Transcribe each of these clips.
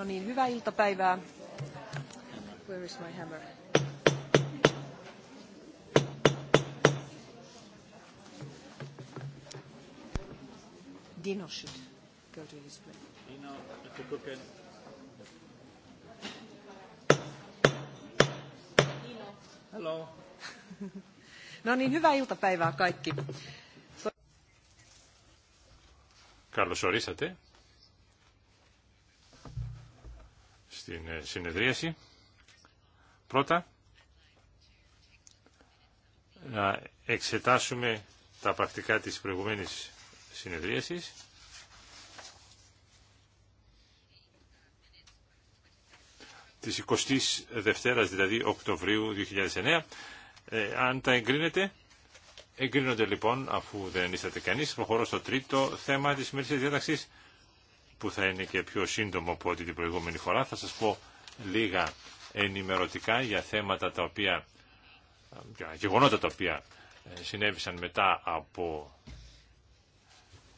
No niin, hyvää iltapäivää. Where Dino should go to his place. Dino, Hello. no niin, hyvää iltapäivää kaikki. Καλώς ορίσατε στην συνεδρίαση. Πρώτα, να εξετάσουμε τα πρακτικά της προηγουμένης συνεδρίασης. της 22ης δηλαδή Οκτωβρίου 2009. Ε, αν τα εγκρίνετε, εγκρίνονται λοιπόν αφού δεν είσατε κανείς. Προχωρώ στο τρίτο θέμα της σημερινής διάταξης που θα είναι και πιο σύντομο από ό,τι την προηγούμενη φορά. Θα σας πω λίγα ενημερωτικά για θέματα τα οποία, για γεγονότα τα οποία ε, συνέβησαν μετά από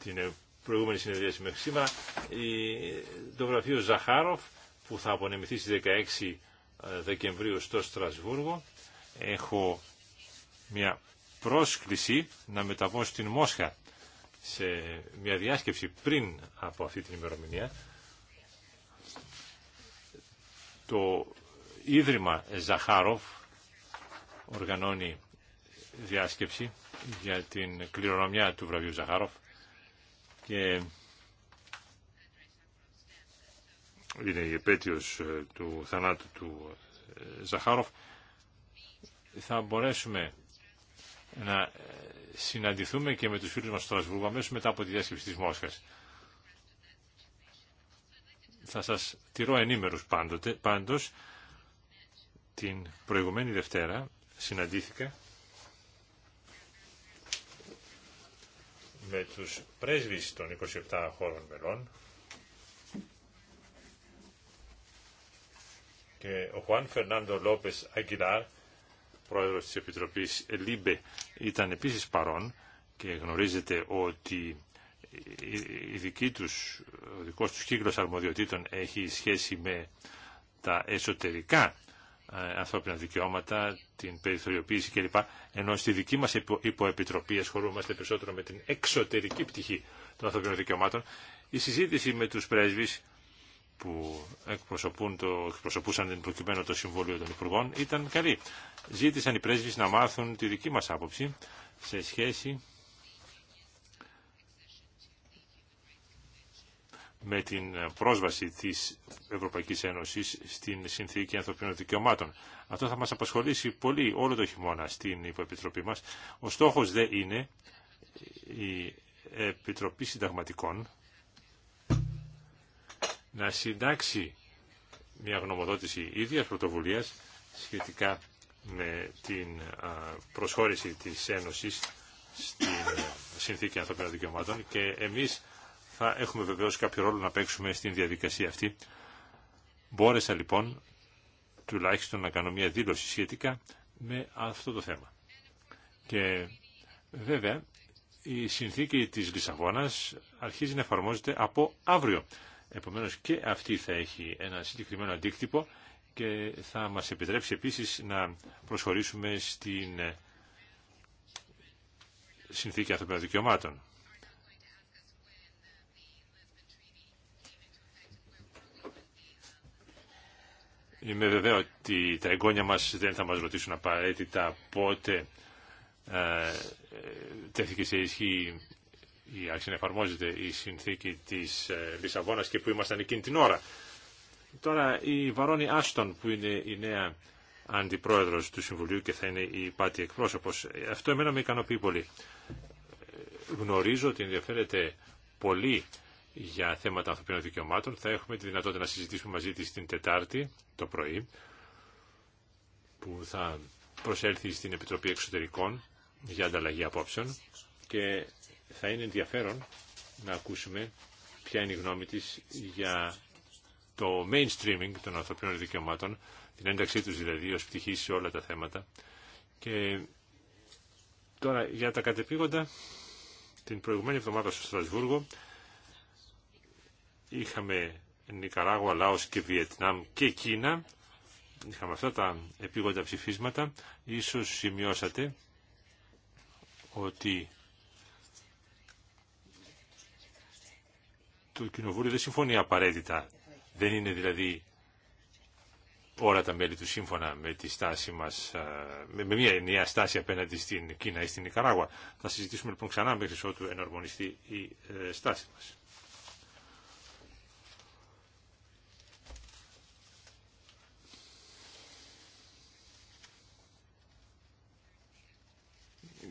την προηγούμενη συνεδρίαση μέχρι σήμερα. Το γραφείο Ζαχάροφ που θα απονεμηθεί στις 16 ε, Δεκεμβρίου στο Στρασβούργο. Έχω μια πρόσκληση να μεταβώ στην Μόσχα σε μια διάσκεψη πριν από αυτή την ημερομηνία το Ίδρυμα Ζαχάροφ οργανώνει διάσκεψη για την κληρονομιά του βραβείου Ζαχάροφ και είναι η επέτειος ε, του θανάτου του ε, Ζαχάροφ θα μπορέσουμε να ε, συναντηθούμε και με τους φίλους μας στο Στρασβούργο μετά από τη διάσκεψη της Μόσχας. Θα σας τηρώ ενήμερους πάντοτε, πάντως την προηγουμένη Δευτέρα συναντήθηκα με τους πρέσβεις των 27 χώρων μελών και ο Χουάν Φερνάντο Λόπες Αγγιλάρ πρόεδρος της Επιτροπής Λίμπε ήταν επίσης παρόν και γνωρίζετε ότι η δική τους, ο δικός τους κύκλος αρμοδιοτήτων έχει σχέση με τα εσωτερικά ε, ανθρώπινα δικαιώματα, την περιθωριοποίηση κλπ. Ενώ στη δική μας υποεπιτροπή ασχολούμαστε περισσότερο με την εξωτερική πτυχή των ανθρώπινων δικαιωμάτων. Η συζήτηση με τους πρέσβεις που εκπροσωπούν το, εκπροσωπούσαν την προκειμένου το Συμβούλιο των Υπουργών ήταν καλή. Ζήτησαν οι πρέσβεις να μάθουν τη δική μας άποψη σε σχέση με την πρόσβαση της Ευρωπαϊκής Ένωσης στην Συνθήκη Ανθρωπίνων Δικαιωμάτων. Αυτό θα μας απασχολήσει πολύ όλο το χειμώνα στην Υποεπιτροπή μας. Ο στόχος δεν είναι η Επιτροπή Συνταγματικών να συντάξει μια γνωμοδότηση ίδιας πρωτοβουλίας σχετικά με την προσχώρηση της Ένωσης στην Συνθήκη Ανθρωπίνων Δικαιωμάτων και εμείς θα έχουμε βεβαίως κάποιο ρόλο να παίξουμε στην διαδικασία αυτή. Μπόρεσα λοιπόν τουλάχιστον να κάνω μια δήλωση σχετικά με αυτό το θέμα. Και βέβαια η συνθήκη της Λισαβόνας αρχίζει να εφαρμόζεται από αύριο. Επομένως και αυτή θα έχει ένα συγκεκριμένο αντίκτυπο και θα μας επιτρέψει επίσης να προσχωρήσουμε στην Συνθήκη Ανθρωπίνων Δικαιωμάτων. Είμαι βεβαίω ότι τα εγγόνια μας δεν θα μας ρωτήσουν απαραίτητα πότε ε, ε τέθηκε σε ισχύ ή αξιονεφαρμόζεται η συνεφαρμόζεται η συνθήκη της ε, Λισαβόνας και που ήμασταν εκείνη την ώρα. Τώρα η Βαρόνη Άστον που είναι η νέα αντιπρόεδρος του Συμβουλίου και θα είναι η πάτη εκπρόσωπος. Ε, αυτό εμένα με ικανοποιεί πολύ. Ε, γνωρίζω ότι ενδιαφέρεται πολύ για θέματα ανθρωπίνων δικαιωμάτων. Θα έχουμε τη δυνατότητα να συζητήσουμε μαζί της την Τετάρτη το πρωί που θα προσέλθει στην Επιτροπή Εξωτερικών για ανταλλαγή απόψεων θα είναι ενδιαφέρον να ακούσουμε ποια είναι η γνώμη της για το mainstreaming των ανθρωπίνων δικαιωμάτων, την ένταξή τους δηλαδή ως πτυχή σε όλα τα θέματα. Και τώρα για τα κατεπήγοντα, την προηγουμένη εβδομάδα στο Στρασβούργο είχαμε Νικαράγουα, Λάος και Βιετνάμ και Κίνα. Είχαμε αυτά τα επίγοντα ψηφίσματα. Ίσως σημειώσατε ότι το Κοινοβούλιο δεν συμφωνεί απαραίτητα. Δεν είναι δηλαδή όλα τα μέλη του σύμφωνα με τη στάση μας, με, μια ενιαία στάση απέναντι στην Κίνα ή στην Ικαράγουα. Θα συζητήσουμε λοιπόν ξανά μέχρι ότου εναρμονιστεί η ε, στάση μας.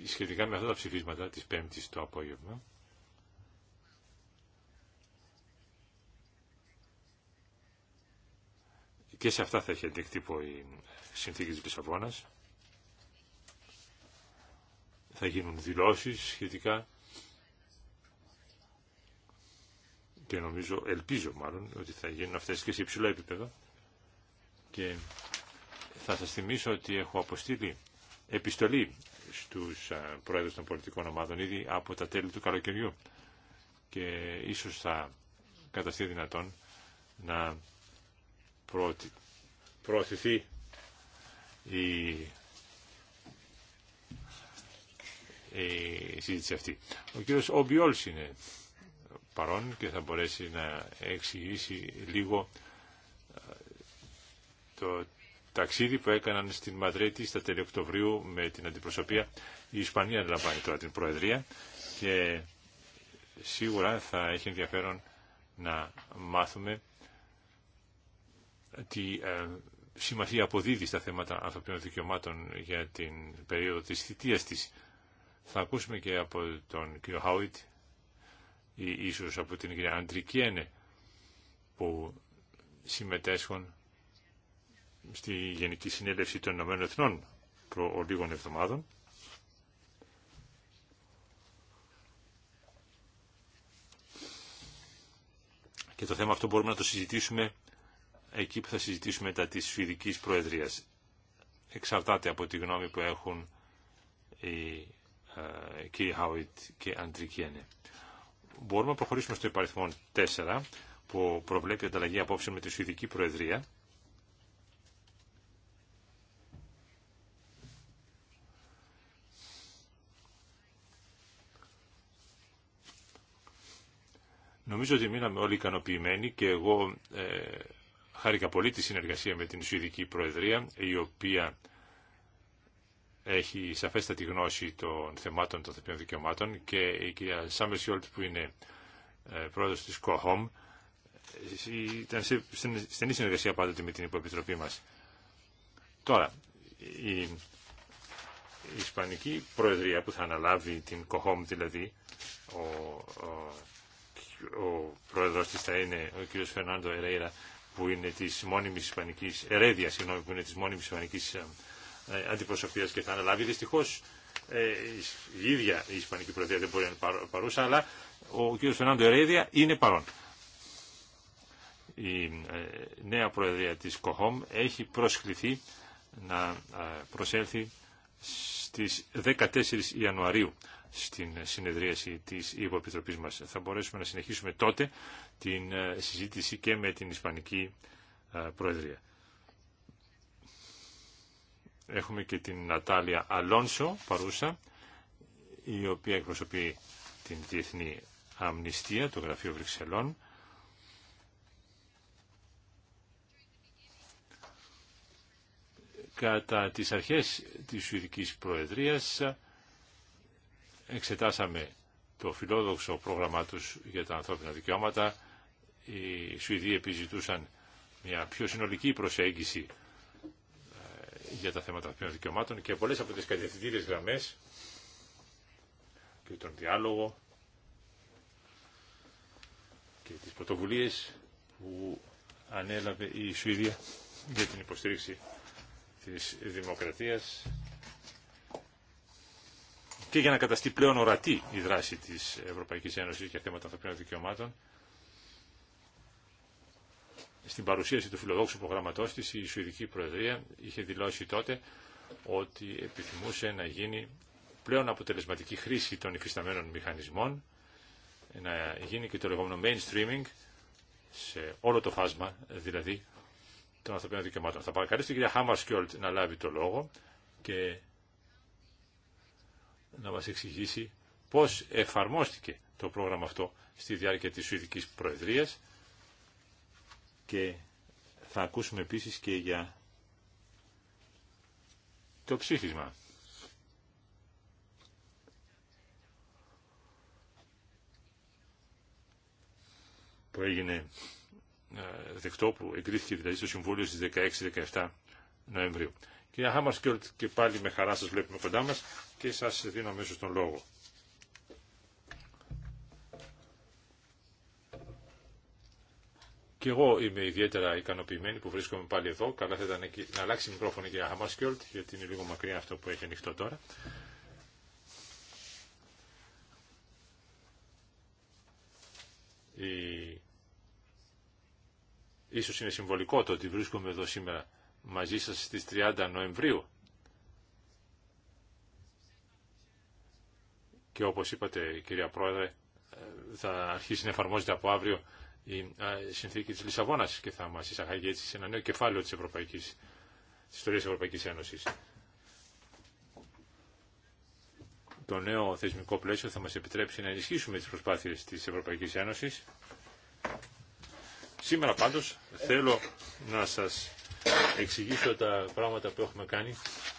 Σχετικά με αυτά τα ψηφίσματα της Πέμπτης το απόγευμα, Και σε αυτά θα έχει αντικτύπω η συνθήκη της Λισαβόνας. Θα γίνουν δηλώσεις σχετικά και νομίζω, ελπίζω μάλλον, ότι θα γίνουν αυτές και σε υψηλό επίπεδο. Και θα σας θυμίσω ότι έχω αποστείλει επιστολή στους πρόεδρους των πολιτικών ομάδων ήδη από τα τέλη του καλοκαιριού και ίσως θα καταστεί δυνατόν να προωθηθεί η, η συζήτηση αυτή. Ο κύριος Ομπιόλς είναι παρόν και θα μπορέσει να εξηγήσει λίγο ε, το ταξίδι που έκαναν στην Μαδρέτη στα τέλη Οκτωβρίου με την αντιπροσωπεία. Η Ισπανία λαμβάνει τώρα την Προεδρία και σίγουρα θα έχει ενδιαφέρον να μάθουμε τη ε, σημασία αποδίδει στα θέματα ανθρωπίνων δικαιωμάτων για την περίοδο της θητείας της. Θα ακούσουμε και από τον κ. Χάουιτ ή ίσως από την κυρία Αντρικιένε που συμμετέσχουν στη Γενική Συνέλευση των Ηνωμένων Εθνών προ λίγων εβδομάδων. Και το θέμα αυτό μπορούμε να το συζητήσουμε εκεί που θα συζητήσουμε μετά της Σουηδικής Προεδρίας. Εξαρτάται από τη γνώμη που έχουν οι ε, κύριοι Χάουιτ και Αντρικιένε. Μπορούμε να προχωρήσουμε στο υπαριθμό 4 που προβλέπει ανταλλαγή απόψε με τη Σουηδική Προεδρία. Νομίζω ότι μείναμε όλοι ικανοποιημένοι και εγώ ε, Χάρηκα πολύ τη συνεργασία με την Σουηδική Προεδρία, η οποία έχει σαφέστατη γνώση των θεμάτων των θεπιών δικαιωμάτων και η κυρία Σάμερ Σιόλτ που είναι ε, πρόεδρος της ΚΟΧΟΜ ήταν σε στενή συνεργασία πάντοτε με την υποεπιτροπή μας. Τώρα, η Ισπανική Προεδρία που θα αναλάβει την ΚΟΧΟΜ δηλαδή, ο, ο, ο πρόεδρος της θα είναι ο κύριος Φερνάντο Ερέιρα που είναι της μόνιμης ισπανικής, ερέδια, που είναι της μόνιμης ισπανικής ε, ε, αντιπροσωπείας και θα αναλάβει. Δυστυχώς ε, η ίδια η Ισπανική Προεδρία δεν μπορεί να είναι παρούσα, αλλά ο κ. Φερνάντο Ερέδια είναι παρόν. Η νέα Προεδρία της ΚΟΧΟΜ έχει προσκληθεί να προσέλθει στις 14 Ιανουαρίου στην συνεδρίαση της υποεπιτροπής μας. Θα μπορέσουμε να συνεχίσουμε τότε την ε, συζήτηση και με την Ισπανική ε, Προεδρία. Έχουμε και την Νατάλια Αλόνσο παρούσα, η οποία εκπροσωπεί την Διεθνή Αμνηστία, το Γραφείο Βρυξελών. Κατά τις αρχές της Σουηδικής Προεδρίας εξετάσαμε το φιλόδοξο πρόγραμμά τους για τα ανθρώπινα δικαιώματα. Οι Σουηδοί επιζητούσαν μια πιο συνολική προσέγγιση ε, για τα θέματα ανθρωπίνων δικαιωμάτων και πολλές από τις κατευθυντήριες γραμμές και τον διάλογο και τις πρωτοβουλίες που ανέλαβε η Σουηδία για την υποστήριξη της δημοκρατίας και για να καταστεί πλέον ορατή η δράση της Ευρωπαϊκής Ένωσης για θέματα ανθρωπίνων δικαιωμάτων. Στην παρουσίαση του φιλοδόξου προγραμματός της η Σουηδική Προεδρία είχε δηλώσει τότε ότι επιθυμούσε να γίνει πλέον αποτελεσματική χρήση των υφισταμένων μηχανισμών, να γίνει και το λεγόμενο mainstreaming σε όλο το φάσμα δηλαδή των ανθρωπίνων δικαιωμάτων. Θα παρακαλέσω την κυρία Χάμαρ να λάβει το λόγο και να μας εξηγήσει πώς εφαρμόστηκε το πρόγραμμα αυτό στη διάρκεια της Σουηδικής Προεδρίας και θα ακούσουμε επίσης και για το ψήφισμα. που έγινε ε, δεκτό, που εγκρίθηκε δηλαδή στο Συμβούλιο στις 16-17 Νοεμβρίου. Κυρία Χάμαρσκιολτ και πάλι με χαρά σας βλέπουμε κοντά μας και σας δίνω μέσω τον λόγο. Και εγώ είμαι ιδιαίτερα ικανοποιημένη που βρίσκομαι πάλι εδώ. Καλά θα ήταν να αλλάξει μικρόφωνο για κυρία Χαμάρσκιολτ, γιατί είναι λίγο μακριά αυτό που έχει ανοιχτό τώρα. Η... Ίσως είναι συμβολικό το ότι βρίσκομαι εδώ σήμερα μαζί σας στις 30 Νοεμβρίου. Και όπως είπατε κυρία Πρόεδρε, ε, θα αρχίσει να εφαρμόζεται από αύριο η συνθήκη της Λισαβόνας και θα μας εισαχάγει έτσι σε ένα νέο κεφάλαιο της, Ευρωπαϊκής, της ιστορίας της Ευρωπαϊκής Ένωσης. Το νέο θεσμικό πλαίσιο θα μας επιτρέψει να ενισχύσουμε τις προσπάθειες της Ευρωπαϊκής Ένωσης. Σήμερα πάντως θέλω να σας εξηγήσω τα πράγματα που έχουμε κάνει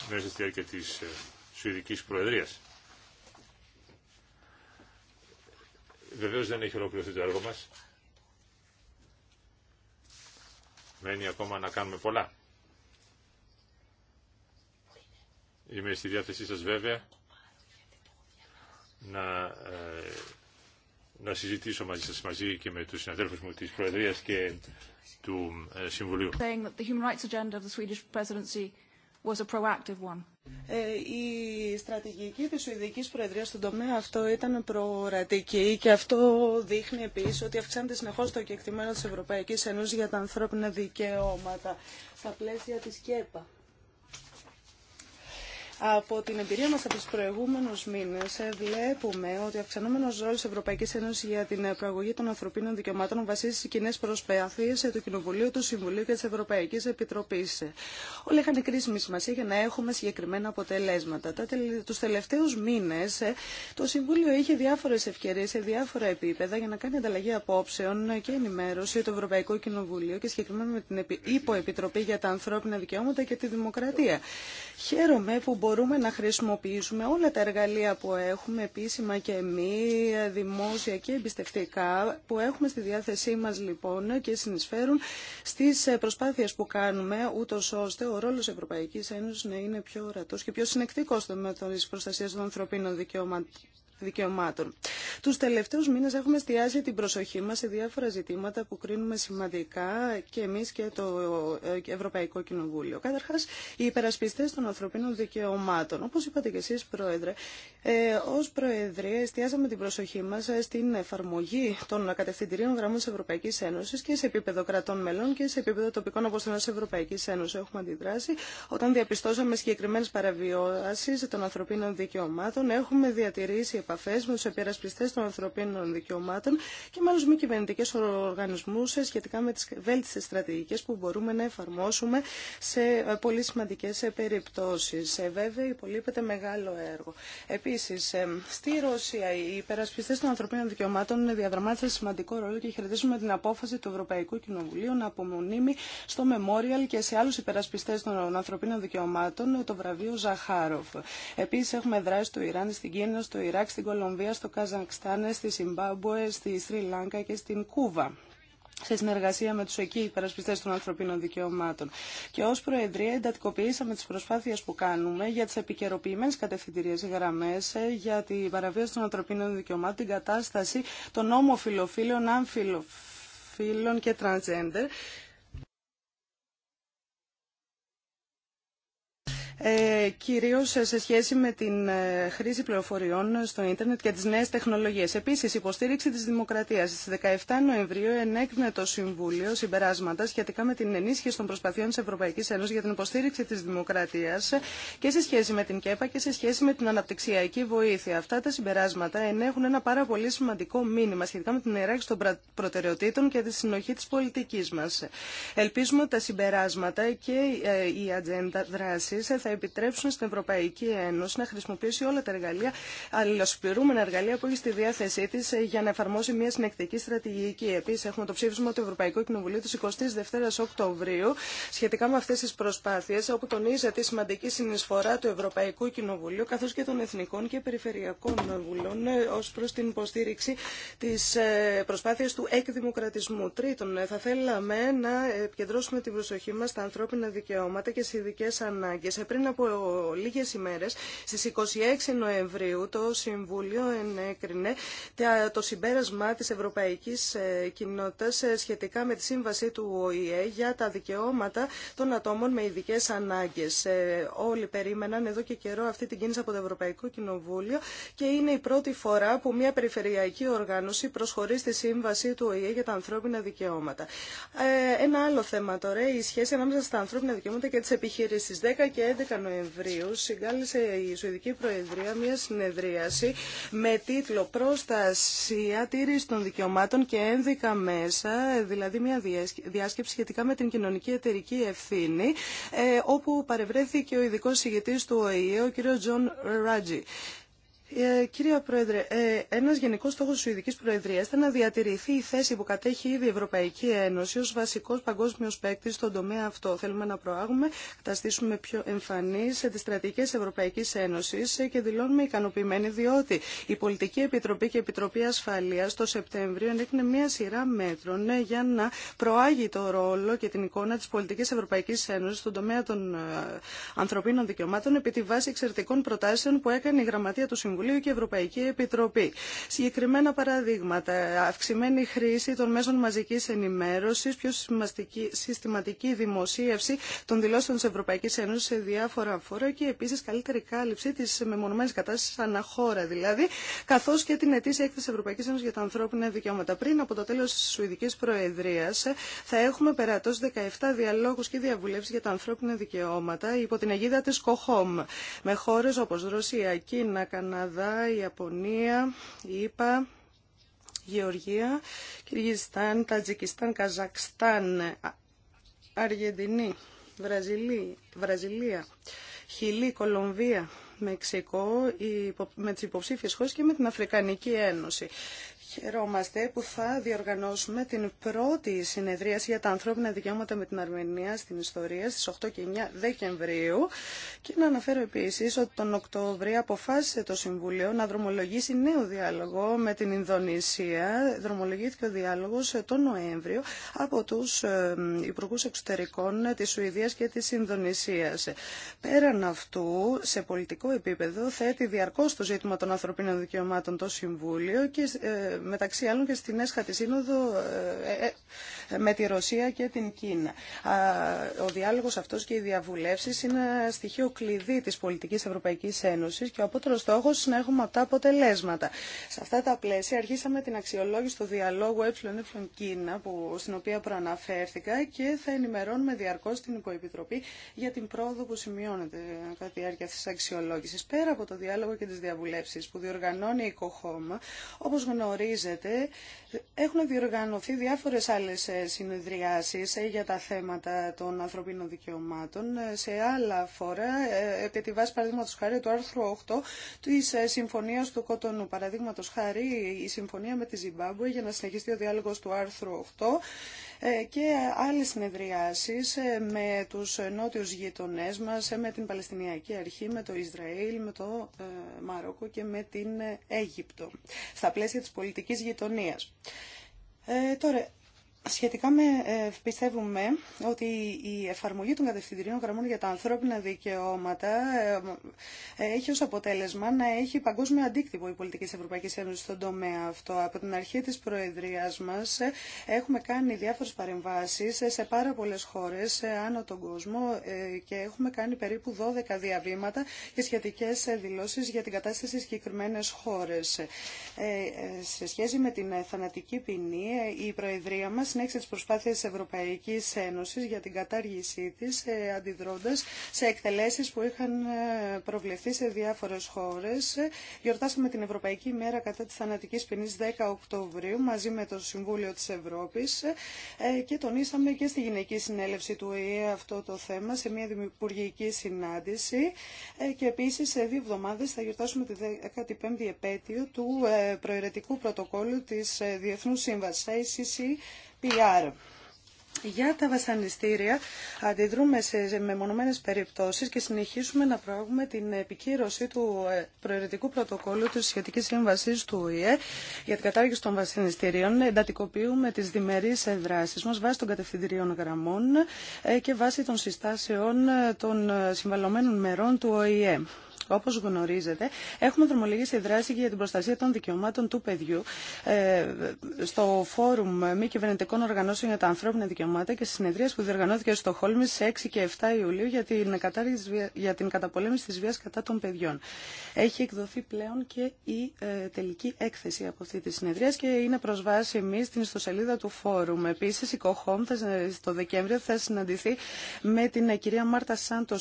μέσα στη διάρκεια της ε, Σουηδικής Προεδρίας. Βεβαίως δεν έχει ολοκληρωθεί το έργο μας. Μένει ακόμα να κάνουμε πολλά. Είμαι στη διάθεσή σας βέβαια να ε, να συζητήσω μαζί σας μαζί και με τους συναδέλφους μου της Προεδρίας και του Συμβουλίου. Η στρατηγική της Σουηδικής Προεδρίας στον τομέα αυτό ήταν προορατική και αυτό δείχνει επίσης ότι αυξάνεται συνεχώς το κεκτημένο της Ευρωπαϊκής Ένωσης για τα ανθρώπινα δικαιώματα στα πλαίσια της ΚΕΠΑ. Από την εμπειρία μα από τους προηγούμενους μήνες ε, βλέπουμε ότι ο αυξανόμενος ρόλο τη Ευρωπαϊκής Ένωσης για την ε, προαγωγή των ανθρωπίνων δικαιωμάτων βασίζεται στι κοινέ προσπάθειε ε, του Κοινοβουλίου, του Συμβουλίου και της Ευρωπαϊκής Επιτροπής. Όλοι είχαν κρίσιμη σημασία για να έχουμε συγκεκριμένα αποτελέσματα. Του τελευταίους μήνες το Συμβούλιο είχε διάφορες ευκαιρίε σε διάφορα επίπεδα για να κάνει ανταλλαγή απόψεων και ενημέρωση του Ευρωπαϊκού Κοινοβουλίου και συγκεκριμένα με την Υποεπιτροπή για τα Ανθρώπινα Δικαιώματα και τη Δημοκρατία. Χαίρομαι που μπορούμε να χρησιμοποιήσουμε όλα τα εργαλεία που έχουμε, επίσημα και εμεί, δημόσια και εμπιστευτικά, που έχουμε στη διάθεσή μας λοιπόν και συνεισφέρουν στις προσπάθειες που κάνουμε, ούτω ώστε ο ρόλο Ευρωπαϊκής Ένωσης να είναι πιο ορατό και πιο συνεκτικός στο μέτρο τη προστασίας των ανθρωπίνων δικαιωμάτων δικαιωμάτων. Τους τελευταίους μήνες έχουμε εστιάσει την προσοχή μας σε διάφορα ζητήματα που κρίνουμε σημαντικά και εμείς και το ε, Ευρωπαϊκό Κοινοβούλιο. Καταρχάς, οι υπερασπιστές των ανθρωπίνων δικαιωμάτων. Όπως είπατε και εσείς, Πρόεδρε, ε, ως Προεδρία εστιάσαμε την προσοχή μας στην εφαρμογή των κατευθυντηρίων γραμμών της Ευρωπαϊκής Ένωσης και σε επίπεδο κρατών μελών και σε επίπεδο τοπικών αποστολών της Ευρωπαϊκής Ένωσης έχουμε αντιδράσει. Όταν διαπιστώσαμε συγκεκριμένες παραβιώσεις των ανθρωπίνων δικαιωμάτων, έχουμε διατηρήσει επαφέ με του επερασπιστέ των ανθρωπίνων δικαιωμάτων και με άλλου μη κυβερνητικέ οργανισμού σχετικά με τι βέλτιστες στρατηγικέ που μπορούμε να εφαρμόσουμε σε ε, πολύ σημαντικέ ε, περιπτώσει. Ε, βέβαια υπολείπεται μεγάλο έργο. Επίσης, στη Ρώσια οι υπερασπιστέ των ανθρωπίνων δικαιωμάτων διαδραμάτισαν σημαντικό ρόλο και χαιρετίζουμε την απόφαση του Ευρωπαϊκού Κοινοβουλίου να απομονήμει στο Memorial και σε άλλου υπερασπιστέ των ανθρωπίνων δικαιωμάτων το βραβείο Ζαχάροφ. Επίση έχουμε δράσει στο Ιράν, στην Κίνα, στο Ιράκ, στην στην Κολομβία, στο Καζανκστάν, στη Σιμπάμπουε, στη Σρι Λάγκα και στην Κούβα σε συνεργασία με τους εκεί υπερασπιστές των ανθρωπίνων δικαιωμάτων. Και ως Προεδρία εντατικοποιήσαμε τις προσπάθειες που κάνουμε για τις επικαιροποιημένες κατευθυντηρίες γραμμές ε, για την παραβίαση των ανθρωπίνων δικαιωμάτων, την κατάσταση των ομοφιλοφίλων, αμφιλοφίλων και τρανσέντερ Ε, κυρίως σε σχέση με την ε, χρήση πληροφοριών στο ίντερνετ και τις νέες τεχνολογίες. Επίσης, υποστήριξη της δημοκρατίας. Στις 17 Νοεμβρίου ενέκρινε το Συμβούλιο συμπεράσματα σχετικά με την ενίσχυση των προσπαθειών της Ευρωπαϊκής Ένωσης για την υποστήριξη της δημοκρατίας και σε σχέση με την ΚΕΠΑ και σε σχέση με την αναπτυξιακή βοήθεια. Αυτά τα συμπεράσματα ενέχουν ένα πάρα πολύ σημαντικό μήνυμα σχετικά με την ιεράξη των προτεραιοτήτων και τη συνοχή της πολιτικής μας. Ελπίζουμε ότι τα συμπεράσματα και ε, η ατζέντα δράσης θα επιτρέψουν στην Ευρωπαϊκή Ένωση να χρησιμοποιήσει όλα τα εργαλεία, εργαλεία που έχει στη διάθεσή τη ε, για να εφαρμόσει μια συνεκτική στρατηγική. Επίση, έχουμε το ψήφισμα του Ευρωπαϊκού Κοινοβουλίου τη 22η Οκτωβρίου σχετικά με αυτέ τι προσπάθειε, όπου τονίζεται η σημαντική συνεισφορά του Ευρωπαϊκού Κοινοβουλίου καθώ και των εθνικών και περιφερειακών βουλών ε, ω προ την υποστήριξη τη ε, προσπάθεια του εκδημοκρατισμού. Τρίτον, θα θέλαμε να επικεντρώσουμε την προσοχή μα στα ανθρώπινα δικαιώματα και στι ειδικέ ανάγκε πριν από λίγες ημέρες, στις 26 Νοεμβρίου, το Συμβούλιο ενέκρινε το συμπέρασμα της Ευρωπαϊκής ε, Κοινότητας ε, σχετικά με τη σύμβαση του ΟΗΕ για τα δικαιώματα των ατόμων με ειδικέ ανάγκες. Ε, όλοι περίμεναν εδώ και καιρό αυτή την κίνηση από το Ευρωπαϊκό Κοινοβούλιο και είναι η πρώτη φορά που μια περιφερειακή οργάνωση προσχωρεί στη σύμβαση του ΟΗΕ για τα ανθρώπινα δικαιώματα. Ένα άλλο θέμα τώρα, η σχέση ανάμεσα στα ανθρώπινα δικαιώματα και τις επιχειρήσεις. 10 και 11 Νοεμβρίου συγκάλεσε η Σουηδική Προεδρία μια συνεδρίαση με τίτλο «Προστασία τήρηση των δικαιωμάτων και ένδικα μέσα», δηλαδή μια διάσκεψη σχετικά με την κοινωνική εταιρική ευθύνη, ε, όπου παρευρέθηκε ο ειδικό ηγετής του ΟΗΕ, ο κ. Τζον Ράτζι. Κύριε Πρόεδρε, ε, ένα γενικό στόχο τη Σουηδική Προεδρία ήταν να διατηρηθεί η θέση που κατέχει ήδη η Ευρωπαϊκή Ένωση ω βασικό παγκόσμιο παίκτη στον τομέα αυτό. Θέλουμε να προάγουμε, να καταστήσουμε πιο εμφανείς τις στρατηγικές Ευρωπαϊκής Ένωσης και δηλώνουμε ικανοποιημένοι διότι η Πολιτική Επιτροπή και η Επιτροπή ασφαλεία το Σεπτέμβριο ενέκρινε μια σειρά μέτρων ε, για να προάγει το ρόλο και την εικόνα τη πολιτική Ευρωπαϊκή Ένωση, στον τομέα των ε, ανθρωπίνων δικαιωμάτων επί τη βάση εξαιρετικών προτάσεων που έκανε η Γραμματεία του Συμβουλίου Κοινοβουλίου και Ευρωπαϊκή Επιτροπή. Συγκεκριμένα παραδείγματα, αυξημένη χρήση των μέσων μαζικής ενημέρωσης, πιο συστηματική δημοσίευση των δηλώσεων τη Ευρωπαϊκής Ένωσης σε διάφορα φόρα και επίσης καλύτερη κάλυψη της μεμονωμένης κατάσταση αναχώρα δηλαδή, καθώς και την ετήσια έκθεση Ευρωπαϊκής Ένωσης για τα ανθρώπινα δικαιώματα. Πριν από το τέλος της Σουηδικής Προεδρίας θα έχουμε περατώσει 17 διαλόγους και διαβουλεύσεις για τα ανθρώπινα δικαιώματα υπό την αιγίδα της ΚΟΧΟΜ με χώρες όπως Ρωσία, Κίνα, Καναδά, Καναδά, η Ιαπωνία, η ΙΠΑ, Γεωργία, Κυργιστάν, Τατζικιστάν, Καζακστάν, Αργεντινή, Βραζιλή, Βραζιλία, Χιλή, Κολομβία, Μεξικό, με τις υποψήφιες χώρες και με την Αφρικανική Ένωση. Χαιρόμαστε που θα διοργανώσουμε την πρώτη συνεδρίαση για τα ανθρώπινα δικαιώματα με την Αρμενία στην ιστορία στις 8 και 9 Δεκεμβρίου και να αναφέρω επίσης ότι τον Οκτώβριο αποφάσισε το Συμβουλίο να δρομολογήσει νέο διάλογο με την Ινδονησία. Δρομολογήθηκε ο διάλογος τον Νοέμβριο από τους ε, υπουργού Εξωτερικών της Σουηδίας και της Ινδονησίας. Πέραν αυτού, σε πολιτικό επίπεδο θέτει διαρκώς το ζήτημα των ανθρωπίνων δικαιωμάτων το Συμβούλιο και ε, μεταξύ άλλων και στην έσχατη σύνοδο ε, ε, ε, με τη Ρωσία και την Κίνα. Ο διάλογος αυτός και οι διαβουλεύσεις είναι στοιχείο κλειδί της πολιτικής Ευρωπαϊκής Ένωσης και ο απότερος στόχος είναι να έχουμε αυτά αποτελέσματα. Σε αυτά τα πλαίσια αρχίσαμε την αξιολόγηση του διαλόγου ΕΕ Κίνα που, στην οποία προαναφέρθηκα και θα ενημερώνουμε διαρκώς την Οικοεπιτροπή για την πρόοδο που σημειώνεται κατά τη διάρκεια της αξιολόγησης. Πέρα από το διάλογο και τις διαβουλεύσεις που διοργανώνει η όπως έχουν διοργανωθεί διάφορες άλλες ε, συνεδριάσεις ε, για τα θέματα των ανθρωπίνων δικαιωμάτων ε, σε άλλα φορά, επί τη βάση παραδείγματος χάρη του άρθρου 8 της Συμφωνίας του Κότονου. Παραδείγματος χάρη η Συμφωνία με τη Ζιμπάμπουε για να συνεχιστεί ο διάλογος του άρθρου 8 ε, και άλλες συνεδριάσεις ε, με τους νότιους γειτονές μας, ε, με την Παλαιστινιακή Αρχή, με το Ισραήλ, με το Μαρόκο και με την Αίγυπτο, στα πλαίσια της πολιτικής γειτονίας. τώρα, Σχετικά με, ε, πιστεύουμε ότι η εφαρμογή των κατευθυντηρίων γραμμών για τα ανθρώπινα δικαιώματα ε, ε, έχει ως αποτέλεσμα να έχει παγκόσμιο αντίκτυπο η πολιτική της Ευρωπαϊκής Ένωσης στον τομέα αυτό. Από την αρχή της Προεδρίας μας έχουμε κάνει διάφορες παρεμβάσεις σε πάρα πολλές χώρες άνω τον κόσμο και έχουμε κάνει περίπου 12 διαβήματα και σχετικές δηλώσεις για την κατάσταση στις συγκεκριμένες χώρες. Σε σχέση με την θανατική ποινή, η Προεδρία μας συνέχισε τις προσπάθειες της Ευρωπαϊκής Ένωσης για την κατάργησή της, ε, αντιδρώντας σε εκτελέσεις που είχαν ε, προβλεφθεί σε διάφορες χώρες. Γιορτάσαμε την Ευρωπαϊκή μέρα κατά της θανατικής ποινής 10 Οκτωβρίου μαζί με το Συμβούλιο της Ευρώπης ε, και τονίσαμε και στη Γυναική Συνέλευση του ΟΗΕ αυτό το θέμα σε μια δημιουργική συνάντηση και επίσης σε δύο εβδομάδες θα γιορτάσουμε τη 15η επέτειο του προαιρετικού πρωτοκόλλου της Διεθνούς Σύμβασή. Για τα βασανιστήρια αντιδρούμε σε μεμονωμένες περιπτώσεις και συνεχίσουμε να προάγουμε την επικύρωση του ε, προαιρετικού πρωτοκόλλου της σχετικής σύμβασης του ΟΗΕ για την κατάργηση των βασανιστήριων. Εντατικοποιούμε τις διμερείς δράσεις μας βάσει των κατευθυντηρίων γραμμών ε, και βάσει των συστάσεων ε, των συμβαλωμένων μερών του ΟΗΕ. Όπω γνωρίζετε, έχουμε δρομολογήσει δράση για την προστασία των δικαιωμάτων του παιδιού ε, στο Φόρουμ Μη Κυβερνητικών Οργανώσεων για τα Ανθρώπινα Δικαιώματα και στι συνεδρίε που διοργανώθηκε στο Χόλμη σε 6 και 7 Ιουλίου για την, για την καταπολέμηση τη βία κατά των παιδιών. Έχει εκδοθεί πλέον και η ε, τελική έκθεση από αυτή τη συνεδρία και είναι προσβάσιμη στην ιστοσελίδα του Φόρουμ. Επίση, η ΚΟΧΟΜ το Δεκέμβριο θα συναντηθεί με την κυρία Μάρτα Σάντο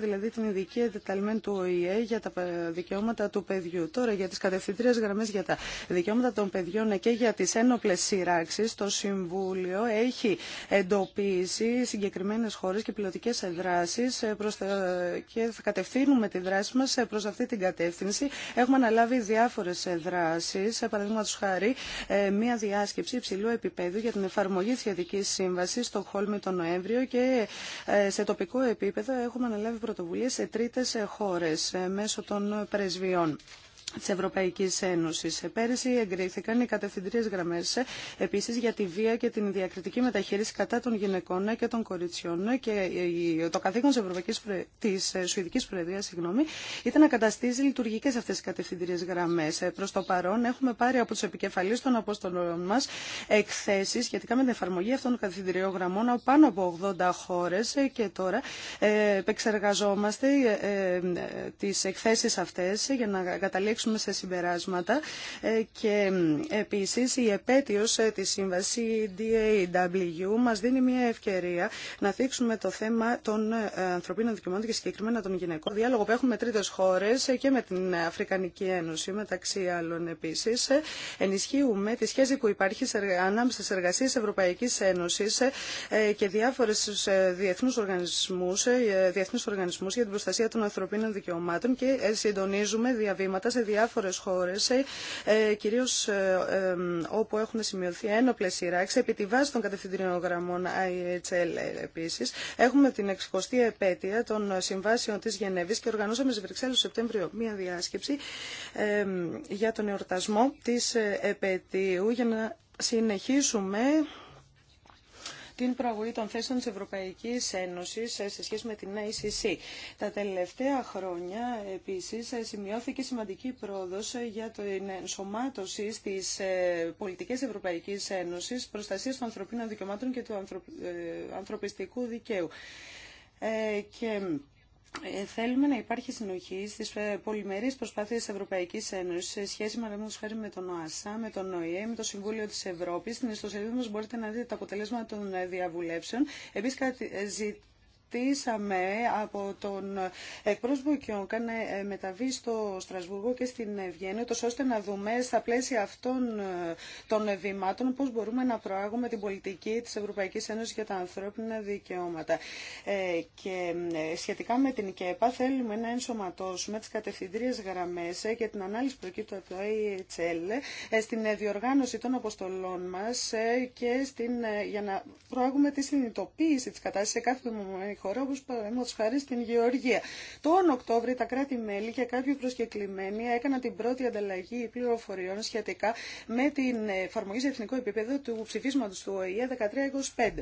δηλαδή την ειδική εντεταλμένη του ΟΗΕ για τα δικαιώματα του παιδιού. Τώρα για τις κατευθυντήριες γραμμές για τα δικαιώματα των παιδιών και για τις ένοπλες σειράξεις, το Συμβούλιο έχει εντοπίσει συγκεκριμένες χώρες και πιλωτικές δράσεις ε, προς τα... και θα κατευθύνουμε τη δράση μας ε, προς αυτή την κατεύθυνση. Έχουμε αναλάβει διάφορες ε, δράσεις, παραδείγματο χάρη μια διάσκεψη υψηλού επίπεδου για την εφαρμογή σχετικής σύμβασης στο Χόλμη τον Νοέμβριο και σε τοπικό επίπεδο έχουμε αναλάβει πρωτοβουλίες σε τρίτες χώρες χώρες ε, μέσω των πρεσβειών της Ευρωπαϊκής Ένωσης. Πέρυσι εγκρίθηκαν οι κατευθυντήριες γραμμές επίσης για τη βία και την διακριτική μεταχείριση κατά των γυναικών και των κοριτσιών και το καθήκον της, Ευρωπαϊκής, της Σουηδικής Προεδρίας ήταν να καταστήσει λειτουργικές αυτές οι κατευθυντήριες γραμμές. Προς το παρόν έχουμε πάρει από τους επικεφαλείς των απόστολων μας εκθέσεις σχετικά με την εφαρμογή αυτών των κατευθυντριών γραμμών από πάνω από 80 χώρες και τώρα ε, επεξεργαζόμαστε ε, ε, τις εκθέσεις αυτές για να καταλήξουμε καταλήξουμε σε συμπεράσματα ε, και επίσης η επέτειος ε, της σύμβαση DAW μας δίνει μια ευκαιρία να θίξουμε το θέμα των ε, ανθρωπίνων δικαιωμάτων και συγκεκριμένα των γυναικών. Διάλογο που έχουμε με τρίτες χώρες και με την Αφρικανική Ένωση μεταξύ άλλων επίσης. Ενισχύουμε τη σχέση που υπάρχει ανάμεσα στις εργασίες Ευρωπαϊκής Ένωσης και διάφορες διεθνούς οργανισμούς, διεθνούς οργανισμούς για την προστασία των ανθρωπίνων δικαιωμάτων και συντονίζουμε διαβήματα σε διάφορες χώρες, ε, ε, κυρίως ε, όπου έχουν σημειωθεί ένοπλες σειράξεις, επί τη βάση των κατευθυντήριων γραμμών IHL επίσης. Έχουμε την 60η επέτεια των συμβάσεων της Γενέβης και οργανώσαμε σε Βρυξέλλου Σεπτέμβριο μία διάσκεψη για τον εορτασμό της επέτειου για να συνεχίσουμε την προαγωγή των θέσεων της ευρωπαϊκή Ένωσης ε, σε σχέση με την ICC. Τα τελευταία χρόνια επίσης ε, σημειώθηκε σημαντική πρόοδος ε, για την ενσωμάτωση στις πολιτικές Ευρωπαϊκής Ένωσης προστασία των ανθρωπίνων δικαιωμάτων και του ανθρωπιστικού δικαίου. Και ε, θέλουμε να υπάρχει συνοχή στι ε, πολυμερεί προσπάθειε τη Ευρωπαϊκή Ένωση σε σχέση με, χάρη, με τον ΟΑΣΑ, με τον ΟΗΕ, με το Συμβούλιο τη Ευρώπη. Στην ιστοσελίδα μα μπορείτε να δείτε τα αποτελέσματα των ε, διαβουλεύσεων. Επίση, ζητήσαμε από τον εκπρόσωπο Κιόνκα να ε, μεταβεί στο Στρασβούργο και στην Βιέννη, ώστε να δούμε στα πλαίσια αυτών ε, των βημάτων πώς μπορούμε να προάγουμε την πολιτική της Ευρωπαϊκής Ένωσης για τα ανθρώπινα δικαιώματα. Ε, και σχετικά με την ΚΕΠΑ θέλουμε να ενσωματώσουμε τις κατευθυντήριες γραμμές και την ανάλυση προκύπτει από το AHL στην διοργάνωση των αποστολών μας και στην, για να προάγουμε τη συνειδητοποίηση της κατάσταση σε κάθε χώρα, όπω παραδείγματο χάρη στην Γεωργία. Τον Οκτώβριο τα κράτη-μέλη και κάποιοι προσκεκλημένοι έκαναν την πρώτη ανταλλαγή πληροφοριών σχετικά με την εφαρμογή σε εθνικό επίπεδο του ψηφίσματο του ΟΗΕ 1325.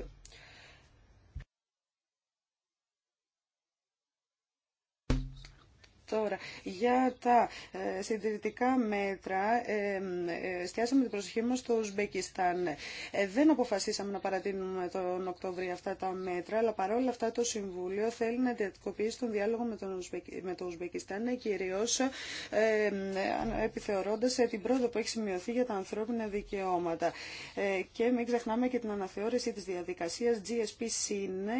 Τώρα, για τα ε, συντηρητικά μέτρα, ε, ε, στιάσαμε την προσοχή μας στο Ουσμπεκιστάν. Δεν αποφασίσαμε να παρατείνουμε τον Οκτώβριο αυτά τα μέτρα, αλλά παρόλα αυτά το Συμβούλιο θέλει να διατικοποιήσει τον διάλογο με, τον με το Ουσμπεκιστάν, κυρίως ε, επιθεωρώντας την πρόοδο που έχει σημειωθεί για τα ανθρώπινα δικαιώματα. και μην ξεχνάμε και την αναθεώρηση της διαδικασίας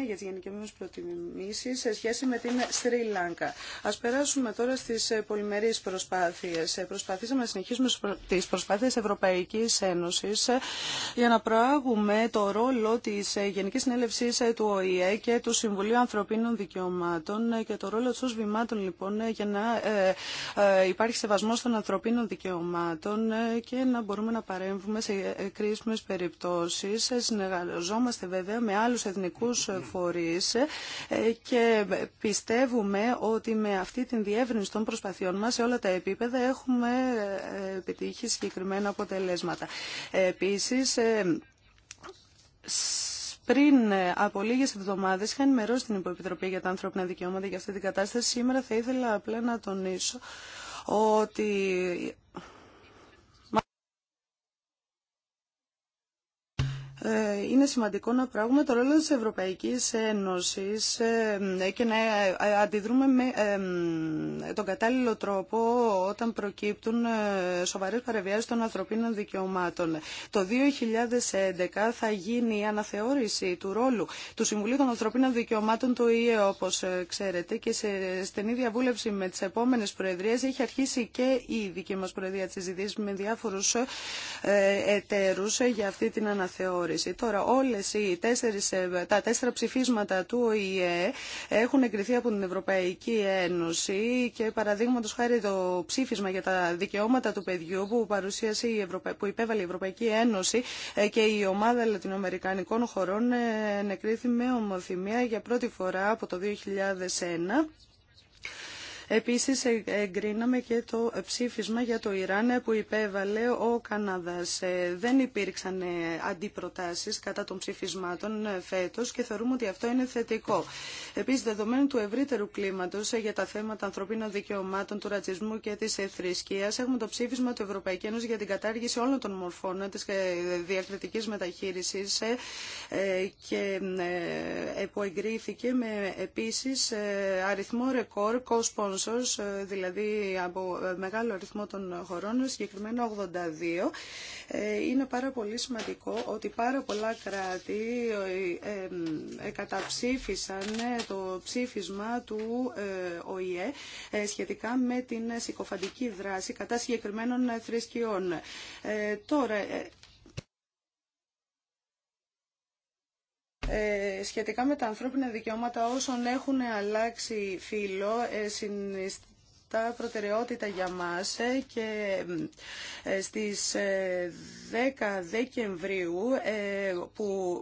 για τις γενικές προτιμήσεις σε σχέση με την Σρι Λάνκα. Ας περάσουμε με τώρα στις ε, πολυμερείς προσπάθειες. Ε, προσπαθήσαμε να συνεχίσουμε τις προσπάθειες Ευρωπαϊκής Ένωσης ε, για να προάγουμε το ρόλο της Γενικής Συνέλευσης του ΟΗΕ και του Συμβουλίου Ανθρωπίνων Δικαιωμάτων και το ρόλο τους βημάτων λοιπόν για να υπάρχει σεβασμός των ανθρωπίνων δικαιωμάτων και να μπορούμε να παρέμβουμε σε κρίσιμες περιπτώσεις. Συνεργαζόμαστε βέβαια με άλλους εθνικούς φορείς και πιστεύουμε ότι με αυτή την διεύρυνση των προσπαθειών μας σε όλα τα επίπεδα έχουμε ε, επιτύχει συγκεκριμένα αποτελέσματα. Επίσης, ε, πριν ε, από λίγες εβδομάδες είχα ενημερώσει την Υποεπιτροπή για τα ανθρώπινα δικαιώματα για αυτή την κατάσταση. Σήμερα θα ήθελα απλά να τονίσω ότι Ε, είναι σημαντικό να πράγουμε το ρόλο της Ευρωπαϊκής Ένωσης ε, ε, και να αντιδρούμε με τον κατάλληλο τρόπο όταν προκύπτουν σοβαρές παρεμβιάσεις των ανθρωπίνων δικαιωμάτων. Το 2011 θα γίνει η αναθεώρηση του ρόλου του Συμβουλίου των Ανθρωπίνων Δικαιωμάτων του ΙΕ, όπως ξέρετε, και σε στενή διαβούλευση με τις επόμενες προεδρίες έχει αρχίσει και η δική μας προεδρία της με διάφορους εταίρους για αυτή την αναθεώρηση. Τώρα όλες οι τέσσερις, ε, τα τέσσερα ψηφίσματα του ΟΗΕ έχουν εγκριθεί από την Ευρωπαϊκή Ένωση και παραδείγματος χάρη το ψήφισμα για τα δικαιώματα του παιδιού που, παρουσίασε η που υπέβαλε η Ευρωπαϊκή Ένωση ε, και η ομάδα λατινοαμερικανικών χωρών ε, νεκρήθη με ομοθυμία για πρώτη φορά από το 2001 Επίσης ε, εγκρίναμε και το ψήφισμα για το Ιράν που υπέβαλε ο Καναδάς. Ε, δεν υπήρξαν ε, αντιπροτάσεις κατά των ψηφισμάτων φέτος και θεωρούμε ότι αυτό είναι θετικό. Επίσης δεδομένου του ευρύτερου κλίματος για τα θέματα ανθρωπίνων δικαιωμάτων, του ρατσισμού και της θρησκείας έχουμε το ψήφισμα του Ευρωπαϊκού Ένωση για την κατάργηση όλων των μορφών της διακριτικής μεταχείρισης και που εγκρίθηκε με επίσης αριθμό ρεκόρ κόσπων ε, δηλαδή από ε, μεγάλο αριθμό των χωρών, συγκεκριμένα 82. Ε, είναι πάρα πολύ σημαντικό ότι πάρα πολλά κράτη καταψήφισαν το ψήφισμα του ΟΗΕ σχετικά με την συκοφαντική δράση κατά συγκεκριμένων θρησκειών. Τώρα, Ε, σχετικά με τα ανθρώπινα δικαιώματα όσων έχουν αλλάξει φύλλο ε, συνιστά προτεραιότητα για μας ε, και στις 10 Δεκεμβρίου που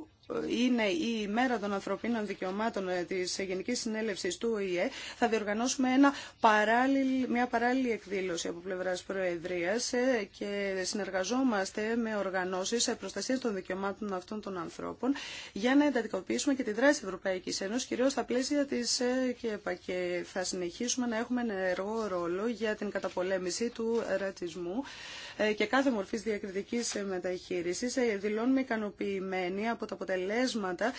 είναι η ημέρα των ανθρωπίνων δικαιωμάτων ε, της Γενικής Συνέλευσης του ΟΗΕ, θα διοργανώσουμε μια παράλληλη εκδήλωση από πλευράς Προεδρίας ε, και συνεργαζόμαστε με οργανώσεις ε, προστασία των δικαιωμάτων αυτών των ανθρώπων για να εντατικοποιήσουμε και τη δράση της Ευρωπαϊκής Ένωσης, κυρίως στα πλαίσια της ΚΕΠΑ και θα συνεχίσουμε να έχουμε ενεργό ρόλο για την καταπολέμηση του ρατσισμού ε, και κάθε μορφής διακριτικής ε, μεταχείρισης. Ε, δηλώνουμε ικανοποιημένοι από τα αποτελέσματα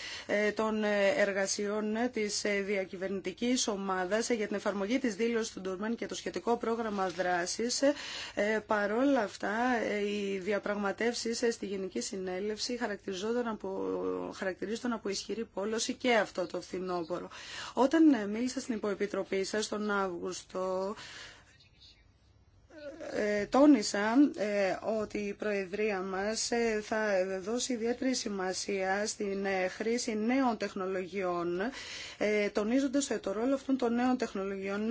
των εργασιών της διακυβερνητικής ομάδας για την εφαρμογή της δήλωσης του ντουρμέν και το σχετικό πρόγραμμα δράσης. Παρόλα αυτά, οι διαπραγματεύσεις στη Γενική Συνέλευση χαρακτηρίζονταν από, ισχυρή πόλωση και αυτό το φθινόπωρο. Όταν μίλησα στην υποεπιτροπή σας τον Αύγουστο, ε, τόνισα ε, ότι η Προεδρία μας ε, θα δώσει ιδιαίτερη σημασία στην χρήση νέων τεχνολογιών, τονίζοντας το ρόλο αυτών των νέων τεχνολογιών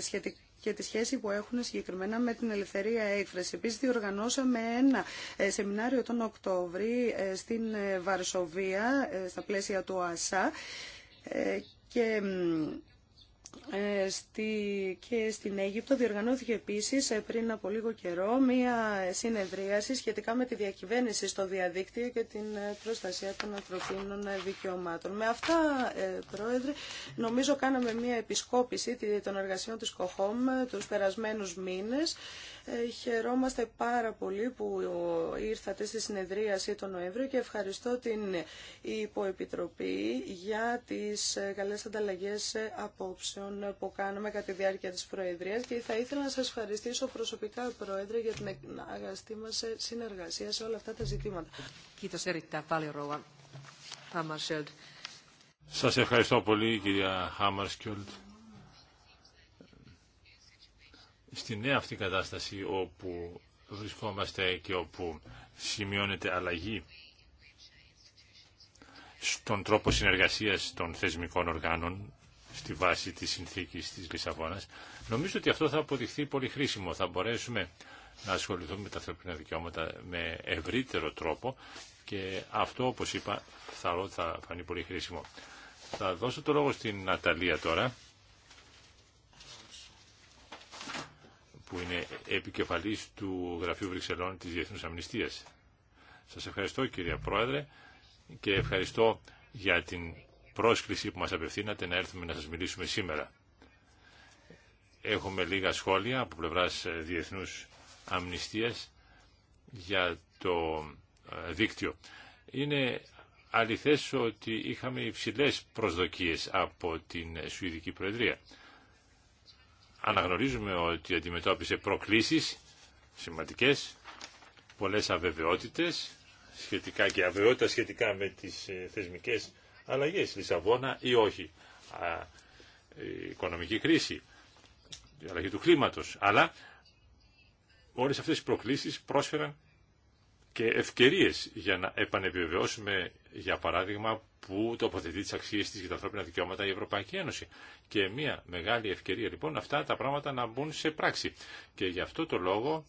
σχετικά και τη σχέση που έχουν συγκεκριμένα με την ελευθερία έκφραση. Επίση, διοργανώσαμε ένα σεμινάριο τον Οκτώβρη στην Βαρσοβία, στα πλαίσια του ΑΣΑ. Και ε, και στην Αίγυπτο διοργανώθηκε επίσης ε, πριν από λίγο καιρό μία συνεδρίαση σχετικά με τη διακυβέρνηση στο διαδίκτυο και την ε, προστασία των ανθρωπίνων δικαιωμάτων. Με αυτά, Πρόεδρε, νομίζω κάναμε μία επισκόπηση των εργασιών της ΚΟΧΟΜ τους περασμένους μήνες. Ε, χαιρόμαστε πάρα πολύ που ήρθατε στη συνεδρίαση τον Νοέμβριο και ευχαριστώ την Υποεπιτροπή για τις ε, καλές ανταλλαγές ε, απόψεων που κάνουμε κατά τη διάρκεια της Προεδρίας και θα ήθελα να σας ευχαριστήσω προσωπικά, Πρόεδρε, για την αγαστή μας συνεργασία σε όλα αυτά τα ζητήματα. Σας ευχαριστώ πολύ, κυρία Χάμαρσκιολτ στη νέα αυτή κατάσταση όπου βρισκόμαστε και όπου σημειώνεται αλλαγή στον τρόπο συνεργασίας των θεσμικών οργάνων στη βάση της συνθήκης της Λισαβόνας, νομίζω ότι αυτό θα αποδειχθεί πολύ χρήσιμο. Θα μπορέσουμε να ασχοληθούμε με τα ανθρωπίνα δικαιώματα με ευρύτερο τρόπο και αυτό, όπως είπα, θα, θα φανεί πολύ χρήσιμο. Θα δώσω το λόγο στην Ναταλία τώρα. που είναι επικεφαλής του Γραφείου Βρυξελών της Διεθνούς Αμνηστίας. Σας ευχαριστώ κυρία Πρόεδρε και ευχαριστώ για την πρόσκληση που μας απευθύνατε να έρθουμε να σας μιλήσουμε σήμερα. Έχουμε λίγα σχόλια από πλευράς ε, Διεθνούς Αμνηστίας για το ε, δίκτυο. Είναι αληθές ότι είχαμε υψηλές προσδοκίες από την Σουηδική Προεδρία αναγνωρίζουμε ότι αντιμετώπισε προκλήσεις σημαντικές, πολλές αβεβαιότητες σχετικά και αβεβαιότητα σχετικά με τις ε, θεσμικές αλλαγές, Λισαβόνα ή όχι, η οικονομική κρίση, η αλλαγή του κλίματος, αλλά όλες αυτές οι προκλήσεις πρόσφεραν και ευκαιρίες για να επανεπιβεβαιώσουμε για παράδειγμα, που τοποθετεί τι αξίε τη για τα ανθρώπινα δικαιώματα η Ευρωπαϊκή Ένωση. Και μια μεγάλη ευκαιρία λοιπόν αυτά τα πράγματα να μπουν σε πράξη. Και γι' αυτό το λόγο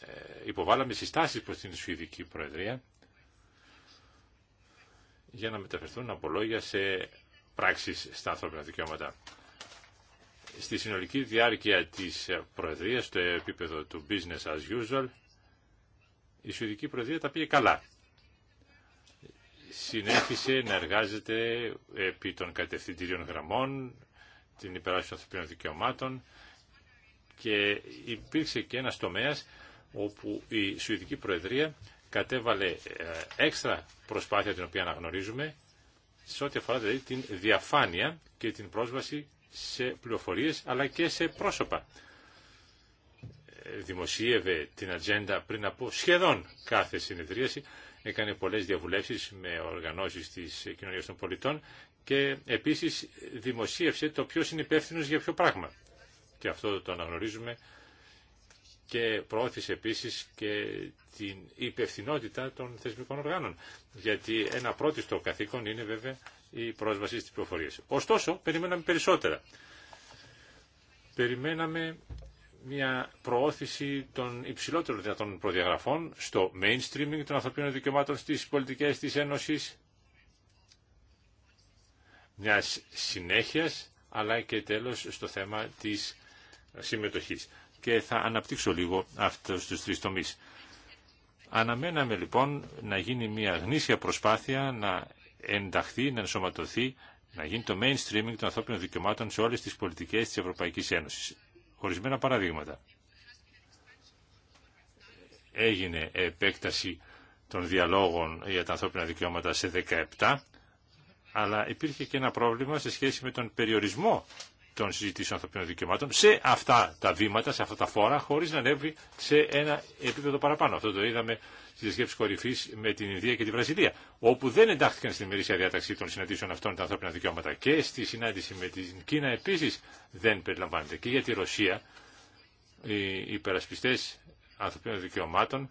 ε, υποβάλαμε συστάσει προ την Σουηδική Προεδρία για να μεταφερθούν από λόγια σε πράξει στα ανθρώπινα δικαιώματα. Στη συνολική διάρκεια τη Προεδρία στο επίπεδο του business as usual, η Σουηδική Προεδρία τα πήγε καλά συνέχισε να εργάζεται επί των κατευθυντήριων γραμμών, την υπεράσπιση των ανθρωπίνων δικαιωμάτων και υπήρξε και ένας τομέας όπου η Σουηδική Προεδρία κατέβαλε ε, έξτρα προσπάθεια την οποία αναγνωρίζουμε σε ό,τι αφορά δηλαδή, την διαφάνεια και την πρόσβαση σε πληροφορίες αλλά και σε πρόσωπα. Ε, δημοσίευε την ατζέντα πριν από σχεδόν κάθε συνεδρίαση έκανε πολλές διαβουλεύσεις με οργανώσεις της κοινωνίας των πολιτών και επίσης δημοσίευσε το ποιο είναι υπεύθυνο για ποιο πράγμα. Και αυτό το αναγνωρίζουμε και προώθησε επίσης και την υπευθυνότητα των θεσμικών οργάνων. Γιατί ένα πρώτιστο καθήκον είναι βέβαια η πρόσβαση στις πληροφορίες. Ωστόσο, περιμέναμε περισσότερα. Περιμέναμε μια προώθηση των υψηλότερων δυνατών προδιαγραφών στο mainstreaming των ανθρωπίνων δικαιωμάτων στις πολιτικές της Ένωσης, μιας συνέχειας, αλλά και τέλος στο θέμα της συμμετοχής. Και θα αναπτύξω λίγο αυτούς τους τρεις τομείς. Αναμέναμε λοιπόν να γίνει μια γνήσια προσπάθεια να ενταχθεί, να ενσωματωθεί, να γίνει το mainstreaming των ανθρώπινων δικαιωμάτων σε όλες τις πολιτικές της Ευρωπαϊκής Ένωσης. Ορισμένα παραδείγματα. Έγινε επέκταση των διαλόγων για τα ανθρώπινα δικαιώματα σε 17, αλλά υπήρχε και ένα πρόβλημα σε σχέση με τον περιορισμό των συζητήσεων ανθρωπίνων δικαιωμάτων σε αυτά τα βήματα, σε αυτά τα φόρα, χωρί να ανέβει σε ένα επίπεδο παραπάνω. Αυτό το είδαμε στι σκέψει κορυφή με την Ινδία και τη Βραζιλία, όπου δεν εντάχθηκαν στην μερίσια διάταξη των συναντήσεων αυτών τα ανθρώπινα δικαιώματα. Και στη συνάντηση με την Κίνα επίση δεν περιλαμβάνεται. Και για τη Ρωσία, οι υπερασπιστέ ανθρωπίνων δικαιωμάτων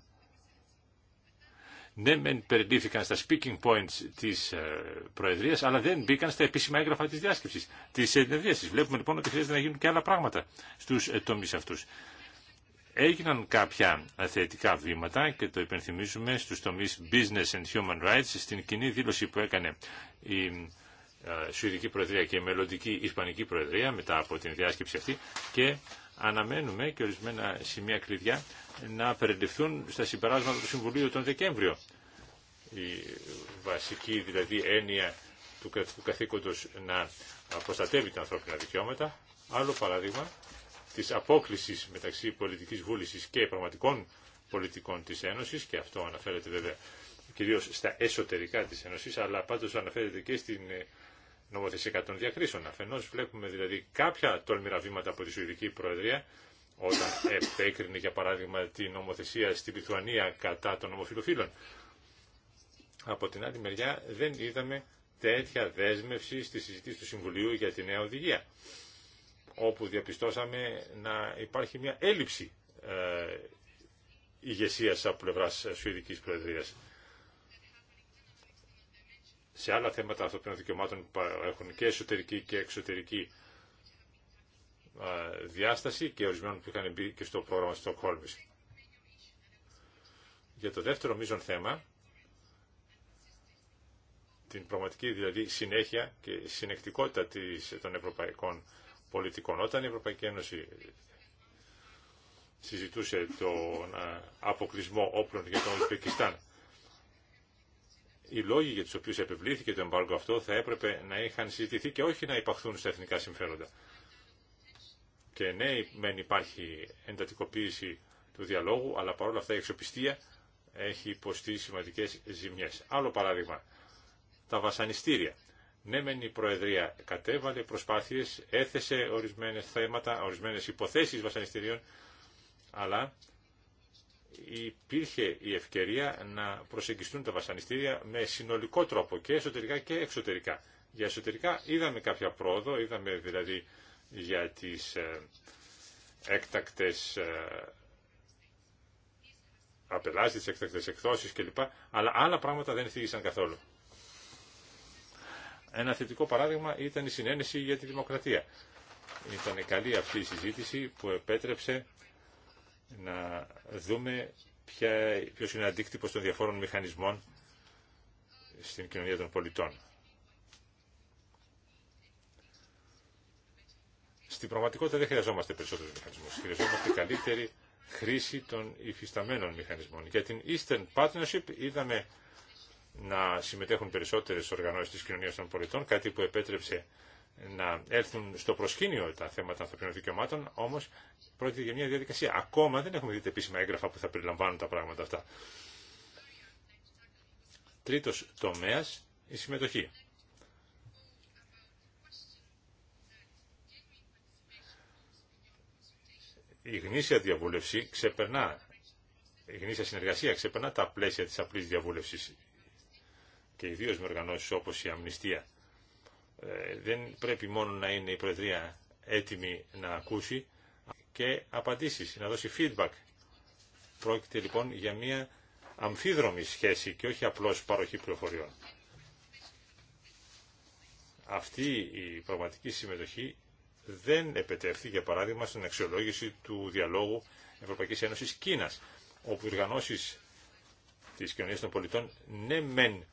ναι μεν περιλήφθηκαν στα speaking points της ε, Προεδρίας, αλλά δεν μπήκαν στα επίσημα έγγραφα της διάσκεψης, της τη. Βλέπουμε λοιπόν ότι χρειάζεται να γίνουν και άλλα πράγματα στους ε, τομείς αυτούς. Έγιναν κάποια θετικά βήματα και το υπενθυμίζουμε στους τομείς business and human rights στην κοινή δήλωση που έκανε η ε, Σουηδική Προεδρία και η μελλοντική Ισπανική Προεδρία μετά από την διάσκεψη αυτή και αναμένουμε και ορισμένα σημεία κλειδιά να περιληφθούν στα συμπεράσματα του Συμβουλίου τον Δεκέμβριο. Η βασική δηλαδή έννοια του καθήκοντος να προστατεύει τα ανθρώπινα δικαιώματα. Άλλο παράδειγμα της απόκλησης μεταξύ πολιτικής βούλησης και πραγματικών πολιτικών της Ένωσης και αυτό αναφέρεται βέβαια κυρίως στα εσωτερικά της Ένωσης αλλά πάντως αναφέρεται και στην ε, νομοθεσία των διακρίσεων. Αφενός βλέπουμε δηλαδή κάποια τολμηρά βήματα από τη Σουηδική Προεδρία όταν επέκρινε για παράδειγμα τη νομοθεσία στην Λιθουανία κατά των ομοφιλοφίλων. Από την άλλη μεριά δεν είδαμε τέτοια δέσμευση στη συζήτηση του Συμβουλίου για τη νέα οδηγία όπου διαπιστώσαμε να υπάρχει μια έλλειψη ε, ηγεσία από πλευρά Σουηδικής Προεδρία σε άλλα θέματα ανθρωπίνων δικαιωμάτων που έχουν και εσωτερική και εξωτερική διάσταση και ορισμένων που είχαν μπει και στο πρόγραμμα Στοκχόλμης. Για το δεύτερο μείζον θέμα, την πραγματική δηλαδή συνέχεια και συνεκτικότητα της, των ευρωπαϊκών πολιτικών. Όταν η Ευρωπαϊκή Ένωση συζητούσε τον αποκλεισμό όπλων για τον Ουσπεκιστάν οι λόγοι για τους οποίους επιβλήθηκε το εμπάργκο αυτό θα έπρεπε να είχαν συζητηθεί και όχι να υπαχθούν στα εθνικά συμφέροντα. Και ναι, μεν υπάρχει εντατικοποίηση του διαλόγου, αλλά παρόλα αυτά η εξοπιστία έχει υποστεί σημαντικές ζημιές. Άλλο παράδειγμα, τα βασανιστήρια. Ναι, μεν η Προεδρία κατέβαλε προσπάθειες, έθεσε ορισμένες θέματα, ορισμένες υποθέσεις βασανιστήριων, αλλά υπήρχε η ευκαιρία να προσεγγιστούν τα βασανιστήρια με συνολικό τρόπο και εσωτερικά και εξωτερικά. Για εσωτερικά είδαμε κάποια πρόοδο, είδαμε δηλαδή για τις ε, έκτακτες ε, απελάσεις, τις έκτακτες εκδόσεις κλπ. Αλλά άλλα πράγματα δεν θίγησαν καθόλου. Ένα θετικό παράδειγμα ήταν η συνένεση για τη δημοκρατία. Ήταν καλή αυτή η συζήτηση που επέτρεψε να δούμε ποια, ποιος είναι ο αντίκτυπος των διαφόρων μηχανισμών στην κοινωνία των πολιτών. Στην πραγματικότητα δεν χρειαζόμαστε περισσότερους μηχανισμούς. Χρειαζόμαστε καλύτερη χρήση των υφισταμένων μηχανισμών. Για την Eastern Partnership είδαμε να συμμετέχουν περισσότερες οργανώσεις της κοινωνίας των πολιτών, κάτι που επέτρεψε να έρθουν στο προσκήνιο τα θέματα ανθρωπίνων δικαιωμάτων, όμως πρόκειται για μια διαδικασία. Ακόμα δεν έχουμε δει τα επίσημα έγγραφα που θα περιλαμβάνουν τα πράγματα αυτά. Τρίτος τομέας, η συμμετοχή. Η γνήσια διαβούλευση ξεπερνά, η γνήσια συνεργασία ξεπερνά τα πλαίσια της απλής διαβούλευση και ιδίω με οργανώσεις όπως η Αμνηστία. Ε, δεν πρέπει μόνο να είναι η Προεδρία έτοιμη να ακούσει και απαντήσεις, να δώσει feedback. Πρόκειται λοιπόν για μια αμφίδρομη σχέση και όχι απλώς παροχή πληροφοριών. Αυτή η πραγματική συμμετοχή δεν επετεύχθη, για παράδειγμα, στην αξιολόγηση του διαλόγου Ευρωπαϊκής Ένωσης Κίνας, όπου οι οργανώσεις της κοινωνίας των πολιτών ναι μεν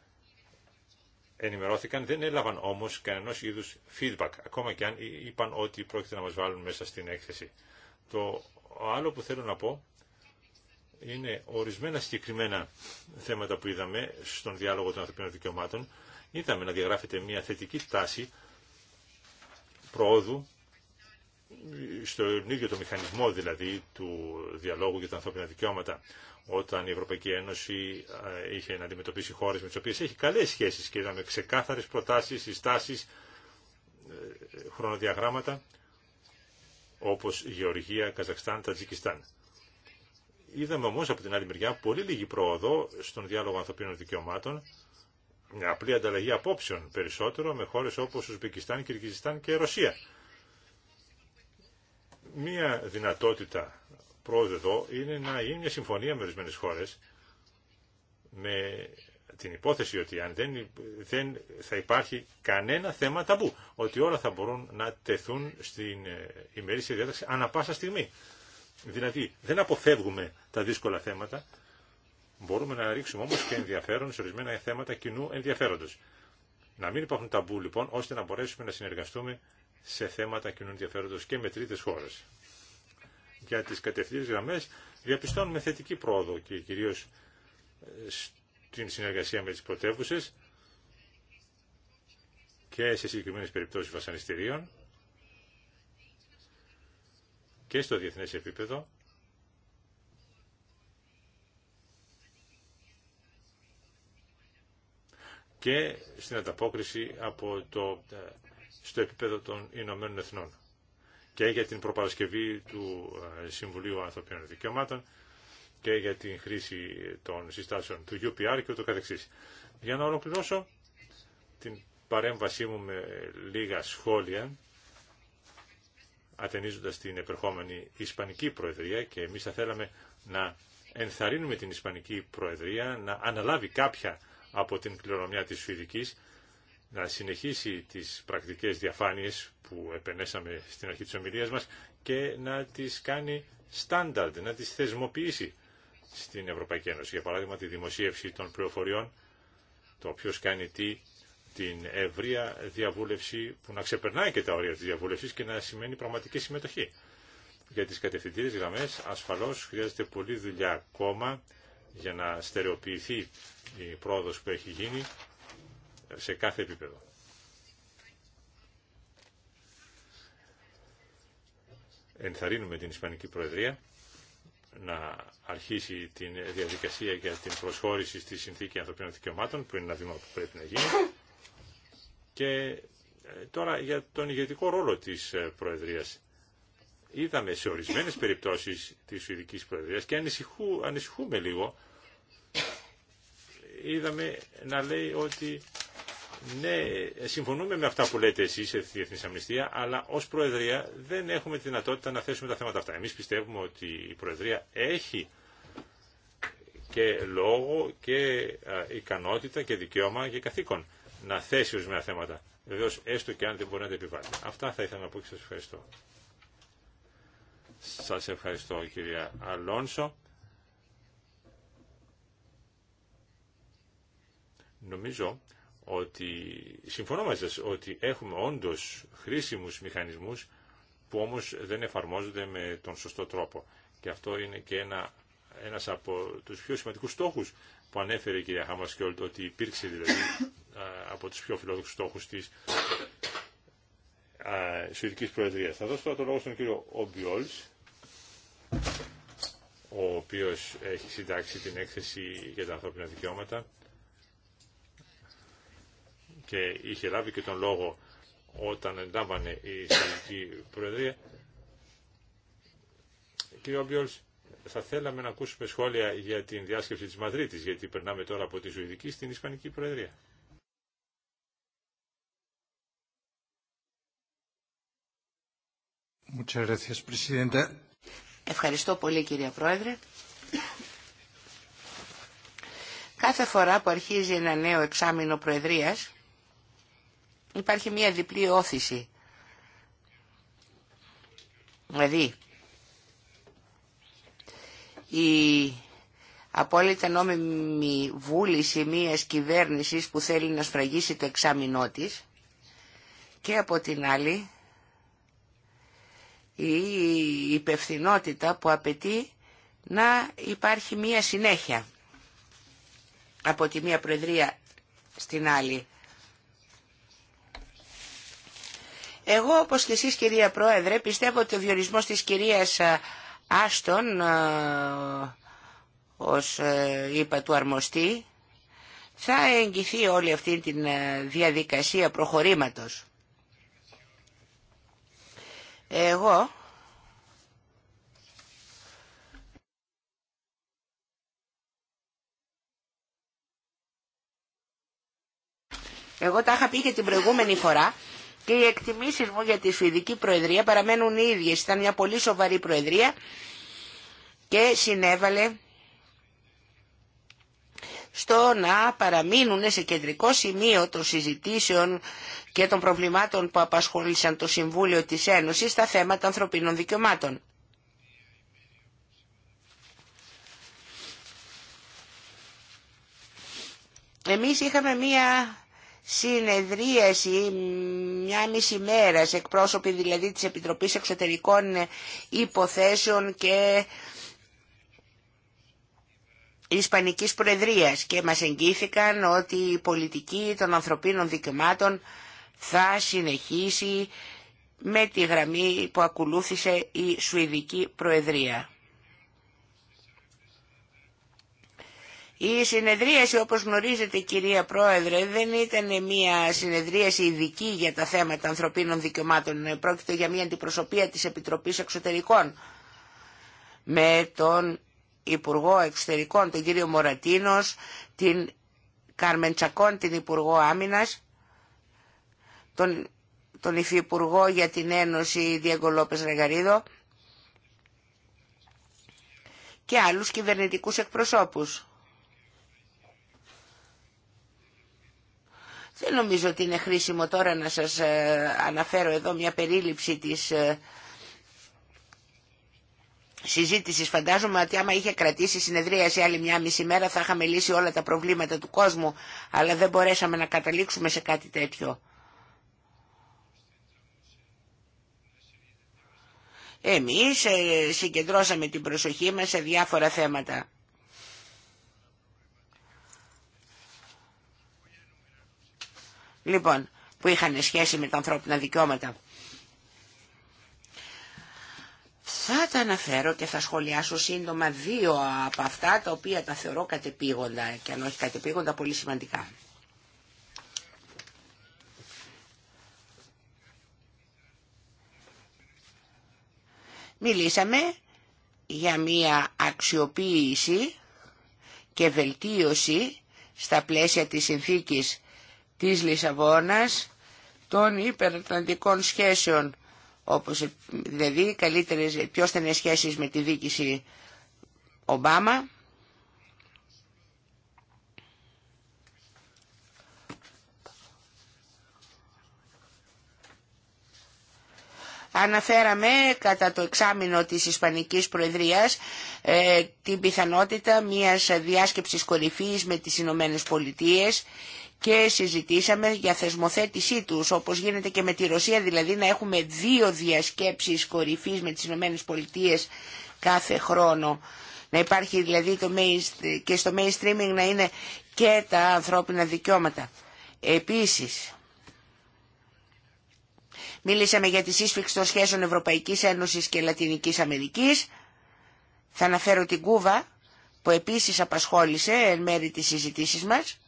ενημερώθηκαν, δεν έλαβαν όμως κανένα είδου feedback, ακόμα και αν είπαν ότι πρόκειται να μα βάλουν μέσα στην έκθεση. Το άλλο που θέλω να πω είναι ορισμένα συγκεκριμένα θέματα που είδαμε στον διάλογο των ανθρωπίνων δικαιωμάτων. Είδαμε να διαγράφεται μια θετική τάση προόδου στον ίδιο το μηχανισμό δηλαδή του διαλόγου για τα ανθρώπινα δικαιώματα όταν η Ευρωπαϊκή Ένωση είχε να αντιμετωπίσει χώρες με τις οποίες έχει καλές σχέσεις και είδαμε ξεκάθαρες προτάσεις, συστάσεις, ε, χρονοδιαγράμματα όπως Γεωργία, Καζακστάν, Τατζικιστάν. Είδαμε όμως από την άλλη μεριά πολύ λίγη πρόοδο στον διάλογο ανθρωπίνων δικαιωμάτων, μια απλή ανταλλαγή απόψεων περισσότερο με χώρες όπως Ουσμπικιστάν, Κυρκυζιστάν και Ρωσία. Μία δυνατότητα πρόοδο εδώ είναι να γίνει μια συμφωνία με ορισμένε χώρε με την υπόθεση ότι αν δεν, δεν θα υπάρχει κανένα θέμα ταμπού, ότι όλα θα μπορούν να τεθούν στην ε, ημερήσια διάταξη ανα πάσα στιγμή. Δηλαδή δεν αποφεύγουμε τα δύσκολα θέματα, μπορούμε να ρίξουμε όμως και ενδιαφέρον σε ορισμένα θέματα κοινού ενδιαφέροντος. Να μην υπάρχουν ταμπού λοιπόν, ώστε να μπορέσουμε να συνεργαστούμε σε θέματα κοινού ενδιαφέροντο και με τρίτες χώρες. Για τις κατευθύνσεις γραμμές διαπιστώνουμε θετική πρόοδο και κυρίως ε, στην συνεργασία με τι πρωτεύουσε και σε συγκεκριμένες περιπτώσεις βασανιστήριων και στο διεθνές επίπεδο και στην ανταπόκριση από το ε, στο επίπεδο των Ηνωμένων Εθνών και για την προπαρασκευή του ε, Συμβουλίου Ανθρωπίνων Δικαιωμάτων και για την χρήση των συστάσεων του UPR και ούτω καθεξής. Για να ολοκληρώσω την παρέμβασή μου με λίγα σχόλια ατενίζοντας την επερχόμενη Ισπανική Προεδρία και εμείς θα θέλαμε να ενθαρρύνουμε την Ισπανική Προεδρία να αναλάβει κάποια από την κληρονομιά της Φιδικής να συνεχίσει τις πρακτικές διαφάνειες που επενέσαμε στην αρχή της ομιλίας μας και να τις κάνει στάνταρντ, να τις θεσμοποιήσει στην Ευρωπαϊκή Ένωση. Για παράδειγμα τη δημοσίευση των πληροφοριών, το οποίο κάνει τι, την ευρεία διαβούλευση που να ξεπερνάει και τα όρια της διαβούλευσης και να σημαίνει πραγματική συμμετοχή. Για τις κατευθυντήρες γραμμές ασφαλώς χρειάζεται πολλή δουλειά ακόμα για να στερεοποιηθεί η πρόοδος που έχει γίνει σε κάθε επίπεδο. Ενθαρρύνουμε την Ισπανική Προεδρία να αρχίσει τη διαδικασία για την προσχώρηση στη Συνθήκη Ανθρωπίνων Δικαιωμάτων, που είναι ένα βήμα που πρέπει να γίνει. Και ε, τώρα για τον ηγετικό ρόλο της ε, Προεδρίας. Είδαμε σε ορισμένες περιπτώσεις της Σουηδικής Προεδρίας και ανησυχού, ανησυχούμε λίγο. Είδαμε να λέει ότι ναι, ε, συμφωνούμε με αυτά που λέτε εσείς ε, σε Διεθνή Αμνηστία, αλλά ως Προεδρία δεν έχουμε τη δυνατότητα να θέσουμε τα θέματα αυτά. Εμείς πιστεύουμε ότι η Προεδρία έχει και λόγο και ικανότητα και δικαίωμα και καθήκον να θέσει ορισμένα θέματα. Βεβαίω, έστω και αν δεν μπορεί να τα επιβάλλει. Αυτά θα ήθελα να πω και σα ευχαριστώ. Σα ευχαριστώ, κυρία Αλόνσο. Νομίζω ότι συμφωνώ μαζί σας ότι έχουμε όντως χρήσιμους μηχανισμούς που όμως δεν εφαρμόζονται με τον σωστό τρόπο. Και αυτό είναι και ένα, ένας από τους πιο σημαντικούς στόχους που ανέφερε η κυρία όλοι ότι υπήρξε δηλαδή από τους πιο φιλόδοξους στόχους της Σουηδικής Προεδρίας. Θα δώσω τώρα το λόγο στον κύριο Ομπιόλς, ο οποίος έχει συντάξει την έκθεση για τα ανθρώπινα δικαιώματα και είχε λάβει και τον λόγο όταν εντάμβανε η Ισραηλική Προεδρία. Κύριε Όμπιολ, θα θέλαμε να ακούσουμε σχόλια για την διάσκεψη της Μαδρίτης, γιατί περνάμε τώρα από τη Σουηδική στην Ισπανική Προεδρία. Ευχαριστώ πολύ κύριε Πρόεδρε. Κάθε φορά που αρχίζει ένα νέο εξάμεινο Προεδρίας, υπάρχει μια διπλή όθηση. Δηλαδή, η απόλυτα νόμιμη βούληση μιας κυβέρνησης που θέλει να σφραγίσει το εξάμεινό και από την άλλη η υπευθυνότητα που απαιτεί να υπάρχει μία συνέχεια από τη μία προεδρία στην άλλη. Εγώ όπως και εσείς κυρία Πρόεδρε πιστεύω ότι ο διορισμός της κυρίας ε, Άστον ε, ως ε, είπα του αρμοστή θα εγγυθεί όλη αυτή τη διαδικασία προχωρήματος. Εγώ Εγώ τα είχα πει και την προηγούμενη φορά και οι εκτιμήσεις μου για τη Σουηδική Προεδρία παραμένουν οι ίδιες. Ήταν μια πολύ σοβαρή Προεδρία και συνέβαλε στο να παραμείνουν σε κεντρικό σημείο των συζητήσεων και των προβλημάτων που απασχόλησαν το Συμβούλιο της Ένωσης στα θέματα ανθρωπίνων δικαιωμάτων. Εμείς είχαμε μία συνεδρίαση μια μισή σε εκπρόσωποι δηλαδή της Επιτροπής Εξωτερικών Υποθέσεων και Ισπανικής Προεδρίας και μας εγγύθηκαν ότι η πολιτική των ανθρωπίνων δικαιωμάτων θα συνεχίσει με τη γραμμή που ακολούθησε η Σουηδική Προεδρία. Η συνεδρίαση όπως γνωρίζετε κυρία Πρόεδρε δεν ήταν μια συνεδρίαση ειδική για τα θέματα ανθρωπίνων δικαιωμάτων. Πρόκειται για μια αντιπροσωπεία της Επιτροπής Εξωτερικών με τον Υπουργό Εξωτερικών, τον κύριο Μορατίνος, την Κάρμεν την Υπουργό Άμυνας, τον, τον Υφυπουργό για την Ένωση Διέγκο Ρεγαρίδο και άλλους κυβερνητικούς εκπροσώπους. Δεν νομίζω ότι είναι χρήσιμο τώρα να σας ε, αναφέρω εδώ μια περίληψη της ε, συζήτησης. Φαντάζομαι ότι άμα είχε κρατήσει συνεδρία σε άλλη μια μισή μέρα θα είχαμε λύσει όλα τα προβλήματα του κόσμου, αλλά δεν μπορέσαμε να καταλήξουμε σε κάτι τέτοιο. Εμείς ε, συγκεντρώσαμε την προσοχή μας σε διάφορα θέματα. λοιπόν, που είχαν σχέση με τα ανθρώπινα δικαιώματα. Θα τα αναφέρω και θα σχολιάσω σύντομα δύο από αυτά τα οποία τα θεωρώ κατεπίγοντα και αν όχι κατεπήγοντα πολύ σημαντικά. Μιλήσαμε για μία αξιοποίηση και βελτίωση στα πλαίσια της συνθήκης της Λισαβόνας των υπερατλαντικών σχέσεων, όπως δηλαδή καλύτερες, πιο στενές σχέσεις με τη δίκηση Ομπάμα, Αναφέραμε κατά το εξάμεινο της Ισπανικής Προεδρίας ε, την πιθανότητα μιας διάσκεψης κορυφής με τις Ηνωμένε Πολιτείες και συζητήσαμε για θεσμοθέτησή τους, όπως γίνεται και με τη Ρωσία, δηλαδή να έχουμε δύο διασκέψεις κορυφής με τις ΗΠΑ κάθε χρόνο. Να υπάρχει δηλαδή το και στο mainstreaming να είναι και τα ανθρώπινα δικαιώματα. Επίσης, μίλησαμε για τη σύσφυξη των σχέσεων Ευρωπαϊκής Ένωσης και Λατινικής Αμερικής. Θα αναφέρω την Κούβα, που επίσης απασχόλησε εν μέρη της συζητήσεις μας.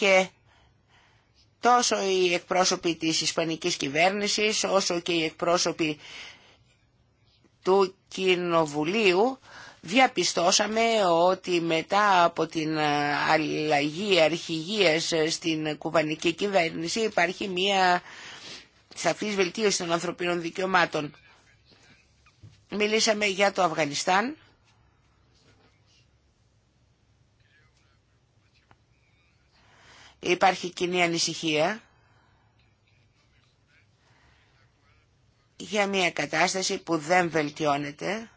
και τόσο οι εκπρόσωποι της Ισπανικής κυβέρνησης όσο και οι εκπρόσωποι του Κοινοβουλίου διαπιστώσαμε ότι μετά από την αλλαγή αρχηγίας στην κουβανική κυβέρνηση υπάρχει μια σαφής βελτίωση των ανθρωπίνων δικαιωμάτων. Μιλήσαμε για το Αφγανιστάν. υπάρχει κοινή ανησυχία για μια κατάσταση που δεν βελτιώνεται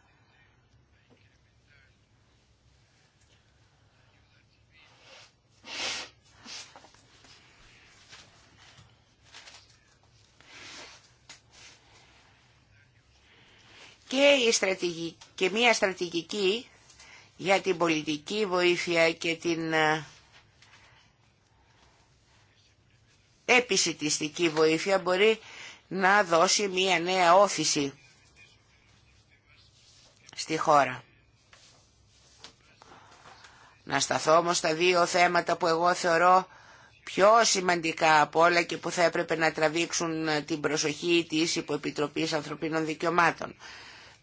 και, μια στρατηγική για την πολιτική βοήθεια και την ε, επισητιστική βοήθεια μπορεί να δώσει μία νέα όθηση στη χώρα. Να σταθώ όμως στα δύο θέματα που εγώ θεωρώ πιο σημαντικά από όλα και που θα έπρεπε να τραβήξουν την προσοχή της Υποεπιτροπής Ανθρωπίνων Δικαιωμάτων.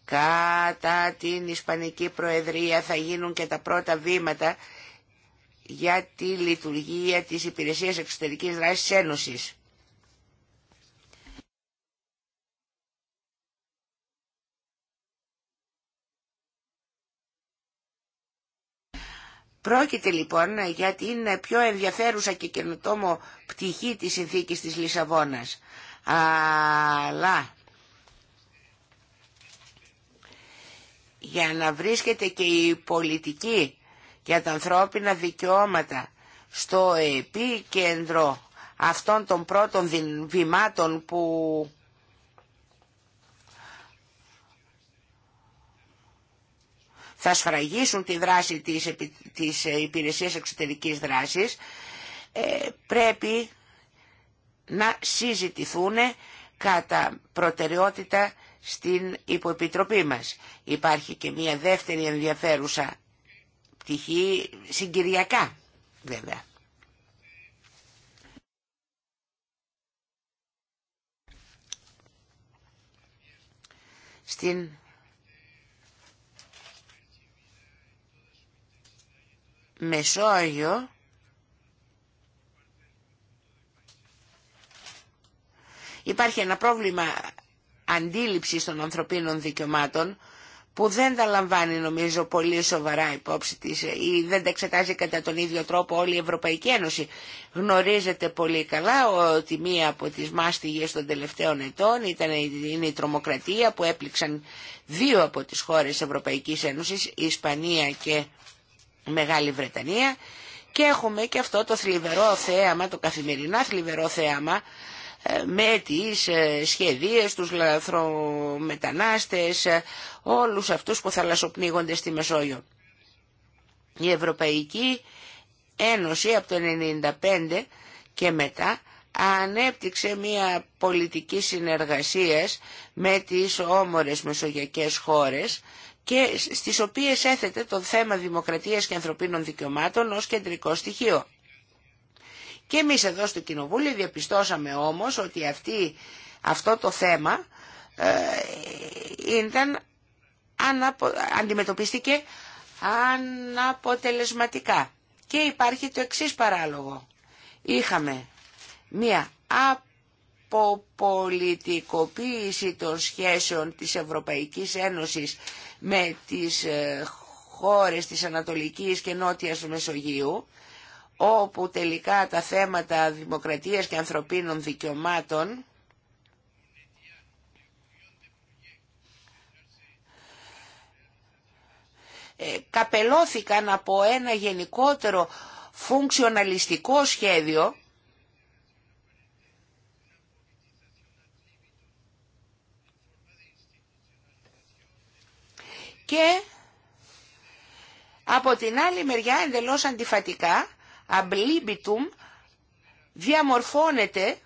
Κατά την Ισπανική Προεδρία θα γίνουν και τα πρώτα βήματα για τη λειτουργία της υπηρεσίας εξωτερικής δράσης Ένωσης. Πρόκειται λοιπόν για την πιο ενδιαφέρουσα και καινοτόμο πτυχή της συνθήκης της Λισαβόνας. Αλλά για να βρίσκεται και η πολιτική για τα ανθρώπινα δικαιώματα στο επίκεντρο αυτών των πρώτων βημάτων που θα σφραγίσουν τη δράση της, της υπηρεσίας εξωτερικής δράσης, ε, πρέπει να συζητηθούν κατά προτεραιότητα στην υποεπιτροπή μας. Υπάρχει και μια δεύτερη ενδιαφέρουσα πτυχή συγκυριακά βέβαια. Στην Μεσόγειο υπάρχει ένα πρόβλημα αντίληψης των ανθρωπίνων δικαιωμάτων που δεν τα λαμβάνει νομίζω πολύ σοβαρά υπόψη της ε, ή δεν τα εξετάζει κατά τον ίδιο τρόπο όλη η Ευρωπαϊκή Ένωση. Γνωρίζετε πολύ καλά ότι μία από τις μάστιγες των τελευταίων ετών ήταν, είναι η τρομοκρατία που έπληξαν δύο από τις χώρες Ευρωπαϊκής Ένωσης, η Ισπανία και Μεγάλη Βρετανία και έχουμε και αυτό το θλιβερό θέαμα, το καθημερινά θλιβερό θέαμα ε, με τις ε, σχεδίες, τους λαθρομετανάστες, ε, όλους αυτούς που θαλασσοπνίγονται στη Μεσόγειο. Η Ευρωπαϊκή Ένωση από το 1995 και μετά ανέπτυξε μια πολιτική συνεργασίας με τις όμορες μεσογειακές χώρες και στις οποίες έθετε το θέμα δημοκρατίας και ανθρωπίνων δικαιωμάτων ως κεντρικό στοιχείο. Και εμείς εδώ στο Κοινοβούλιο διαπιστώσαμε όμως ότι αυτή, αυτό το θέμα ε, ήταν, αντιμετωπίστηκε αναποτελεσματικά. Και υπάρχει το εξής παράλογο. Είχαμε μία αποπολιτικοποίηση των σχέσεων της Ευρωπαϊκής Ένωσης με τις ε, χώρες της Ανατολικής και Νότιας Μεσογείου όπου τελικά τα θέματα δημοκρατίας και ανθρωπίνων δικαιωμάτων ε, καπελώθηκαν από ένα γενικότερο φουνξιοναλιστικό σχέδιο και από την άλλη μεριά εντελώς αντιφατικά Αμπλίμπιτουμ διαμορφώνεται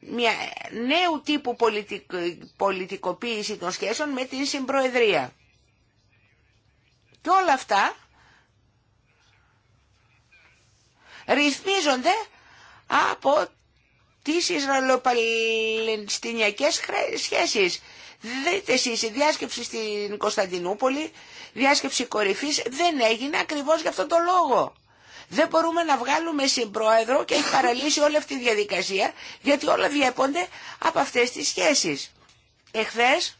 μια νέου τύπου πολιτικοποίηση των σχέσεων με την συμπροεδρία. Και όλα αυτά ρυθμίζονται από τις Ισραηλοπαλαιστινιακές σχέσεις. Δείτε εσείς, η διάσκεψη στην Κωνσταντινούπολη, διάσκεψη κορυφής, δεν έγινε ακριβώς για αυτόν τον λόγο. Δεν μπορούμε να βγάλουμε συμπρόεδρο και έχει παραλύσει όλη αυτή τη διαδικασία, γιατί όλα διέπονται από αυτές τις σχέσεις. Εχθές,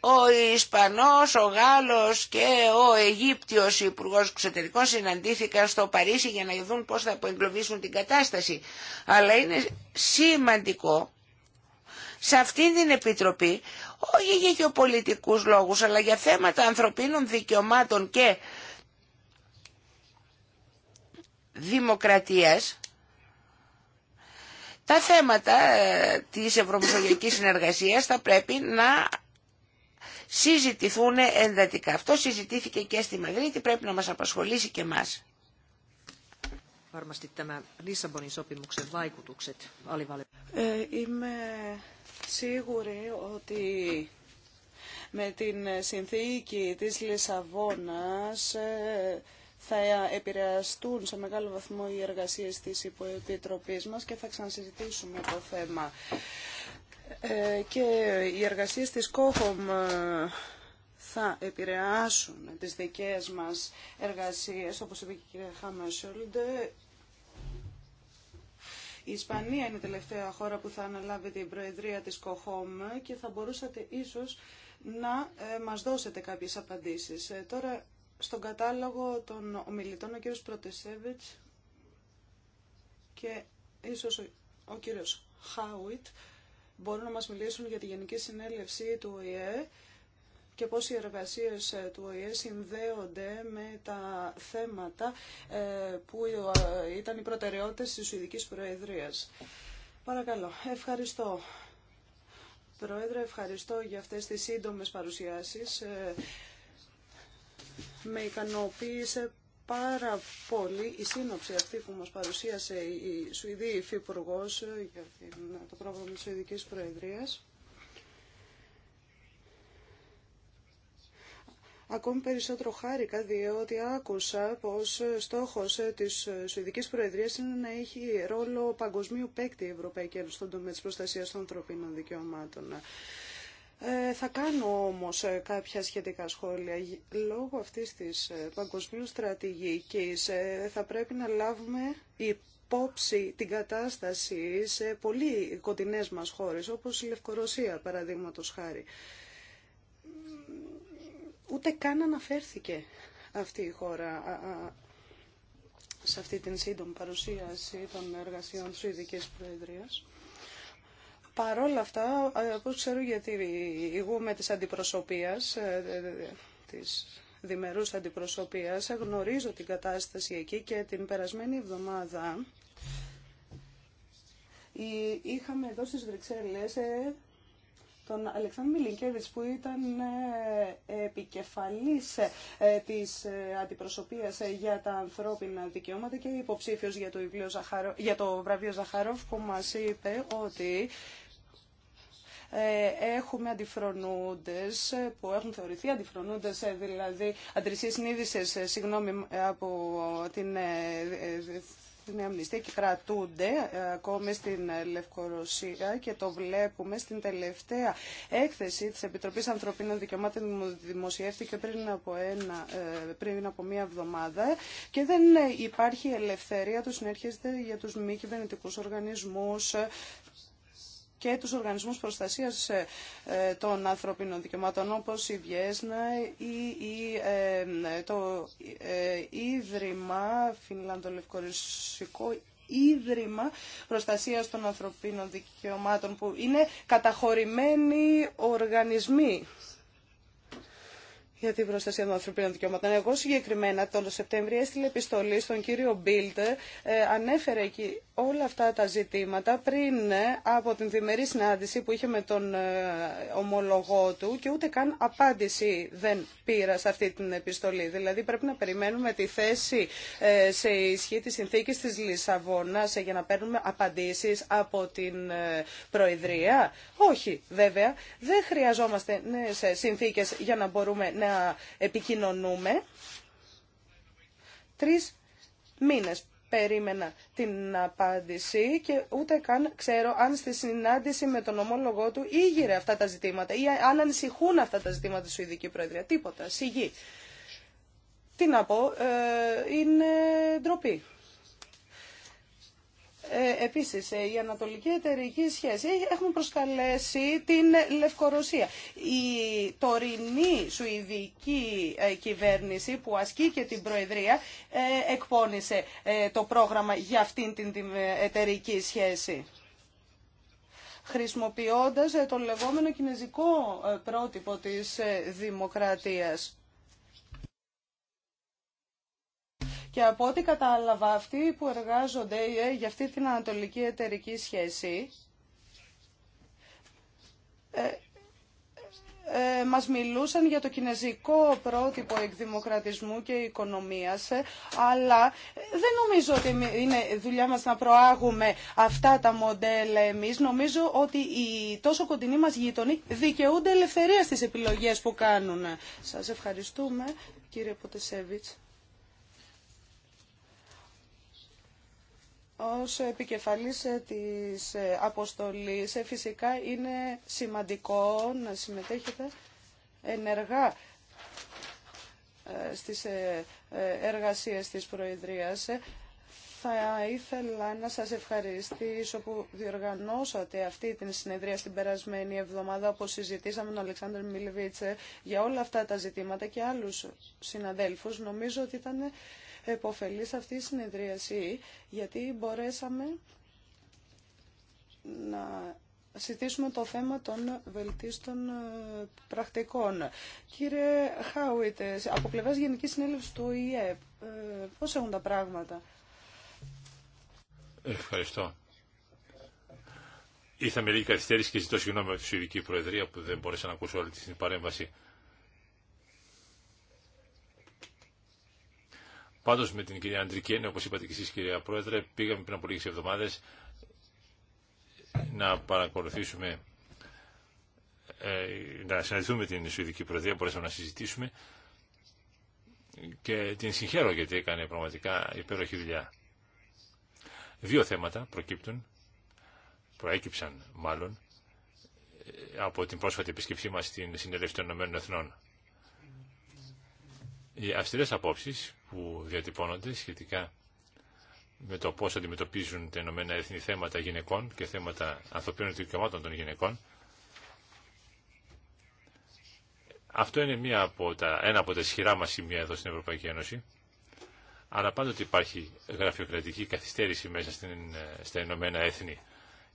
ο Ισπανός, ο Γάλλος και ο Αιγύπτιος Υπουργός Εξωτερικών συναντήθηκαν στο Παρίσι για να δουν πώς θα αποεγκλωβίσουν την κατάσταση. Αλλά είναι σημαντικό σε αυτή την Επιτροπή, όχι για γεωπολιτικούς λόγους, αλλά για θέματα ανθρωπίνων δικαιωμάτων και δημοκρατίας, τα θέματα ε, της ευρωπαϊκής Συνεργασίας θα πρέπει να συζητηθούν ενδετικά. Αυτό συζητήθηκε και στη Μαδρίτη, πρέπει να μας απασχολήσει και μας. Ε, είμαι σίγουρη ότι με την συνθήκη της Λισαβόνας ε, θα επηρεαστούν σε μεγάλο βαθμό οι εργασίες της υποεπιτροπής μας και θα ξανασυζητήσουμε το θέμα. Ε, και οι εργασίες της ΚΟΧΟΜ ε, θα επηρεάσουν τις δικές μας εργασίες, όπως είπε και η κυρία Χάμασόλντ. Η Ισπανία είναι η τελευταία χώρα που θα αναλάβει την προεδρία της ΚΟΧΟΜ και θα μπορούσατε ίσως να ε, μας δώσετε κάποιες απαντήσεις. Τώρα, στον κατάλογο των ομιλητών, ο κύριος Πρωτεσέβιτς και ίσως ο κύριος Χάουιτ, μπορούν να μας μιλήσουν για τη Γενική Συνέλευση του ΟΗΕ και πώς οι εργασίες ε, του ΟΗΕ συνδέονται με τα θέματα ε, που ε, ήταν οι προτεραιότητες της Σουηδικής Προεδρίας. Παρακαλώ. Ευχαριστώ. Πρόεδρε, ευχαριστώ για αυτές τις σύντομες παρουσιάσεις. Με ικανοποίησε πάρα πολύ η σύνοψη αυτή που μας παρουσίασε η Σουηδή Υφυπουργός για το πρόγραμμα της Σουηδικής Προεδρίας. Ακόμη περισσότερο χάρηκα διότι άκουσα πως στόχος της Σουηδικής Προεδρίας είναι να έχει ρόλο παγκοσμίου παίκτη η Ευρωπαϊκή Ένωση στον τομέα της προστασίας των ανθρωπίνων δικαιωμάτων. Ε, θα κάνω όμως ε, κάποια σχετικά σχόλια. Λόγω αυτής της ε, παγκοσμίου στρατηγικής θα πρέπει να λάβουμε υπόψη την κατάσταση σε πολύ κοντινές μας χώρες, όπως η Λευκορωσία παραδείγματος χάρη. Ούτε καν αναφέρθηκε αυτή η χώρα σε αυτή την σύντομη παρουσίαση των εργασιών της Ειδικής Προεδρίας. Παρόλα αυτά, ε, όπως ξέρω γιατί ηγούμε της αντιπροσωπείας, ε, ε, της διμερούς αντιπροσωπείας, γνωρίζω την κατάσταση εκεί και την περασμένη εβδομάδα είχαμε εδώ στις Βρυξέλλες τον Αλεξάνδρου Μιλινκέβιτς που ήταν επικεφαλής της αντιπροσωπείας για τα ανθρώπινα δικαιώματα και υποψήφιος για το, για το βραβείο Ζαχαρόφ που μας είπε ότι ε, έχουμε αντιφρονούντες που έχουν θεωρηθεί αντιφρονούντες, ε, δηλαδή αντρισίες συνείδησες, ε, συγγνώμη, από την την αμνηστία και κρατούνται ακόμη στην Λευκορωσία και το βλέπουμε στην τελευταία έκθεση της Επιτροπής Ανθρωπίνων Δικαιωμάτων που δημοσιεύτηκε πριν από, ένα, πριν από μία εβδομάδα και δεν υπάρχει ελευθερία του συνέρχεστε για τους μη κυβερνητικού οργανισμούς, και τους οργανισμούς προστασίας ε, ε, των ανθρωπίνων δικαιωμάτων όπως η Βιέσνα ή ε, το Ίδρυμα Φινλανδολευκορυσικό Ίδρυμα Προστασίας των Ανθρωπίνων Δικαιωμάτων που είναι καταχωρημένοι οργανισμοί για την προστασία των ανθρωπίνων δικαιωμάτων. Εγώ συγκεκριμένα τον Σεπτέμβριο έστειλε επιστολή στον κύριο Μπίλτε, ανέφερε εκεί όλα αυτά τα ζητήματα πριν ε, από την διμερή συνάντηση που είχε με τον ε, ομολογό του και ούτε καν απάντηση δεν πήρα σε αυτή την επιστολή. Δηλαδή πρέπει να περιμένουμε τη θέση ε, σε ισχύ της συνθήκης της Λισαβόνας για να παίρνουμε απαντήσεις από την Προεδρία. Όχι βέβαια, δεν χρειαζόμαστε νέες συνθήκες για να μπορούμε να επικοινωνούμε. Τρεις μήνες περίμενα την απάντηση και ούτε καν ξέρω αν στη συνάντηση με τον ομόλογό του ήγηρε αυτά τα ζητήματα ή αν ανησυχούν αυτά τα ζητήματα η Σουηδική Προεδρία. Τίποτα. Σιγή. Τι να πω, ε, είναι ντροπή ε, επίσης, ε, η Ανατολική Εταιρική Σχέση έχουν προσκαλέσει την Λευκορωσία. Η τωρινή Σουηδική ε, κυβέρνηση που ασκεί και την Προεδρία εκπώνησε το πρόγραμμα για αυτήν την εταιρική σχέση χρησιμοποιώντας το λεγόμενο κινέζικο πρότυπο της δημοκρατίας. Και από ό,τι κατάλαβα, αυτοί που εργάζονται ε, για αυτή την ανατολική εταιρική σχέση, ε, ε, μας μιλούσαν για το κινέζικο πρότυπο εκδημοκρατισμού και οικονομίας, ε, αλλά δεν νομίζω ότι είναι δουλειά μας να προάγουμε αυτά τα μοντέλα εμείς. Νομίζω ότι οι τόσο κοντινοί μας γείτονοι δικαιούνται ελευθερία στις επιλογές που κάνουν. Σας ευχαριστούμε κύριε Ποτεσέβιτς. ως επικεφαλής ε, της ε, αποστολής ε, φυσικά είναι σημαντικό να συμμετέχετε ενεργά στις εργασίες της Προεδρίας. Θα ήθελα να σας ευχαριστήσω που διοργανώσατε αυτή την συνεδρία στην περασμένη εβδομάδα όπως συζητήσαμε με τον Αλεξάνδρ Μιλβίτσε για όλα αυτά τα ζητήματα και άλλους συναδέλφους. Νομίζω ότι ήταν Εποφελής αυτή η συνεδρίαση, γιατί μπορέσαμε να συζητήσουμε το θέμα των βελτίστων ε, πρακτικών. Κύριε Χάουιτ, ε, από πλευράς Γενικής Συνέλευσης του ΙΕ, ε, πώς έχουν τα πράγματα. Ευχαριστώ. Ήρθα με λίγη καθυστέρηση και ζητώ συγγνώμη από τη Σουηδική Προεδρία που δεν μπόρεσα να ακούσω όλη την παρέμβαση. Πάντω με την κυρία Αντρική, όπως είπατε και εσεί κυρία Πρόεδρε, πήγαμε πριν από λίγε εβδομάδες να παρακολουθήσουμε, ε, να συναντηθούμε την Σουηδική Προεδρία, μπορέσαμε να συζητήσουμε και την συγχαίρω γιατί έκανε πραγματικά υπέροχη δουλειά. Δύο θέματα προκύπτουν, προέκυψαν μάλλον, ε, από την πρόσφατη επισκεψή μας στην Συνέλευση των Ηνωμένων Εθνών. Οι αυστηρές απόψεις που διατυπώνονται σχετικά με το πώς αντιμετωπίζουν τα Ηνωμένα Έθνη θέματα γυναικών και θέματα ανθρωπίνων δικαιωμάτων των γυναικών. Αυτό είναι μία από τα, ένα από τα ισχυρά μας σημεία εδώ στην Ευρωπαϊκή Ένωση. Αλλά πάντοτε υπάρχει γραφειοκρατική καθυστέρηση μέσα στην, στα Ηνωμένα Έθνη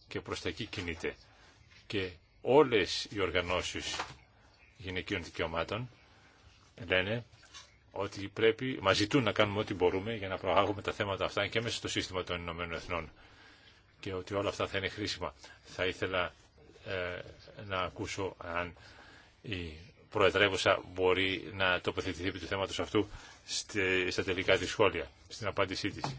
και προς τα εκεί κινείται. Και όλες οι οργανώσεις γυναικείων δικαιωμάτων λένε ότι πρέπει, μας ζητούν να κάνουμε ό,τι μπορούμε για να προάγουμε τα θέματα αυτά και μέσα στο σύστημα των Ηνωμένων Εθνών και ότι όλα αυτά θα είναι χρήσιμα. Θα ήθελα ε, να ακούσω αν η Προεδρεύουσα μπορεί να τοποθετηθεί επί του θέματος αυτού στα τελικά της σχόλια, στην απάντησή της.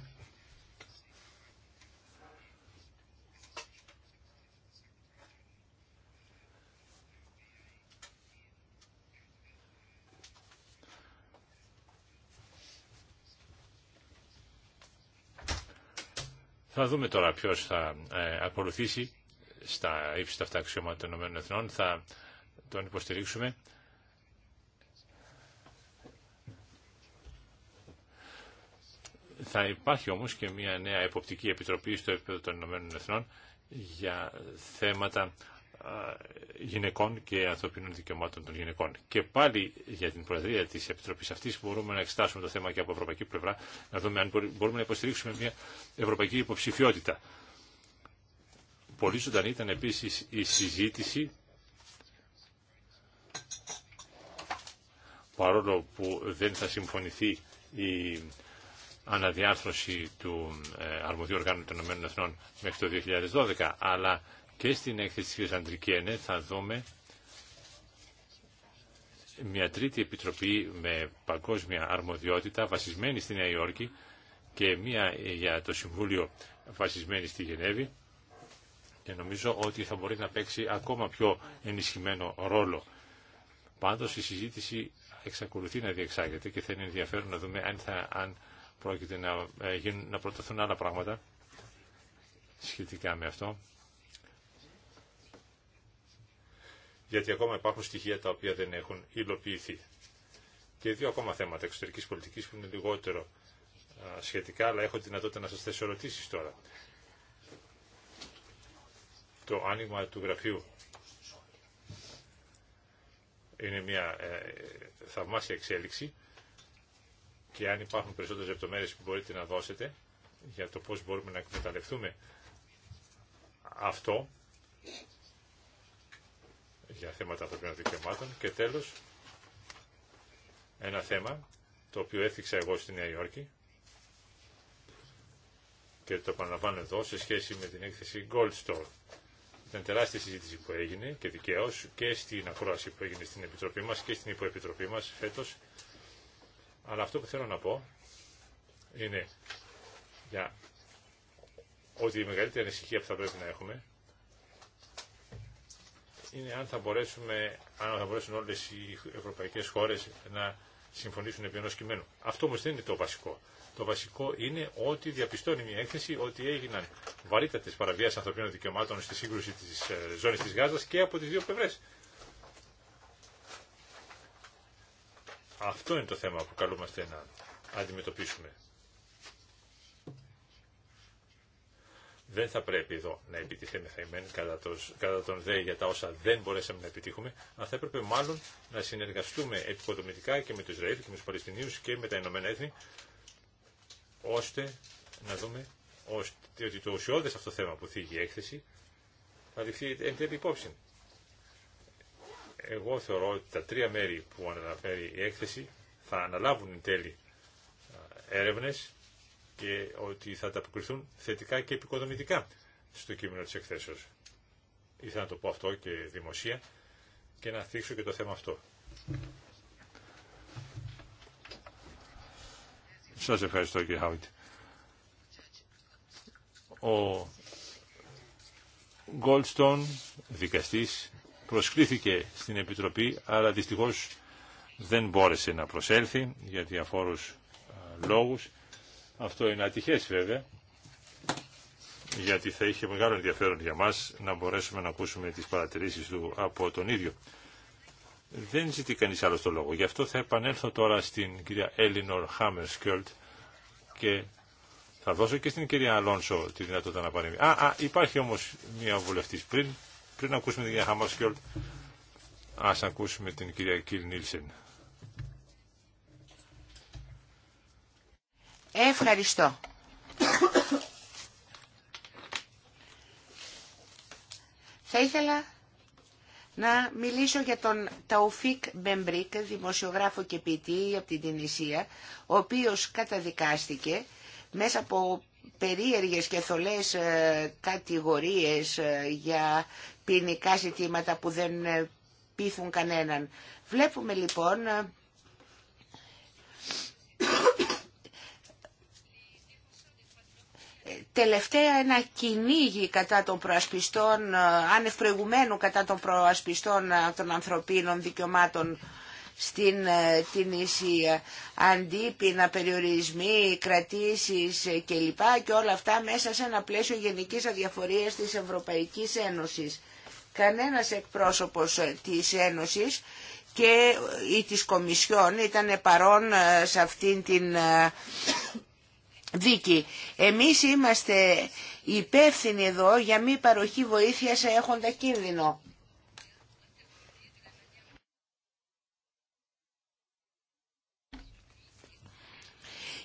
Θα δούμε τώρα ποιο θα ε, ακολουθήσει στα ύψιστα αυτά αξιώματα των ΗΕ. Θα τον υποστηρίξουμε. Θα υπάρχει όμως και μια νέα εποπτική επιτροπή στο επίπεδο των ΗΕ Εθνών για θέματα γυναικών και ανθρωπίνων δικαιωμάτων των γυναικών. Και πάλι για την Προεδρία τη Επιτροπή αυτή μπορούμε να εξετάσουμε το θέμα και από ευρωπαϊκή πλευρά, να δούμε αν μπορούμε να υποστηρίξουμε μια ευρωπαϊκή υποψηφιότητα. Πολύ ζωντανή ήταν επίση η συζήτηση, παρόλο που δεν θα συμφωνηθεί η αναδιάρθρωση του ε, αρμοδίου οργάνου των Εθνών μέχρι το 2012, αλλά και στην έκθεση της θα δούμε μια τρίτη επιτροπή με παγκόσμια αρμοδιότητα βασισμένη στη Νέα Υόρκη και μια για το Συμβούλιο βασισμένη στη Γενέβη και νομίζω ότι θα μπορεί να παίξει ακόμα πιο ενισχυμένο ρόλο. Πάντως η συζήτηση εξακολουθεί να διεξάγεται και θα είναι ενδιαφέρον να δούμε αν, θα, αν πρόκειται να, ε, να προταθούν άλλα πράγματα σχετικά με αυτό. γιατί ακόμα υπάρχουν στοιχεία τα οποία δεν έχουν υλοποιηθεί. Και δύο ακόμα θέματα εξωτερική πολιτική που είναι λιγότερο σχετικά, αλλά έχω δυνατότητα να σα θέσω ερωτήσει τώρα. Το άνοιγμα του γραφείου είναι μια ε, θαυμάσια εξέλιξη και αν υπάρχουν περισσότερες λεπτομέρειες που μπορείτε να δώσετε για το πώς μπορούμε να εκμεταλλευτούμε αυτό για θέματα ανθρωπίνων δικαιωμάτων. Και τέλος, ένα θέμα το οποίο έφτιαξα εγώ στη Νέα Υόρκη και το επαναλαμβάνω εδώ σε σχέση με την έκθεση Gold Store. Ήταν τεράστια συζήτηση που έγινε και δικαίω και στην ακρόαση που έγινε στην Επιτροπή μας και στην Υποεπιτροπή μας φέτος. Αλλά αυτό που θέλω να πω είναι για ότι η μεγαλύτερη ανησυχία που θα πρέπει να έχουμε είναι αν θα, μπορέσουμε, αν θα μπορέσουν όλες οι ευρωπαϊκές χώρες να συμφωνήσουν επί ενός κειμένου. Αυτό όμως δεν είναι το βασικό. Το βασικό είναι ότι διαπιστώνει μια έκθεση ότι έγιναν βαρύτατες παραβιάσεις ανθρωπίνων δικαιωμάτων στη σύγκρουση της ε, ζώνης της Γάζας και από τις δύο πλευρές. Αυτό είναι το θέμα που καλούμαστε να αντιμετωπίσουμε. Δεν θα πρέπει εδώ να επιτυχθούμε ημέν κατά, κατά τον ΔΕΗ για τα όσα δεν μπορέσαμε να επιτύχουμε, αλλά θα έπρεπε μάλλον να συνεργαστούμε επικοδομητικά και με το Ισραήλ και με του Παλαιστινίου και με τα Ηνωμένα Έθνη, ώστε να δούμε ώστε, ότι το ουσιώδε αυτό θέμα που θίγει η έκθεση θα ληφθεί εν τέλει υπόψη. Εγώ θεωρώ ότι τα τρία μέρη που αναφέρει η έκθεση θα αναλάβουν εν τέλει έρευνες και ότι θα τα ανταποκριθούν θετικά και επικοδομητικά στο κείμενο της εκθέσεως. Ήθελα να το πω αυτό και δημοσία και να θίξω και το θέμα αυτό. Σας ευχαριστώ κύριε Χάουιτ. Ο Γκόλτστον, δικαστής, προσκλήθηκε στην Επιτροπή, αλλά δυστυχώς δεν μπόρεσε να προσέλθει για διαφόρους λόγους. Αυτό είναι ατυχές βέβαια, γιατί θα είχε μεγάλο ενδιαφέρον για μας να μπορέσουμε να ακούσουμε τις παρατηρήσεις του από τον ίδιο. Δεν ζητεί κανείς άλλο το λόγο. Γι' αυτό θα επανέλθω τώρα στην κυρία Έλινορ Χάμερσκιολτ και θα δώσω και στην κυρία Αλόνσο τη δυνατότητα να παρέμβει. Α, α, υπάρχει όμως μια βουλευτής. Πριν, πριν ακούσουμε την κυρία Χάμερσκιολτ, ας ακούσουμε την κυρία Κιλ Νίλσεν. Ευχαριστώ. Θα ήθελα να μιλήσω για τον Ταουφίκ Μπεμπρίκ, δημοσιογράφο και ποιητή από την Τινησία, ο οποίος καταδικάστηκε μέσα από περίεργες και θολές ε, κατηγορίες ε, για ποινικά ζητήματα που δεν ε, πείθουν κανέναν. Βλέπουμε λοιπόν τελευταία ένα κυνήγι κατά των προασπιστών, ε, άνευ προηγουμένου κατά των προασπιστών ε, των ανθρωπίνων δικαιωμάτων στην ε, την Ισία, αντίπεινα, περιορισμοί, κρατήσεις κλπ. και όλα αυτά μέσα σε ένα πλαίσιο γενικής αδιαφορίας της Ευρωπαϊκής Ένωσης. Κανένας εκπρόσωπος της Ένωσης και ή της Κομισιόν ήταν παρόν σε αυτήν την δίκη. Εμείς είμαστε υπεύθυνοι εδώ για μη παροχή βοήθειας έχοντα κίνδυνο.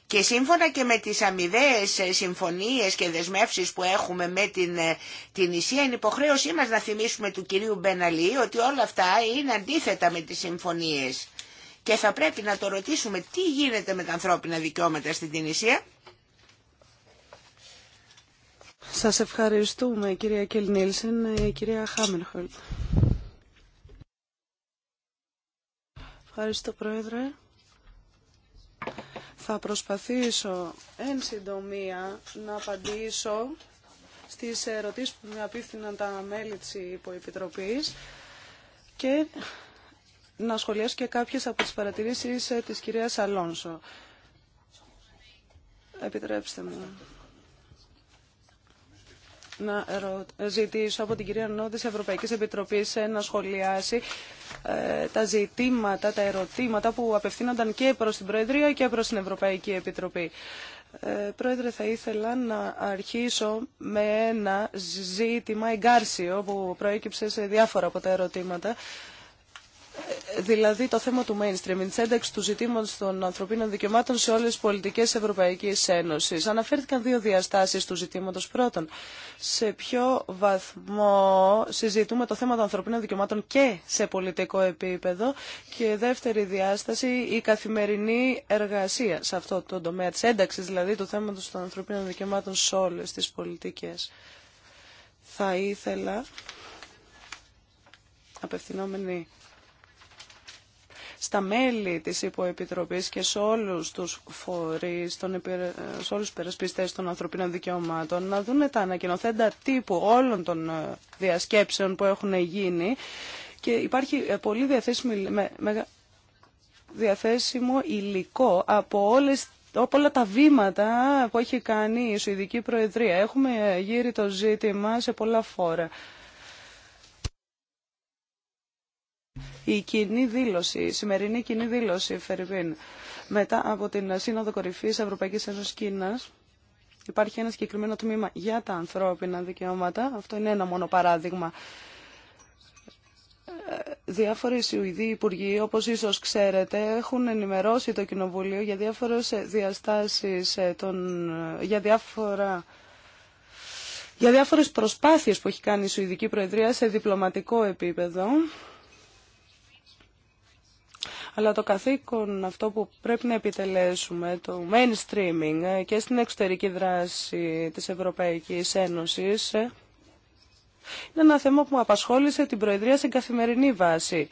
Και σύμφωνα και με τις αμοιβαίε συμφωνίες και δεσμεύσεις που έχουμε με την, ε, την Ισία, είναι υποχρέωσή μας να θυμίσουμε του κυρίου Μπεναλή ότι όλα αυτά είναι αντίθετα με τις συμφωνίες. Και θα πρέπει να το ρωτήσουμε τι γίνεται με τα ανθρώπινα δικαιώματα στην Τινησία σας ευχαριστούμε κυρία Κιλ Νίλσεν, ε, κυρία Χάμενχολ. Ευχαριστώ Πρόεδρε. Θα προσπαθήσω εν συντομία να απαντήσω στις ερωτήσεις που με απίθυναν τα μέλη της Υποεπιτροπής και να σχολιάσω και κάποιες από τις παρατηρήσεις ε, της κυρίας Αλόνσο. Επιτρέψτε μου να ζητήσω από την κυρία Νό της Ευρωπαϊκής Επιτροπής ε, να σχολιάσει ε, τα ζητήματα, τα ερωτήματα που απευθύνονταν και προς την Προεδρία και προς την Ευρωπαϊκή Επιτροπή. Ε, Πρόεδρε, θα ήθελα να αρχίσω με ένα ζήτημα εγκάρσιο που προέκυψε σε διάφορα από τα ερωτήματα δηλαδή το θέμα του mainstream, τη ένταξη του ζητήματο των ανθρωπίνων δικαιωμάτων σε όλε τι πολιτικέ Ευρωπαϊκή Ένωση. Αναφέρθηκαν δύο διαστάσει του ζητήματο. Πρώτον, σε ποιο βαθμό συζητούμε το θέμα των ανθρωπίνων δικαιωμάτων και σε πολιτικό επίπεδο. Και δεύτερη διάσταση, η καθημερινή εργασία σε αυτό το τομέα τη ένταξη δηλαδή του θέματο των ανθρωπίνων δικαιωμάτων σε όλε τι πολιτικέ. Θα ήθελα απευθυνόμενοι στα μέλη της Υποεπιτροπής και σε όλους τους φορείς, τον, σε όλους τους περασπιστές των ανθρωπίνων δικαιωμάτων, να δούνε τα ανακοινοθέντα τύπου όλων των ε, διασκέψεων που έχουν γίνει και υπάρχει ε, πολύ διαθέσιμο, με, διαθέσιμο υλικό από όλες από όλα τα βήματα που έχει κάνει η Σουηδική Προεδρία. Έχουμε ε, γύρει το ζήτημα σε πολλά φόρα. η κοινή δήλωση, η σημερινή κοινή δήλωση, Φερρυπίν, μετά από την Σύνοδο Κορυφής Ευρωπαϊκής Ένωσης Κίνας, υπάρχει ένα συγκεκριμένο τμήμα για τα ανθρώπινα δικαιώματα. Αυτό είναι ένα μόνο παράδειγμα. Ε, Διάφοροι Σουηδοί Υπουργοί, όπως ίσως ξέρετε, έχουν ενημερώσει το Κοινοβουλίο για διάφορες διαστάσεις, ε, ε, για διάφορα για διάφορες προσπάθειες που έχει κάνει η Σουηδική Προεδρία σε διπλωματικό επίπεδο αλλά το καθήκον αυτό που πρέπει να επιτελέσουμε, το mainstreaming ε, και στην εξωτερική δράση της Ευρωπαϊκής Ένωσης, ε, είναι ένα θέμα που απασχόλησε την Προεδρία στην καθημερινή βάση.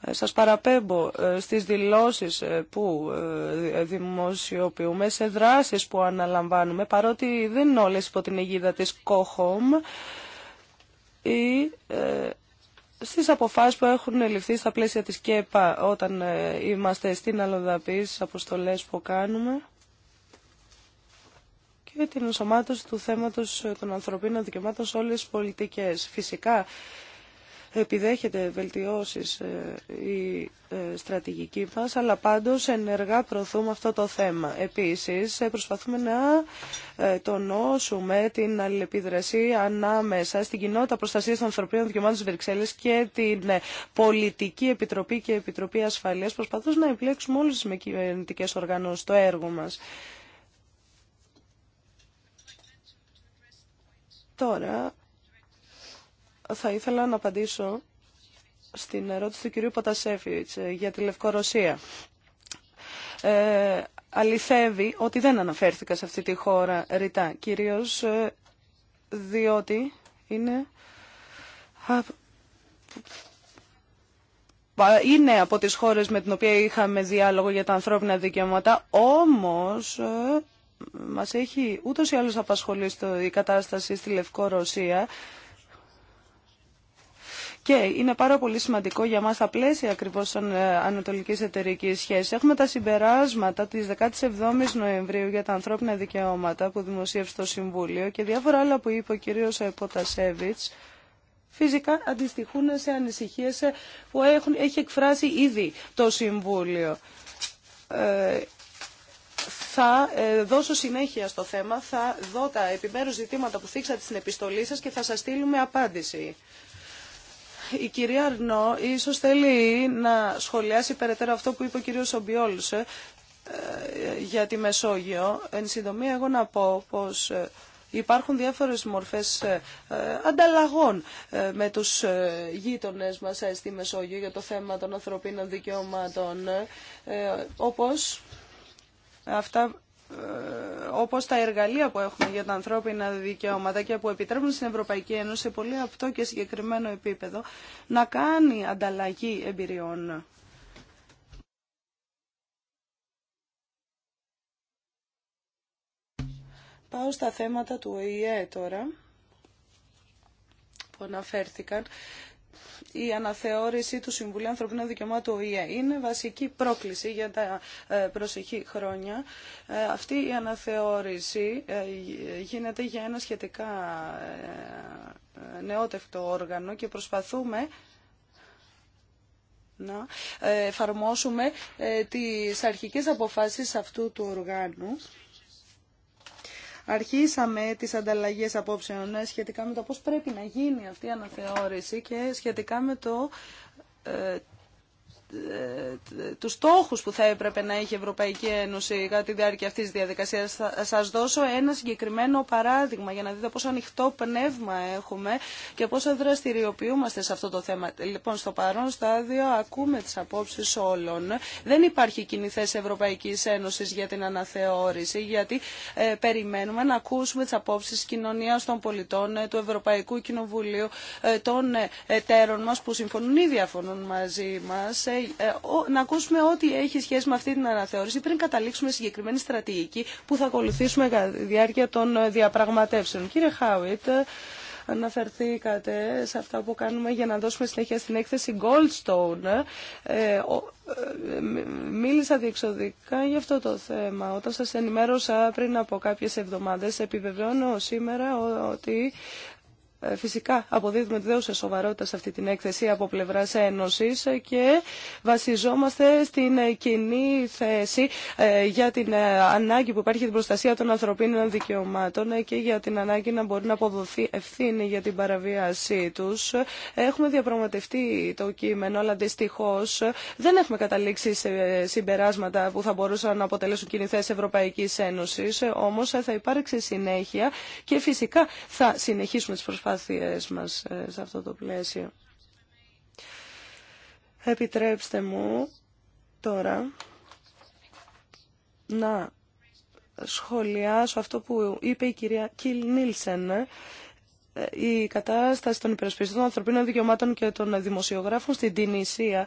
Ε, σας παραπέμπω στις δηλώσεις που δημοσιοποιούμε, σε δράσεις που αναλαμβάνουμε, παρότι δεν είναι όλες υπό την αιγίδα της COHOM ή στις αποφάσεις που έχουν ληφθεί στα πλαίσια της ΚΕΠΑ όταν ε, είμαστε στην Αλοδαπή, στις αποστολές που κάνουμε και την ενσωμάτωση του θέματος ε, των ανθρωπίνων δικαιωμάτων σε όλες τις πολιτικές. Φυσικά, επιδέχεται βελτιώσεις ε, η ε, στρατηγική μας, αλλά πάντως ενεργά προωθούμε αυτό το θέμα. Επίσης, ε, προσπαθούμε να τονώσουμε την αλληλεπίδραση ανάμεσα στην κοινότητα προστασίας των ανθρωπίνων δικαιωμάτων της Βερξέλλης και την Πολιτική Επιτροπή και Επιτροπή Ασφαλείας. Προσπαθούμε να εμπλέξουμε όλες τις κυβερνητικέ οργανώσεις στο έργο μας. Τώρα, θα ήθελα να απαντήσω στην ερώτηση του κυρίου Πατασέφιτς ε, για τη Λευκορωσία. Ε, αληθεύει ότι δεν αναφέρθηκα σε αυτή τη χώρα ρητά, κυρίως ε, διότι είναι... από τις χώρες με την οποία είχαμε διάλογο για τα ανθρώπινα δικαιώματα, όμως ε, μας έχει ούτως ή άλλως απασχολήσει η κατάσταση στη Λευκορωσία και είναι πάρα πολύ σημαντικό για μας τα πλαίσια ακριβώς των ε, ανατολικής εταιρικής σχέσης. Έχουμε τα συμπεράσματα της 17ης Νοεμβρίου για τα ανθρώπινα δικαιώματα που δημοσίευσε το Συμβούλιο και διάφορα άλλα που είπε ο κύριος ε, Ποτασέβιτς φυσικά αντιστοιχούν σε ανησυχίες ε, που έχουν, έχει εκφράσει ήδη το Συμβούλιο. Ε, θα ε, δώσω συνέχεια στο θέμα, θα δω τα επιμέρους ζητήματα που θίξατε στην επιστολή σας και θα σας στείλουμε απάντηση η κυρία Αρνό ίσως θέλει να σχολιάσει περαιτέρω αυτό που είπε ο κύριος Ομπιόλς ε, για τη Μεσόγειο. Εν συντομία εγώ να πω πως ε, υπάρχουν διάφορες μορφές ε, ανταλλαγών με τους γείτονες μας στη Μεσόγειο για το θέμα των ανθρωπίνων δικαιωμάτων, όπως αυτά ε, όπως τα εργαλεία που έχουμε για τα ανθρώπινα δικαιώματα και που επιτρέπουν στην Ευρωπαϊκή Ένωση σε πολύ αυτό και συγκεκριμένο επίπεδο να κάνει ανταλλαγή εμπειριών. Πάω στα θέματα του ΟΗΕ τώρα που αναφέρθηκαν η αναθεώρηση του Συμβουλίου Ανθρωπίνων Δικαιωμάτων ΟΗΕ. Είναι βασική πρόκληση για τα ε, προσεχή χρόνια. Ε, αυτή η αναθεώρηση ε, γίνεται για ένα σχετικά νεότευτο όργανο και προσπαθούμε να εφαρμόσουμε τις αρχικές αποφάσεις αυτού του οργάνου αρχίσαμε τις ανταλλαγές απόψεων ε, σχετικά με το πώς πρέπει να γίνει αυτή η αναθεώρηση και σχετικά με το ε, ε, τους στόχους που θα έπρεπε να έχει η Ευρωπαϊκή Ένωση κατά τη διάρκεια αυτής της διαδικασίας. Θα σας δώσω ένα συγκεκριμένο παράδειγμα για να δείτε πόσο ανοιχτό πνεύμα έχουμε και πόσο δραστηριοποιούμαστε σε αυτό το θέμα. Λοιπόν, στο παρόν στάδιο ακούμε τις απόψεις όλων. Δεν υπάρχει κοινή θέση Ευρωπαϊκής Ένωσης για την αναθεώρηση, γιατί ε, περιμένουμε να ακούσουμε τις απόψεις της κοινωνίας των πολιτών, ε, του Ευρωπαϊκού Κοινοβουλίου, ε, των εταίρων μας που συμφωνούν ή διαφωνούν μαζί μας ε, να ακούσουμε ό,τι έχει σχέση με αυτή την αναθεώρηση πριν καταλήξουμε συγκεκριμένη στρατηγική που θα ακολουθήσουμε κατά τη διάρκεια των ε, διαπραγματεύσεων. Κύριε Χάουιτ, ε, αναφερθήκατε σε αυτά που κάνουμε για να δώσουμε συνέχεια στην έκθεση Goldstone. μίλησα διεξοδικά για αυτό το θέμα. Όταν σας ενημέρωσα πριν από κάποιες εβδομάδες, επιβεβαιώνω σήμερα ότι ε, φυσικά αποδίδουμε τη δέουσα σοβαρότητα σε αυτή την έκθεση από πλευρά Ένωση και βασιζόμαστε στην ε, κοινή θέση ε, για την ανάγκη που υπάρχει για την προστασία των ανθρωπίνων δικαιωμάτων και για την ανάγκη να μπορεί να αποδοθεί ευθύνη για την παραβίασή του. Έχουμε διαπραγματευτεί το κείμενο, αλλά δυστυχώ δεν έχουμε καταλήξει σε συμπεράσματα που θα μπορούσαν να αποτελέσουν κοινή θέση Ευρωπαϊκή Ένωση. Όμω θα υπάρξει συνέχεια και φυσικά θα συνεχίσουμε τι προσπάθειε προσπάθειές μας ε, σε αυτό το πλαίσιο. Επιτρέψτε μου τώρα να σχολιάσω αυτό που είπε η κυρία Κιλ Νίλσεν ε, ε, η κατάσταση των υπερασπιστών των ανθρωπίνων δικαιωμάτων και των δημοσιογράφων στην Τινησία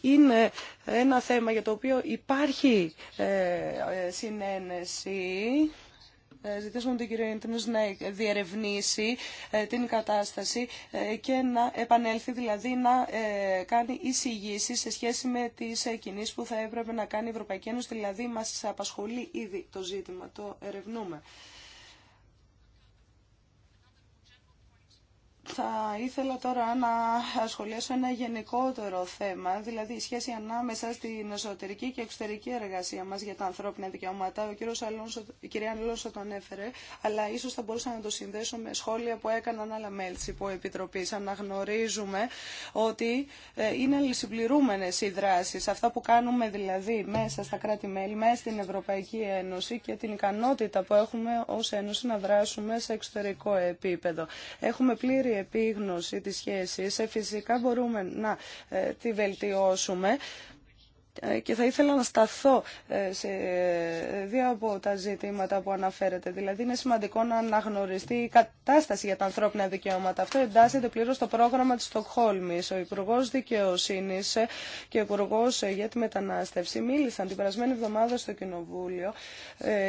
είναι ένα θέμα για το οποίο υπάρχει συνένεση ε, ζητήσουμε τον κύριο Ιντινούς να διερευνήσει ε, την κατάσταση ε, και να επανέλθει, δηλαδή να κάνει εισηγήσει σε σχέση με τις κινήσεις που θα έπρεπε να κάνει η Ευρωπαϊκή Ένωση, δηλαδή μας απασχολεί ήδη το ζήτημα, το ερευνούμε. Θα ήθελα τώρα να ασχολιάσω ένα γενικότερο θέμα, δηλαδή η σχέση ανάμεσα στην εσωτερική και εξωτερική εργασία μας για τα ανθρώπινα δικαιώματα. Ο κύριος Αλόνσο, κυρία Αλόνσο τον έφερε, αλλά ίσως θα μπορούσα να το συνδέσω με σχόλια που έκαναν άλλα μέλη της Υποεπιτροπής. Αναγνωρίζουμε ότι ε, είναι αλληλεσυμπληρούμενες οι δράσεις, αυτά που κάνουμε δηλαδή μέσα στα κράτη-μέλη, μέσα στην Ευρωπαϊκή Ένωση και την ικανότητα που έχουμε ως Ένωση να δράσουμε σε εξωτερικό επίπεδο. Έχουμε πλήρη επίγνωση της σχέσης. Ε, φυσικά μπορούμε να ε, τη βελτιώσουμε. Ε, και θα ήθελα να σταθώ ε, σε ε, δύο από τα ζητήματα που αναφέρετε. Δηλαδή, είναι σημαντικό να αναγνωριστεί η κατάσταση για τα ανθρώπινα δικαιώματα. Αυτό εντάσσεται πλήρω στο πρόγραμμα τη Στοκχόλμη. Ο Υπουργό Δικαιοσύνη και ο Υπουργό για τη Μετανάστευση μίλησαν την περασμένη εβδομάδα στο Κοινοβούλιο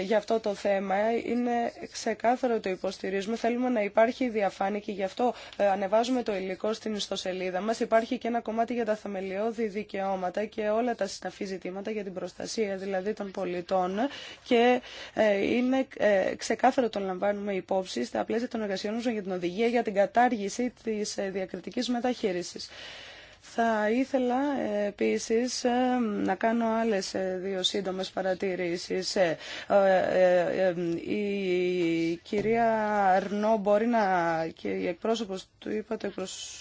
για αυτό το θέμα. Είναι ξεκάθαρο το υποστηρίζουμε. Θέλουμε να υπάρχει διαφάνεια και γι' αυτό ανεβάζουμε το υλικό στην ιστοσελίδα μα. Υπάρχει και ένα κομμάτι για τα θεμελιώδη δικαιώματα και όλα τα στα ζητήματα για την προστασία δηλαδή των πολιτών και ε, είναι ε, ξεκάθαρο το λαμβάνουμε υπόψη στα πλαίσια των εργασιών για την οδηγία για την κατάργηση της ε, διακριτικής μεταχείρισης. Θα ήθελα επίσης να κάνω άλλες δύο σύντομες παρατηρήσεις. Η κυρία Αρνό μπορεί να, και η εκπρόσωπος του είπατε προς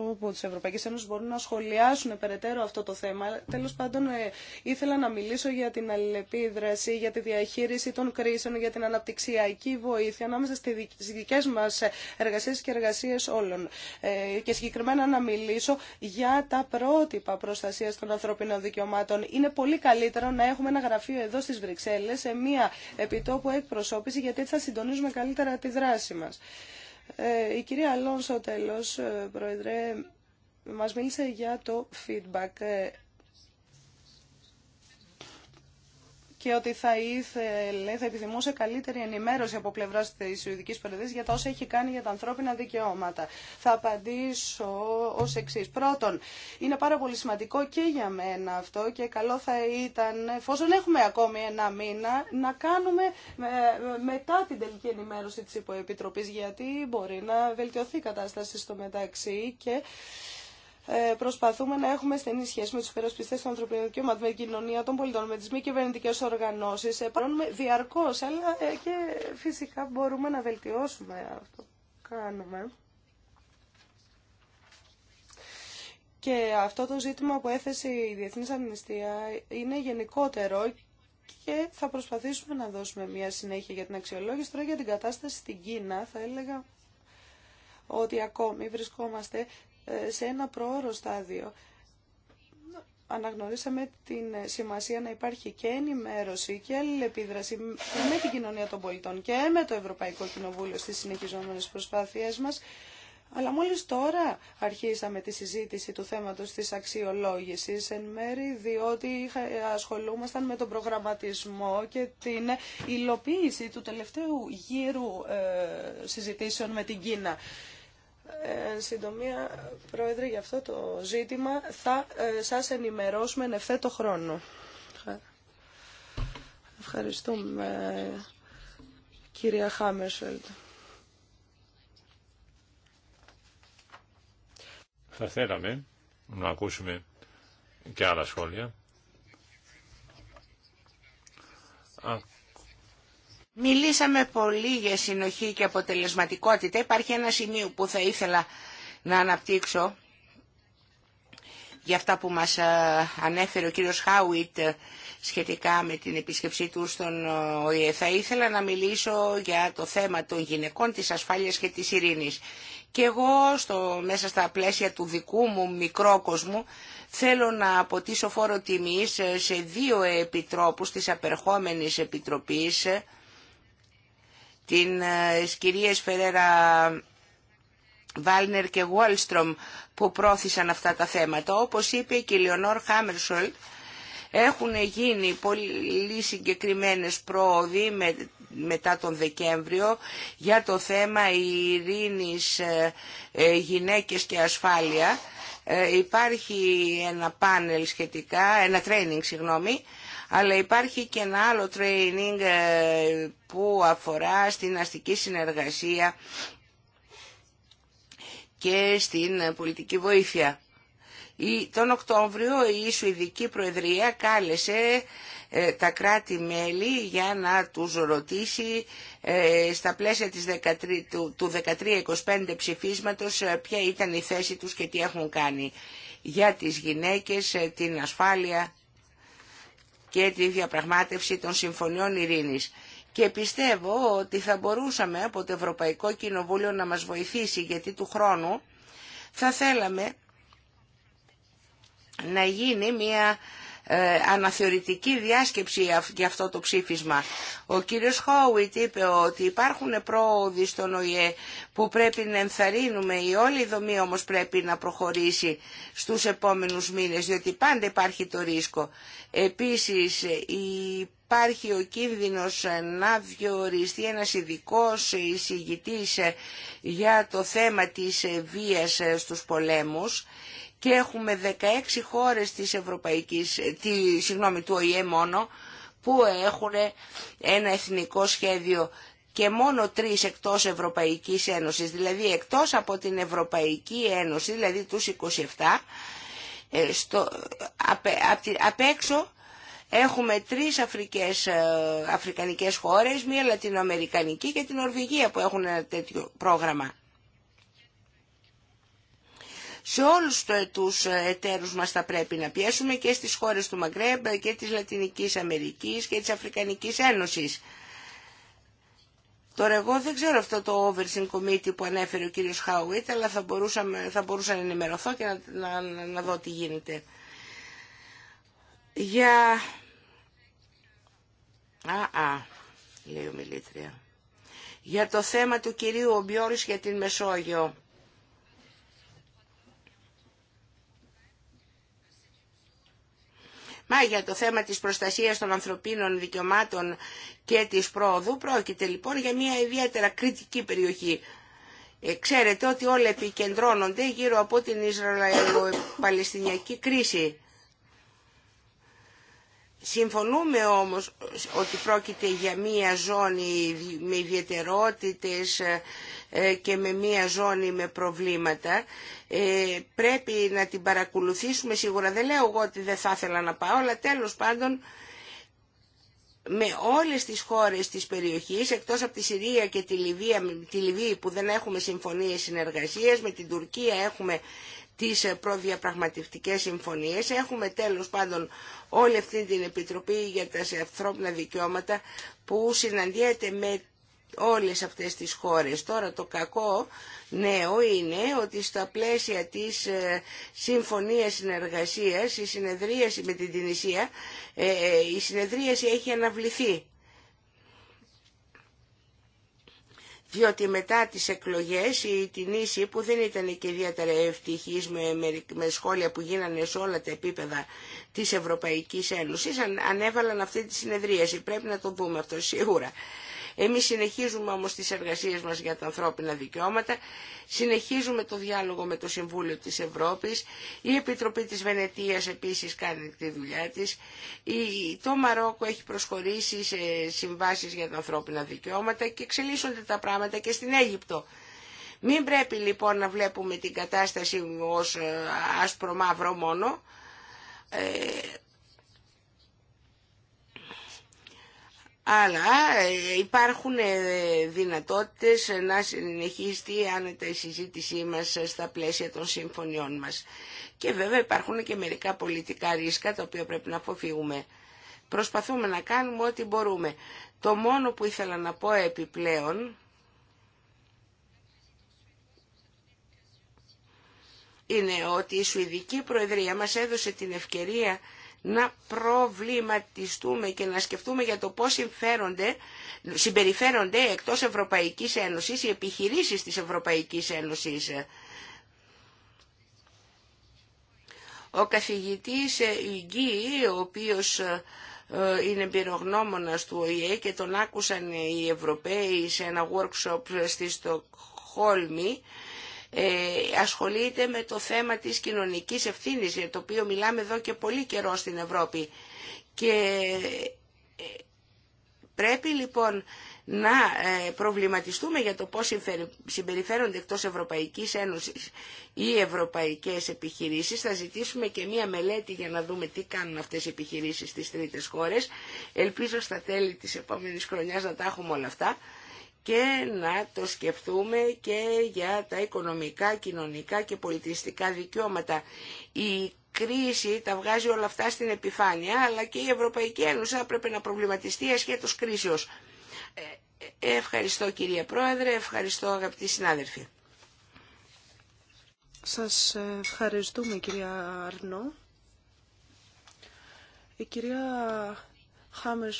όπου τη Ευρωπαϊκή Ένωση μπορούν να σχολιάσουν περαιτέρω αυτό το θέμα. Τέλο πάντων, ε, ήθελα να μιλήσω για την αλληλεπίδραση, για τη διαχείριση των κρίσεων, για την αναπτυξιακή βοήθεια ανάμεσα στι δικέ μα εργασίε και εργασίε όλων. Ε, και συγκεκριμένα να μιλήσω για τα πρότυπα προστασία των ανθρωπίνων δικαιωμάτων. Είναι πολύ καλύτερο να έχουμε ένα γραφείο εδώ στι Βρυξέλλε, σε μία επιτόπου εκπροσώπηση, γιατί έτσι θα συντονίζουμε καλύτερα τη δράση μα. Ε, η κυρία Αλόνσο τέλος, ε, Πρόεδρε, μας μίλησε για το feedback. Ε, και ότι θα ήθελε, θα επιθυμούσε καλύτερη ενημέρωση από πλευρά τη Ιουδική Προεδρία για τα όσα έχει κάνει για τα ανθρώπινα δικαιώματα. Θα απαντήσω ω εξή. Πρώτον, είναι πάρα πολύ σημαντικό και για μένα αυτό και καλό θα ήταν, εφόσον έχουμε ακόμη ένα μήνα, να κάνουμε ε, μετά την τελική ενημέρωση τη Υποεπιτροπή, γιατί μπορεί να βελτιωθεί η κατάσταση στο μεταξύ και ε, προσπαθούμε να έχουμε στενή σχέση με του υπερασπιστέ των ανθρωπίνων δικαιωμάτων, με την κοινωνία των πολιτών, με τι μη κυβερνητικέ οργανώσει. Επανώνουμε διαρκώ, αλλά ε, και φυσικά μπορούμε να βελτιώσουμε αυτό που κάνουμε. Και αυτό το ζήτημα που έθεσε η Διεθνής Αμνηστία είναι γενικότερο και θα προσπαθήσουμε να δώσουμε μια συνέχεια για την αξιολόγηση. Τώρα για την κατάσταση στην Κίνα θα έλεγα ότι ακόμη βρισκόμαστε σε ένα προώρο στάδιο. Αναγνωρίσαμε την σημασία να υπάρχει και ενημέρωση και αλληλεπίδραση με την κοινωνία των πολιτών και με το Ευρωπαϊκό Κοινοβούλιο στις συνεχιζόμενες προσπάθειές μας. Αλλά μόλις τώρα αρχίσαμε τη συζήτηση του θέματος της αξιολόγησης εν μέρη διότι ασχολούμασταν με τον προγραμματισμό και την υλοποίηση του τελευταίου γύρου ε, συζητήσεων με την Κίνα. Εν συντομία, Πρόεδρε, για αυτό το ζήτημα θα ε, σας ενημερώσουμε εν ευθέτω χρόνο. Ευχαριστούμε, κυρία Χάμερσελτ. Θα θέλαμε να ακούσουμε και άλλα σχόλια. Μιλήσαμε πολύ για συνοχή και αποτελεσματικότητα. Υπάρχει ένα σημείο που θα ήθελα να αναπτύξω για αυτά που μας ε, ανέφερε ο κύριος Χάουιτ ε, σχετικά με την επίσκεψή του στον ε, ΟΗΕ. Θα ήθελα να μιλήσω για το θέμα των γυναικών, της ασφάλειας και της ειρήνης. Και εγώ στο, μέσα στα πλαίσια του δικού μου μικρόκοσμου θέλω να αποτίσω φόρο τιμής σε δύο επιτρόπους της απερχόμενης επιτροπής την ε, κυρία Φερέρα Βάλνερ και Γουόλστρομ που πρόθυσαν αυτά τα θέματα. Όπως είπε και η Λεωνόρ Χάμερσολτ, έχουν γίνει πολύ συγκεκριμένες πρόοδοι μετά τον Δεκέμβριο για το θέμα ειρήνης ε, ε, γυναίκες και ασφάλεια. Υπάρχει ένα πάνελ σχετικά, ένα training συγγνώμη, αλλά υπάρχει και ένα άλλο training ε, που αφορά στην αστική συνεργασία και στην πολιτική βοήθεια. Τον Οκτώβριο η Σουηδική Προεδρία κάλεσε ε, τα κράτη-μέλη για να τους ρωτήσει ε, στα πλαίσια της 13, του 1325 ψηφίσματος ποια ήταν η θέση τους και τι έχουν κάνει για τις γυναίκες, την ασφάλεια και τη διαπραγμάτευση των συμφωνιών ειρήνης. Και πιστεύω ότι θα μπορούσαμε από το Ευρωπαϊκό Κοινοβούλιο να μας βοηθήσει γιατί του χρόνου θα θέλαμε να γίνει μια ε, αναθεωρητική διάσκεψη για αυτό το ψήφισμα. Ο κύριος Χόουιτ είπε ότι υπάρχουν πρόοδοι στον ΟΗΕ που πρέπει να ενθαρρύνουμε. Η όλη δομή όμως πρέπει να προχωρήσει στους επόμενους μήνες, διότι πάντα υπάρχει το ρίσκο. Επίσης υπάρχει ο κίνδυνος να διοριστεί ένας ειδικό εισηγητής για το θέμα της βίας στους πολέμους και έχουμε 16 χώρες της Ευρωπαϊκής, τη, συγγνώμη, του ΟΗΕ μόνο που έχουν ένα εθνικό σχέδιο και μόνο τρεις εκτός Ευρωπαϊκής Ένωσης, δηλαδή εκτός από την Ευρωπαϊκή Ένωση, δηλαδή τους 27, ε, απ, έξω έχουμε τρεις Αφρικές, ε, αφρικανικές χώρες, μία Λατινοαμερικανική και την Ορβηγία που έχουν ένα τέτοιο πρόγραμμα σε όλους τους ε, εταίρους μας θα πρέπει να πιέσουμε και στις χώρες του Μαγκρέμπ ε, και της Λατινικής Αμερικής και της Αφρικανικής Ένωσης. Τώρα εγώ δεν ξέρω αυτό το Overseeing Committee που ανέφερε ο κύριος Χάουιτ, αλλά θα, θα μπορούσα να ενημερωθώ και να, να, να, δω τι γίνεται. Για... Α, α, λέει Μιλήτρια. Για το θέμα του κυρίου Ομπιόρης για την Μεσόγειο. Μα για το θέμα της προστασίας των ανθρωπίνων δικαιωμάτων και της πρόοδου πρόκειται λοιπόν για μια ιδιαίτερα κριτική περιοχή. Ε, ξέρετε ότι όλα επικεντρώνονται γύρω από την Ισραηλο-Παλαιστινιακή κρίση. Συμφωνούμε όμως ότι πρόκειται για μία ζώνη με ιδιαιτερότητες ε, ε, και με μία ζώνη με προβλήματα. Ε, πρέπει να την παρακολουθήσουμε σίγουρα. Δεν λέω εγώ ότι δεν θα ήθελα να πάω, αλλά τέλος πάντων με όλες τις χώρες της περιοχής, εκτός από τη Συρία και τη Λιβύη, τη Λιβύη που δεν έχουμε συμφωνίες συνεργασίας, με την Τουρκία έχουμε τις ε, προδιαπραγματευτικές συμφωνίες. Έχουμε τέλος πάντων όλη αυτή την Επιτροπή για τα ανθρώπινα δικαιώματα που συναντιέται με όλες αυτές τις χώρες. Τώρα το κακό νέο είναι ότι στα πλαίσια της ε, συμφωνίας συνεργασίας η συνεδρίαση με την Τινησία ε, η συνεδρίαση έχει αναβληθεί. διότι μετά τις εκλογές η Τινήση που δεν ήταν και ιδιαίτερα ευτυχής με, με σχόλια που γίνανε σε όλα τα επίπεδα της Ευρωπαϊκής Ένωσης ανέβαλαν αυτή τη συνεδρίαση. Πρέπει να το πούμε αυτό σίγουρα. Εμείς συνεχίζουμε όμως τις εργασίες μας για τα ανθρώπινα δικαιώματα, συνεχίζουμε το διάλογο με το Συμβούλιο της Ευρώπης, η Επιτροπή της Βενετίας επίσης κάνει τη δουλειά της, το Μαρόκο έχει προσχωρήσει σε συμβάσεις για τα ανθρώπινα δικαιώματα και εξελίσσονται τα πράγματα και στην Αίγυπτο. Μην πρέπει λοιπόν να βλέπουμε την κατάσταση ως ε, άσπρο μαύρο μόνο, ε, αλλά ε, υπάρχουν ε, δυνατότητες να συνεχίσει άνετα η συζήτησή μας στα πλαίσια των συμφωνιών μας. Και βέβαια υπάρχουν και μερικά πολιτικά ρίσκα τα οποία πρέπει να αποφύγουμε. Προσπαθούμε να κάνουμε ό,τι μπορούμε. Το μόνο που ήθελα να πω επιπλέον είναι ότι η Σουηδική Προεδρία μας έδωσε την ευκαιρία να προβληματιστούμε και να σκεφτούμε για το πώς συμφέρονται, συμπεριφέρονται εκτός Ευρωπαϊκής Ένωσης οι επιχειρήσεις της Ευρωπαϊκής Ένωσης. Ο καθηγητής Ιγκή, ο οποίος ε, είναι εμπειρογνώμονας του ΟΗΕ και τον άκουσαν οι Ευρωπαίοι σε ένα workshop στη Στοκχόλμη, ε, ασχολείται με το θέμα της κοινωνικής ευθύνης για το οποίο μιλάμε εδώ και πολύ καιρό στην Ευρώπη. Και ε, πρέπει λοιπόν να ε, προβληματιστούμε για το πώς συμπεριφέρονται εκτός Ευρωπαϊκής Ένωσης οι ευρωπαϊκές επιχειρήσεις. Θα ζητήσουμε και μία μελέτη για να δούμε τι κάνουν αυτές οι επιχειρήσεις στις τρίτες χώρες. Ελπίζω στα τέλη της επόμενης χρονιάς να τα έχουμε όλα αυτά και να το σκεφτούμε και για τα οικονομικά, κοινωνικά και πολιτιστικά δικαιώματα. Η κρίση τα βγάζει όλα αυτά στην επιφάνεια, αλλά και η Ευρωπαϊκή Ένωση θα πρέπει να προβληματιστεί ασχέτως κρίσεως. Ε, ε, ευχαριστώ κυρία Πρόεδρε, ευχαριστώ αγαπητοί συνάδελφοι. Σας ευχαριστούμε κυρία Αρνό. Η κυρία Χάμερ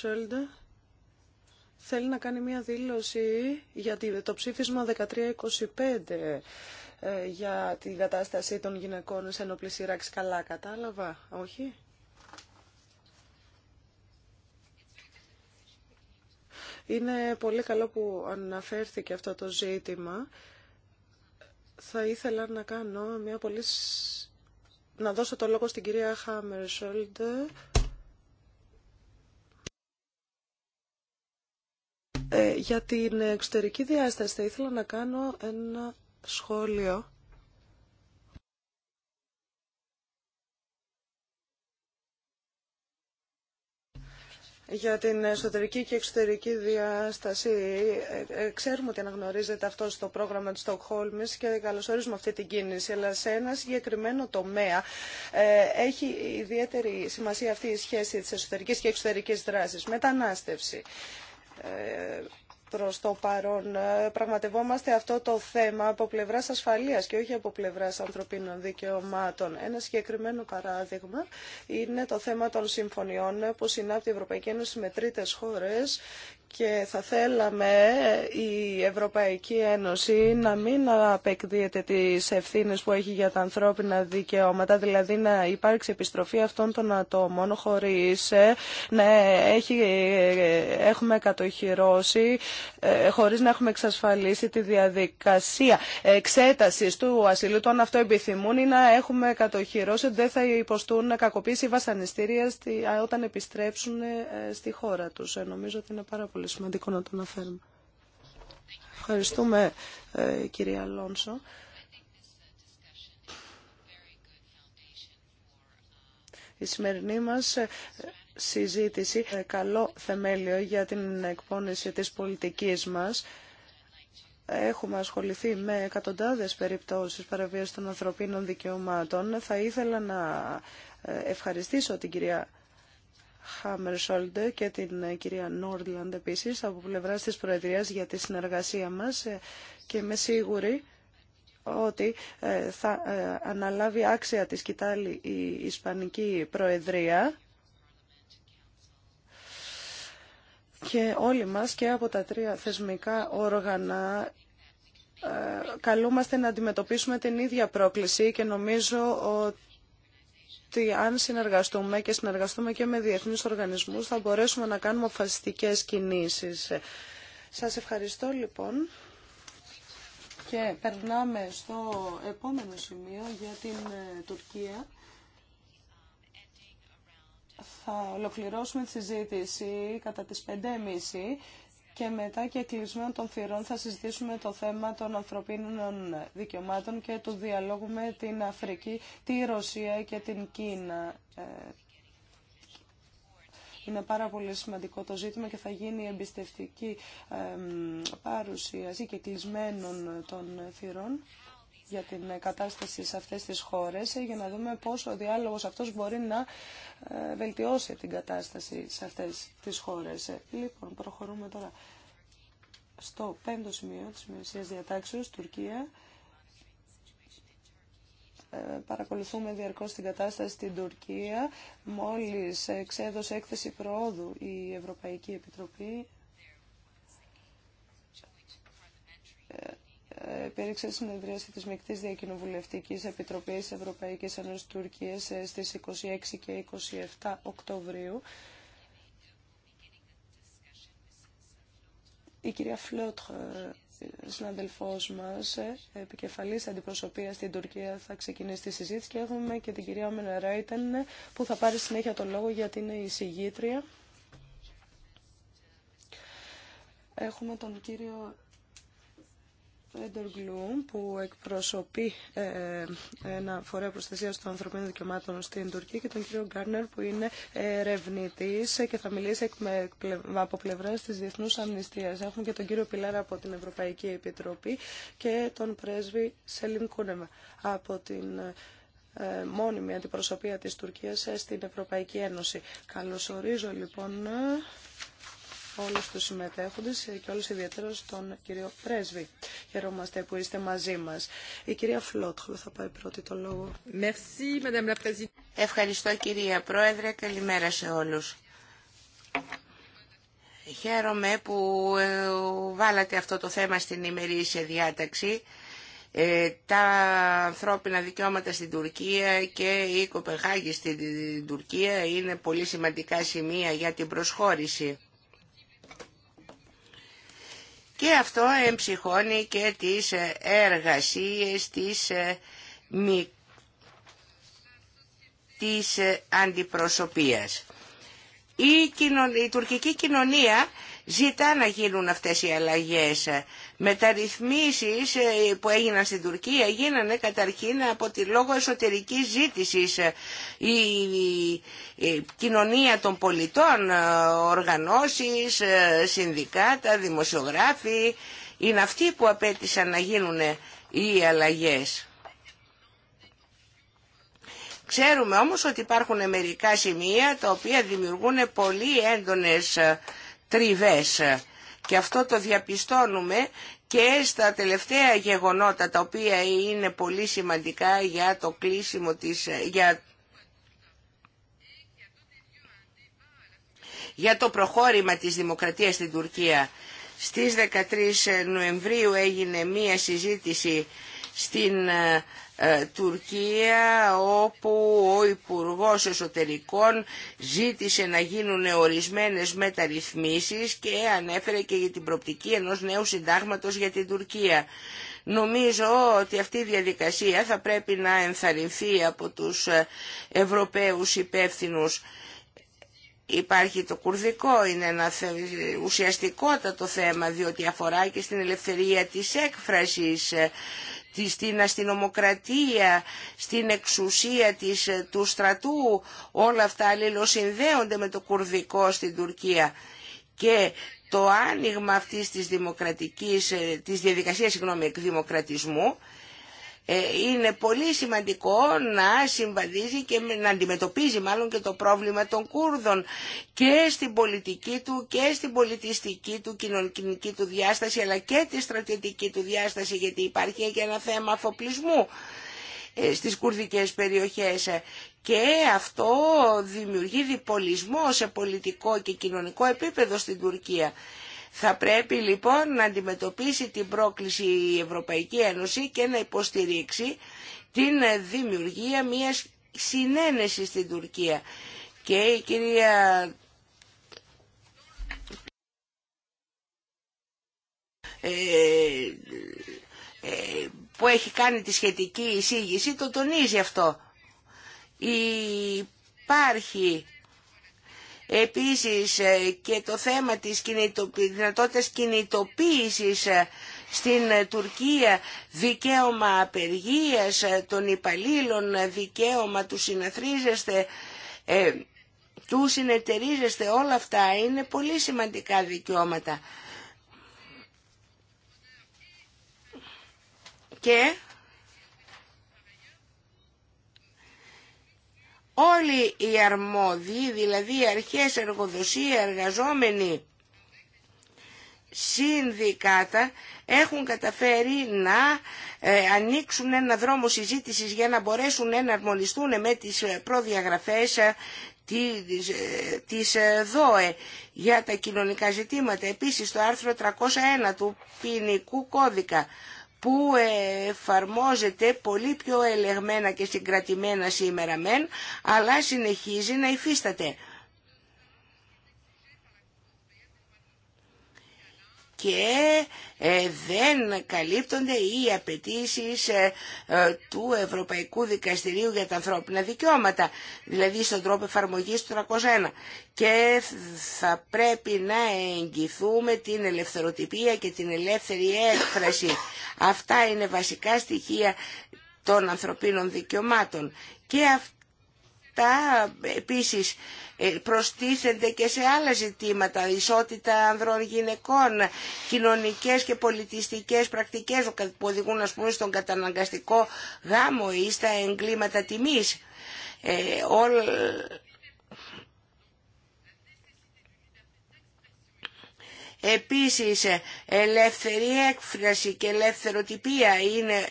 θέλει να κάνει μια δήλωση για το ψήφισμα 1325 ε, για την κατάσταση των γυναικών σε ενόπλη σειράξη. Καλά κατάλαβα, όχι. Είναι πολύ καλό που αναφέρθηκε αυτό το ζήτημα. Θα ήθελα να κάνω μια πολύ... να δώσω το λόγο στην κυρία Χάμερσολντ Ε, για την εξωτερική διάσταση θα ήθελα να κάνω ένα σχόλιο. Για την εσωτερική και εξωτερική διάσταση, ε, ε, ξέρουμε ότι αναγνωρίζεται αυτό στο πρόγραμμα της Στοκχόλμης και καλωσορίζουμε αυτή την κίνηση, αλλά σε ένα συγκεκριμένο τομέα έχει ιδιαίτερη σημασία αυτή η σχέση της εσωτερικής και εξωτερικής δράσης, μετανάστευση προς το παρόν. Ε, πραγματευόμαστε αυτό το θέμα από πλευράς ασφαλείας και όχι από πλευράς ανθρωπίνων δικαιωμάτων. Ένα συγκεκριμένο παράδειγμα είναι το θέμα των συμφωνιών που συνάπτει η Ευρωπαϊκή Ένωση με τρίτες χώρες και θα θέλαμε η Ευρωπαϊκή Ένωση να μην απεκδίεται τις ευθύνες που έχει για τα ανθρώπινα δικαιώματα, δηλαδή να υπάρξει επιστροφή αυτών των ατόμων χωρίς ε, να έχει, ε, έχουμε κατοχυρώσει, ε, χωρίς να έχουμε εξασφαλίσει τη διαδικασία εξέτασης του ασυλού, το αν αυτό επιθυμούν ή να έχουμε κατοχυρώσει ότι δεν θα υποστούν κακοποίηση βασανιστήρια όταν επιστρέψουν στη χώρα τους. Νομίζω ότι είναι πάρα πολύ σημαντικό να το αναφέρουμε. Ευχαριστούμε ε, κυρία Αλόνσο. Η σημερινή μας ε, συζήτηση ε, καλό θεμέλιο για την εκπόνηση της πολιτικής μας. Έχουμε ασχοληθεί με εκατοντάδες περιπτώσεις παραβίασης των ανθρωπίνων δικαιωμάτων. Θα ήθελα να ευχαριστήσω την κυρία Χάμερσολντ και την ε, κυρία Νόρντλαντ επίσης από πλευράς της Προεδρίας για τη συνεργασία μας ε, και είμαι σίγουρη ότι ε, θα αναλάβει άξια τη σκητάλη η Ισπανική Προεδρία και όλοι μας και από τα τρία θεσμικά όργανα καλούμαστε να αντιμετωπίσουμε την ίδια πρόκληση και νομίζω ότι ότι αν συνεργαστούμε και συνεργαστούμε και με διεθνείς οργανισμούς θα μπορέσουμε να κάνουμε αποφασιστικές κινήσεις. Σας ευχαριστώ λοιπόν και περνάμε στο επόμενο σημείο για την ε, Τουρκία. Θα ολοκληρώσουμε τη συζήτηση κατά τις 5.30 και μετά και κλεισμένο των θυρών θα συζητήσουμε το θέμα των ανθρωπίνων δικαιωμάτων και του διαλόγου με την Αφρική, τη Ρωσία και την Κίνα. Ε, είναι πάρα πολύ σημαντικό το ζήτημα και θα γίνει εμπιστευτική παρουσίαση και κλεισμένων των θυρών για την κατάσταση σε αυτές τις χώρες ε, για να δούμε πόσο ο διάλογος αυτός μπορεί να ε, βελτιώσει την κατάσταση σε αυτές τις χώρες. Ε, λοιπόν, προχωρούμε τώρα στο πέμπτο σημείο της Μεσσίας Διατάξεως, Τουρκία. Παρακολουθούμε διαρκώς την κατάσταση στην Τουρκία. Μόλις εξέδωσε έκθεση προόδου η Ευρωπαϊκή Επιτροπή υπήρξε συνεδρίαση της Μεκτή Διακοινοβουλευτικής Επιτροπής Ευρωπαϊκής Ένωσης Τουρκίας ε, στις 26 και 27 Οκτωβρίου. Η κυρία Φλότ, ε, συναδελφός μας, ε, επικεφαλής αντιπροσωπεία στην Τουρκία, θα ξεκινήσει τη συζήτηση και έχουμε και την κυρία Μενεράιτεν που θα πάρει συνέχεια το λόγο γιατί είναι η συγγήτρια. Έχουμε τον κύριο που εκπροσωπεί ε, ε, ένα φορέα προστασία των ανθρωπίνων δικαιωμάτων στην Τουρκία και τον κύριο Γκάρνερ που είναι ε, ερευνητή και θα μιλήσει από πλευρά τη Διεθνού Αμνηστία. Έχουμε και τον κύριο Πιλάρα από την Ευρωπαϊκή Επιτροπή και τον πρέσβη Σελίν Κούνεμα από την μόνιμη αντιπροσωπεία της Τουρκίας στην Ευρωπαϊκή Ένωση. Καλωσορίζω λοιπόν όλους τους συμμετέχοντες και όλους ιδιαίτερα τον κύριο Πρέσβη. Χαιρόμαστε που είστε μαζί μας. Η κυρία Φλότχλ θα πάει πρώτη το λόγο. Ευχαριστώ κυρία Πρόεδρε. Καλημέρα σε όλους. Χαίρομαι που ε, βάλατε αυτό το θέμα στην ημερήσια διάταξη. Ε, τα ανθρώπινα δικαιώματα στην Τουρκία και η Κοπεχάγη στην Τουρκία είναι πολύ σημαντικά σημεία για την προσχώρηση. Και αυτό εμψυχώνει και τις ε, εργασίες της, ε, της ε, αντιπροσωπείας. Η, η τουρκική κοινωνία ζητά να γίνουν αυτές οι αλλαγές μεταρρυθμίσεις ε, που έγιναν στην Τουρκία γίνανε καταρχήν από τη λόγω εσωτερικής ζήτησης. Ε, η κοινωνία των πολιτών, ε, οργανώσεις, συνδικάτα, δημοσιογράφοι είναι αυτοί που απέτησαν να γίνουν οι αλλαγές. Ξέρουμε όμως ότι υπάρχουν μερικά σημεία τα οποία δημιουργούν πολύ έντονες τριβές και αυτό το διαπιστώνουμε και στα τελευταία γεγονότα τα οποία είναι πολύ σημαντικά για το κλείσιμο της, για για το προχώρημα της δημοκρατίας στην Τουρκία. Στις 13 Νοεμβρίου έγινε μία συζήτηση στην ε, Τουρκία όπου ο Υπουργός Εσωτερικών ζήτησε να γίνουν ορισμένες μεταρρυθμίσεις και ανέφερε και για την προπτική ενός νέου συντάγματος για την Τουρκία. Νομίζω ότι αυτή η διαδικασία θα πρέπει να ενθαρρυνθεί από τους ε, Ευρωπαίους υπεύθυνους. Υπάρχει το κουρδικό, είναι ένα ουσιαστικότατο θέμα διότι αφορά και στην ελευθερία της έκφρασης ε, στην αστυνομοκρατία, στην εξουσία της, ε, του στρατού, όλα αυτά αλληλοσυνδέονται με το κουρδικό στην Τουρκία. Και το άνοιγμα αυτής της, δημοκρατικής, ε, της διαδικασίας συγγνώμη, εκδημοκρατισμού ε, είναι πολύ σημαντικό να συμβαδίζει και να αντιμετωπίζει μάλλον και το πρόβλημα των Κούρδων και στην πολιτική του και στην πολιτιστική του, κοινωνική του διάσταση αλλά και τη στρατιωτική του διάσταση γιατί υπάρχει και ένα θέμα αφοπλισμού ε, στις κουρδικές περιοχές και αυτό δημιουργεί διπολισμό σε πολιτικό και κοινωνικό επίπεδο στην Τουρκία. Θα πρέπει λοιπόν να αντιμετωπίσει την πρόκληση η Ευρωπαϊκή Ένωση και να υποστηρίξει την δημιουργία μιας συνένεσης στην Τουρκία. Και η κυρία ε, ε, που έχει κάνει τη σχετική εισήγηση το τονίζει αυτό. Υπάρχει Επίσης ε, και το θέμα της δυνατότητα δυνατότητας ε, στην ε, Τουρκία, δικαίωμα απεργίας των υπαλλήλων, δικαίωμα του συναθρίζεστε, του συνεταιρίζεστε, όλα αυτά είναι πολύ σημαντικά δικαιώματα. Και όλοι οι αρμόδιοι, δηλαδή οι αρχές εργοδοσία, εργαζόμενοι, συνδικάτα, έχουν καταφέρει να ε, ανοίξουν ένα δρόμο συζήτησης για να μπορέσουν να αρμονιστούν με τις ε, προδιαγραφές ε, της, της ΔΟΕ για τα κοινωνικά ζητήματα. Επίσης το άρθρο 301 του ποινικού κώδικα που εφαρμόζεται πολύ πιο ελεγμένα και συγκρατημένα σήμερα μεν, αλλά συνεχίζει να υφίσταται. και ε, δεν καλύπτονται οι απαιτήσει ε, ε, του Ευρωπαϊκού Δικαστηρίου για τα ανθρώπινα δικαιώματα, δηλαδή στον τρόπο εφαρμογής του 301. Και θα πρέπει να εγγυθούμε την ελευθεροτυπία και την ελεύθερη έκφραση. Αυτά είναι βασικά στοιχεία των ανθρωπίνων δικαιωμάτων. Και Αυτά επίσης ε, προστίθενται και σε άλλα ζητήματα, ισότητα ανδρών γυναικών, κοινωνικές και πολιτιστικές πρακτικές που οδηγούν ας πούμε στον καταναγκαστικό γάμο ή στα εγκλήματα τιμής. Ε, Επίσης ελεύθερη έκφραση και τυπία είναι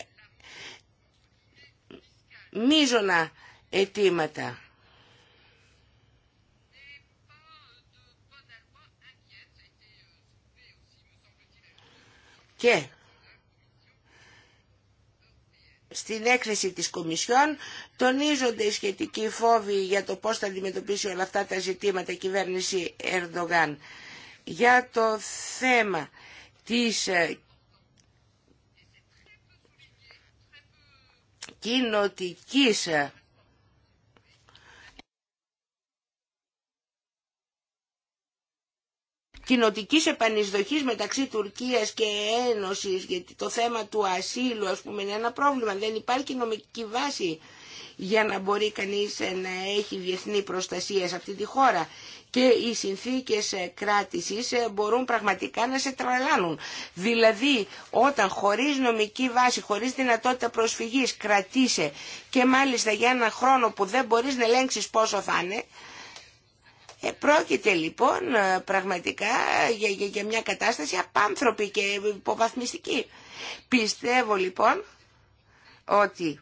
μίζωνα αιτήματα. Και στην έκθεση της Κομισιόν τονίζονται οι σχετικοί φόβοι για το πώς θα αντιμετωπίσει όλα αυτά τα ζητήματα η κυβέρνηση Ερντογάν. Για το θέμα της ε, κοινοτικής ε, Κοινοτική επανεισδοχής μεταξύ Τουρκίας και Ένωσης, γιατί το θέμα του ασύλου ας πούμε είναι ένα πρόβλημα, δεν υπάρχει νομική βάση για να μπορεί κανείς να έχει διεθνή προστασία σε αυτή τη χώρα. Και οι συνθήκες κράτησης μπορούν πραγματικά να σε τραλάνουν. Δηλαδή, όταν χωρίς νομική βάση, χωρίς δυνατότητα προσφυγής κρατήσε και μάλιστα για ένα χρόνο που δεν μπορείς να ελέγξει πόσο θα είναι, ε, πρόκειται λοιπόν ε, πραγματικά για, για, για μια κατάσταση απάνθρωπη και υποβαθμιστική. Πιστεύω λοιπόν ότι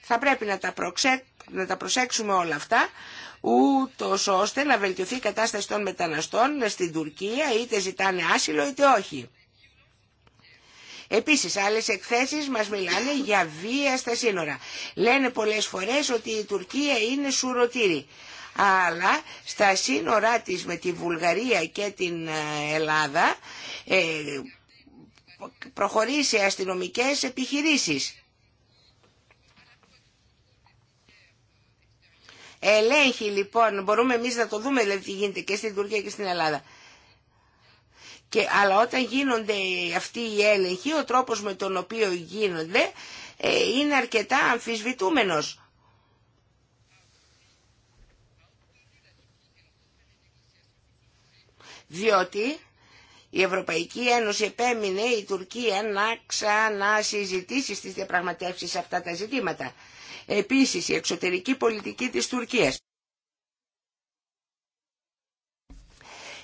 θα πρέπει να τα, να τα προσέξουμε όλα αυτά ούτω ώστε να βελτιωθεί η κατάσταση των μεταναστών στην Τουρκία είτε ζητάνε άσυλο είτε όχι. Επίσης άλλες εκθέσεις μας μιλάνε για βία στα σύνορα. Λένε πολλές φορές ότι η Τουρκία είναι σουρωτήρη αλλά στα σύνορά της με τη Βουλγαρία και την ε, Ελλάδα ε, προχωρεί σε αστυνομικές επιχειρήσεις. Ελέγχει λοιπόν, μπορούμε εμείς να το δούμε δηλαδή τι γίνεται και στην Τουρκία και στην Ελλάδα. Και, αλλά όταν γίνονται αυτοί οι έλεγχοι, ο τρόπος με τον οποίο γίνονται ε, είναι αρκετά αμφισβητούμενος. διότι η Ευρωπαϊκή Ένωση επέμεινε η Τουρκία να ξανασυζητήσει στις διαπραγματεύσεις αυτά τα ζητήματα. Επίσης, η εξωτερική πολιτική της Τουρκίας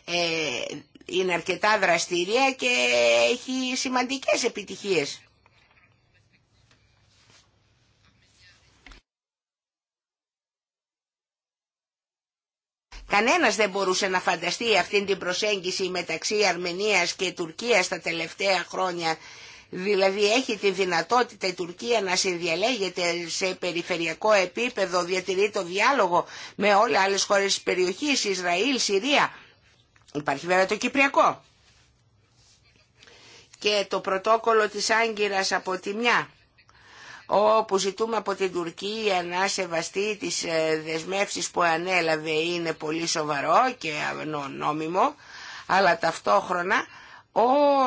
ε, είναι αρκετά δραστήρια και έχει σημαντικές επιτυχίες. Κανένας δεν μπορούσε να φανταστεί αυτήν την προσέγγιση μεταξύ Αρμενίας και Τουρκίας τα τελευταία χρόνια. Δηλαδή έχει τη δυνατότητα η Τουρκία να συνδιαλέγεται σε περιφερειακό επίπεδο, διατηρεί το διάλογο με όλες άλλες χώρες της περιοχής, Ισραήλ, Συρία. Υπάρχει βέβαια το Κυπριακό. Και το πρωτόκολλο της Άγκυρας από τη μια όπου ζητούμε από την Τουρκία να σεβαστεί τις ε, δεσμεύσεις που ανέλαβε είναι πολύ σοβαρό και νόμιμο, αλλά ταυτόχρονα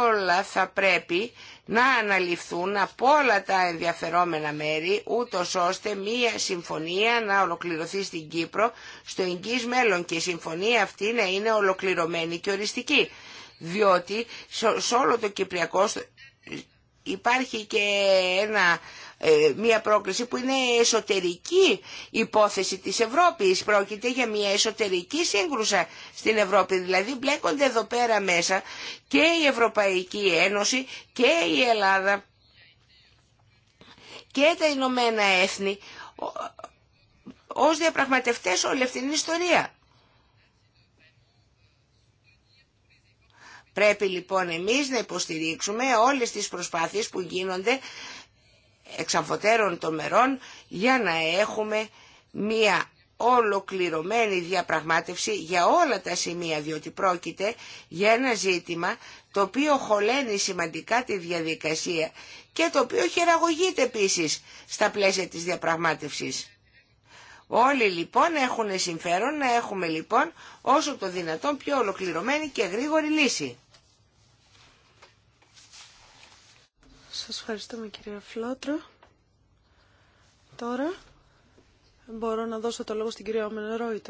όλα θα πρέπει να αναλυφθούν από όλα τα ενδιαφερόμενα μέρη, ούτω ώστε μία συμφωνία να ολοκληρωθεί στην Κύπρο στο εγγύς μέλλον και η συμφωνία αυτή να είναι ολοκληρωμένη και οριστική. Διότι σε όλο το Κυπριακό υπάρχει και ένα, ε, μια πρόκληση που είναι εσωτερική υπόθεση της Ευρώπης. Πρόκειται για μια εσωτερική σύγκρουσα στην Ευρώπη. Δηλαδή μπλέκονται εδώ πέρα μέσα και η Ευρωπαϊκή Ένωση και η Ελλάδα και τα Ηνωμένα Έθνη ως διαπραγματευτές όλη αυτήν την ιστορία. Πρέπει λοιπόν εμείς να υποστηρίξουμε όλες τις προσπάθειες που γίνονται εξαφωτέρων των μερών για να έχουμε μία ολοκληρωμένη διαπραγμάτευση για όλα τα σημεία, διότι πρόκειται για ένα ζήτημα το οποίο χωλαίνει σημαντικά τη διαδικασία και το οποίο χειραγωγείται επίσης στα πλαίσια της διαπραγμάτευσης. Όλοι λοιπόν έχουν συμφέρον να έχουμε λοιπόν όσο το δυνατόν πιο ολοκληρωμένη και γρήγορη λύση. Σας ευχαριστούμε κυρία Φλότρο. Τώρα μπορώ να δώσω το λόγο στην κυρία Όμεν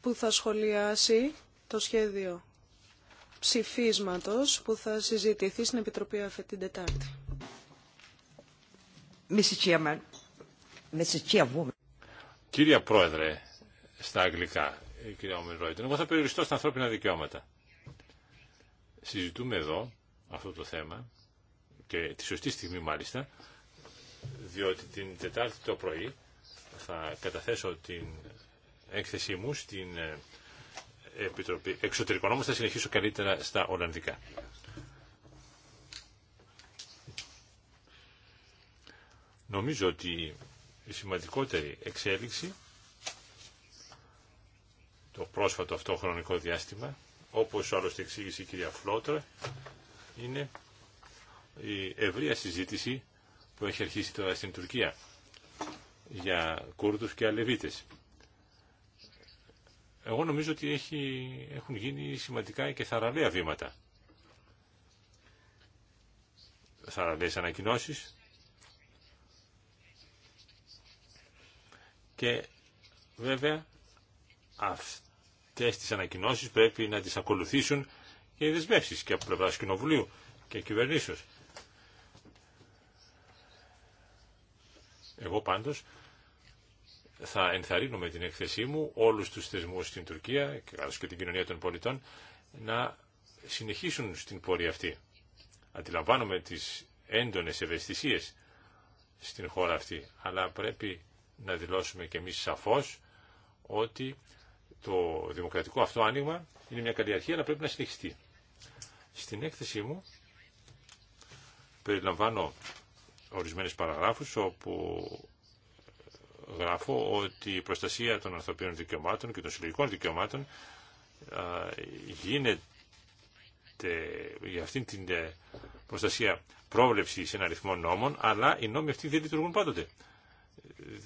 που θα σχολιάσει το σχέδιο ψηφίσματος που θα συζητηθεί στην Επιτροπή αυτή την Τετάρτη. Κυρία Πρόεδρε, στα αγγλικά, κυρία Όμεν εγώ θα περιοριστώ στα ανθρώπινα δικαιώματα. Συζητούμε εδώ αυτό το θέμα και τη σωστή στιγμή μάλιστα διότι την Τετάρτη το πρωί θα καταθέσω την έκθεσή μου στην ε, Επιτροπή Εξωτερικών όμως θα συνεχίσω καλύτερα στα Ολλανδικά. Νομίζω ότι η σημαντικότερη εξέλιξη το πρόσφατο αυτό χρονικό διάστημα όπως άλλωστε εξήγησε η κυρία Φλότρα είναι η ευρεία συζήτηση που έχει αρχίσει τώρα στην Τουρκία για Κούρδους και Αλεβίτες. Εγώ νομίζω ότι έχει, έχουν γίνει σημαντικά και θαραλέα βήματα. Θαραλέες ανακοινώσεις και βέβαια αυτές τις ανακοινώσεις πρέπει να τις ακολουθήσουν και δεσμεύσει και από πλευρά Κοινοβουλίου και κυβερνήσεω. Εγώ πάντως θα ενθαρρύνω με την έκθεσή μου όλους τους θεσμούς στην Τουρκία και καθώς και την κοινωνία των πολιτών να συνεχίσουν στην πορεία αυτή. Αντιλαμβάνομαι τις έντονες ευαισθησίες στην χώρα αυτή, αλλά πρέπει να δηλώσουμε και εμείς σαφώς ότι το δημοκρατικό αυτό άνοιγμα είναι μια καλή αρχή, αλλά πρέπει να συνεχιστεί. Στην έκθεσή μου περιλαμβάνω ορισμένες παραγράφους όπου γράφω ότι η προστασία των ανθρωπίνων δικαιωμάτων και των συλλογικών δικαιωμάτων γίνεται για αυτήν την ε, προστασία πρόβλεψη σε ένα αριθμό νόμων, αλλά οι νόμοι αυτοί δεν λειτουργούν πάντοτε.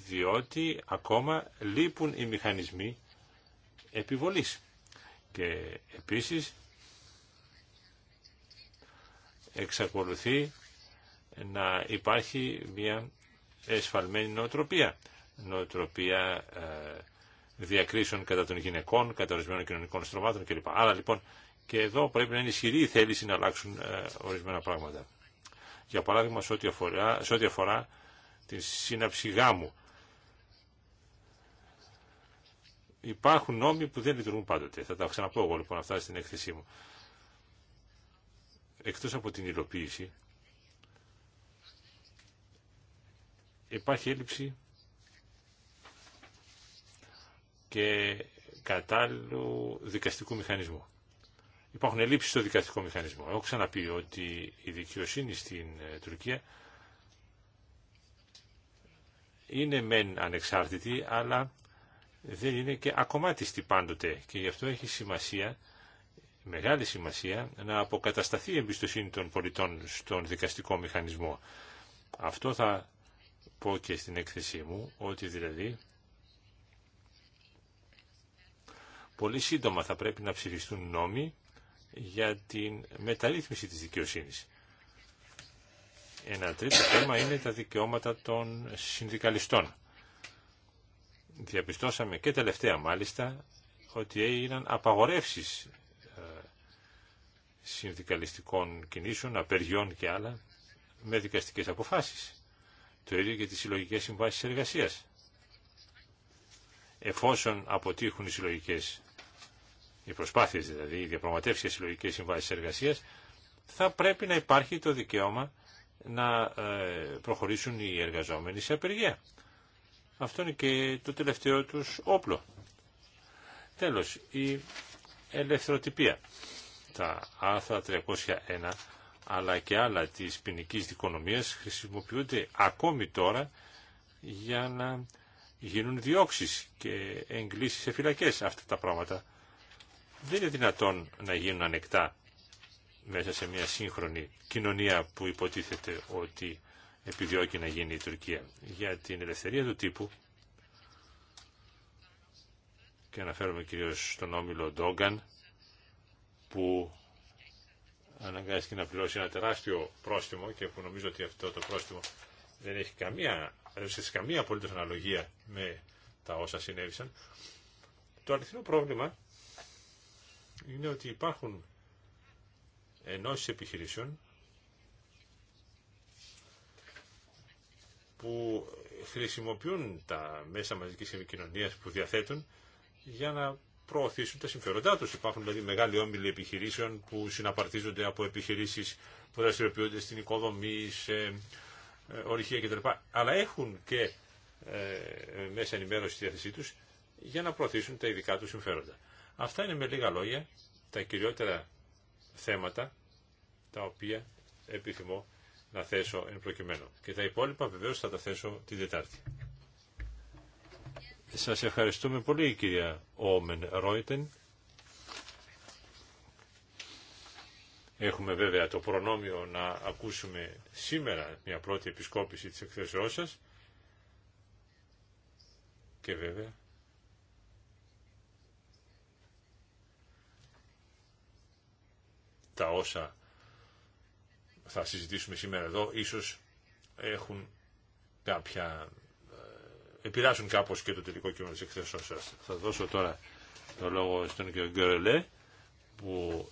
Διότι ακόμα λείπουν οι μηχανισμοί επιβολής. Και επίσης εξακολουθεί να υπάρχει μια εσφαλμένη νοοτροπία. Νοοτροπία ε, διακρίσεων κατά των γυναικών, κατά ορισμένων κοινωνικών στρωμάτων κλπ. Άρα λοιπόν και εδώ πρέπει να είναι ισχυρή η θέληση να αλλάξουν ε, ορισμένα πράγματα. Για παράδειγμα σε ό,τι αφορά, σε αφορά τη σύναψη γάμου. Υπάρχουν νόμοι που δεν λειτουργούν πάντοτε. Θα τα ξαναπώ εγώ λοιπόν αυτά στην έκθεσή μου εκτός από την υλοποίηση, υπάρχει έλλειψη και κατάλληλου δικαστικού μηχανισμού. Υπάρχουν ελλείψεις στο δικαστικό μηχανισμό. Έχω ξαναπεί ότι η δικαιοσύνη στην ε, Τουρκία είναι μεν ανεξάρτητη, αλλά δεν είναι και ακομάτιστη πάντοτε και γι' αυτό έχει σημασία μεγάλη σημασία να αποκατασταθεί η εμπιστοσύνη των πολιτών στον δικαστικό μηχανισμό. Αυτό θα πω και στην έκθεσή μου, ότι δηλαδή πολύ σύντομα θα πρέπει να ψηφιστούν νόμοι για την μεταρρύθμιση της δικαιοσύνης. Ένα τρίτο θέμα είναι τα δικαιώματα των συνδικαλιστών. Διαπιστώσαμε και τελευταία μάλιστα ότι έγιναν απαγορεύσεις συνδικαλιστικών κινήσεων, απεργιών και άλλα, με δικαστικές αποφάσεις. Το ίδιο και τις συλλογικές συμβάσεις εργασίας. Εφόσον αποτύχουν οι συλλογικές, οι προσπάθειες δηλαδή, οι διαπραγματεύσεις συλλογικές συμβάσεις εργασίας, θα πρέπει να υπάρχει το δικαίωμα να ε, προχωρήσουν οι εργαζόμενοι σε απεργία. Αυτό είναι και το τελευταίο τους όπλο. Τέλος, η ελευθεροτυπία. Τα άρθρα 301 αλλά και άλλα της ποινική δικονομίας χρησιμοποιούνται ακόμη τώρα για να γίνουν διώξεις και εγκλήσεις σε φυλακές αυτά τα πράγματα. Δεν είναι δυνατόν να γίνουν ανεκτά μέσα σε μια σύγχρονη κοινωνία που υποτίθεται ότι επιδιώκει να γίνει η Τουρκία. Για την ελευθερία του τύπου και αναφέρομαι κυρίως στον Όμιλο Ντόγκαν που αναγκάστηκε να πληρώσει ένα τεράστιο πρόστιμο και που νομίζω ότι αυτό το πρόστιμο δεν έχει καμία, δεν καμία απολύτως αναλογία με τα όσα συνέβησαν. Το αληθινό πρόβλημα είναι ότι υπάρχουν ενώσεις επιχειρήσεων που χρησιμοποιούν τα μέσα μαζικής επικοινωνίας που διαθέτουν για να προωθήσουν τα συμφέροντά του, Υπάρχουν δηλαδή μεγάλοι όμιλοι επιχειρήσεων που συναπαρτίζονται από επιχειρήσεις που δραστηριοποιούνται στην οικοδομή, σε ε, ορυχεία κτλ. Αλλά έχουν και ε, μέσα ενημέρωση στη διάθεσή του για να προωθήσουν τα ειδικά τους συμφέροντα. Αυτά είναι με λίγα λόγια τα κυριότερα θέματα τα οποία επιθυμώ να θέσω εν προκειμένου. Και τα υπόλοιπα βεβαίως θα τα θέσω την Δετάρτη. Σας ευχαριστούμε πολύ κυρία Όμεν Ρόιτεν. Έχουμε βέβαια το προνόμιο να ακούσουμε σήμερα μια πρώτη επισκόπηση της εκθέσεώς σας. Και βέβαια. Τα όσα θα συζητήσουμε σήμερα εδώ ίσως έχουν κάποια επηρεάσουν κάπως και το τελικό κείμενο της εκθέσεως σας. Θα δώσω τώρα το λόγο στον κ. Γκέρελε που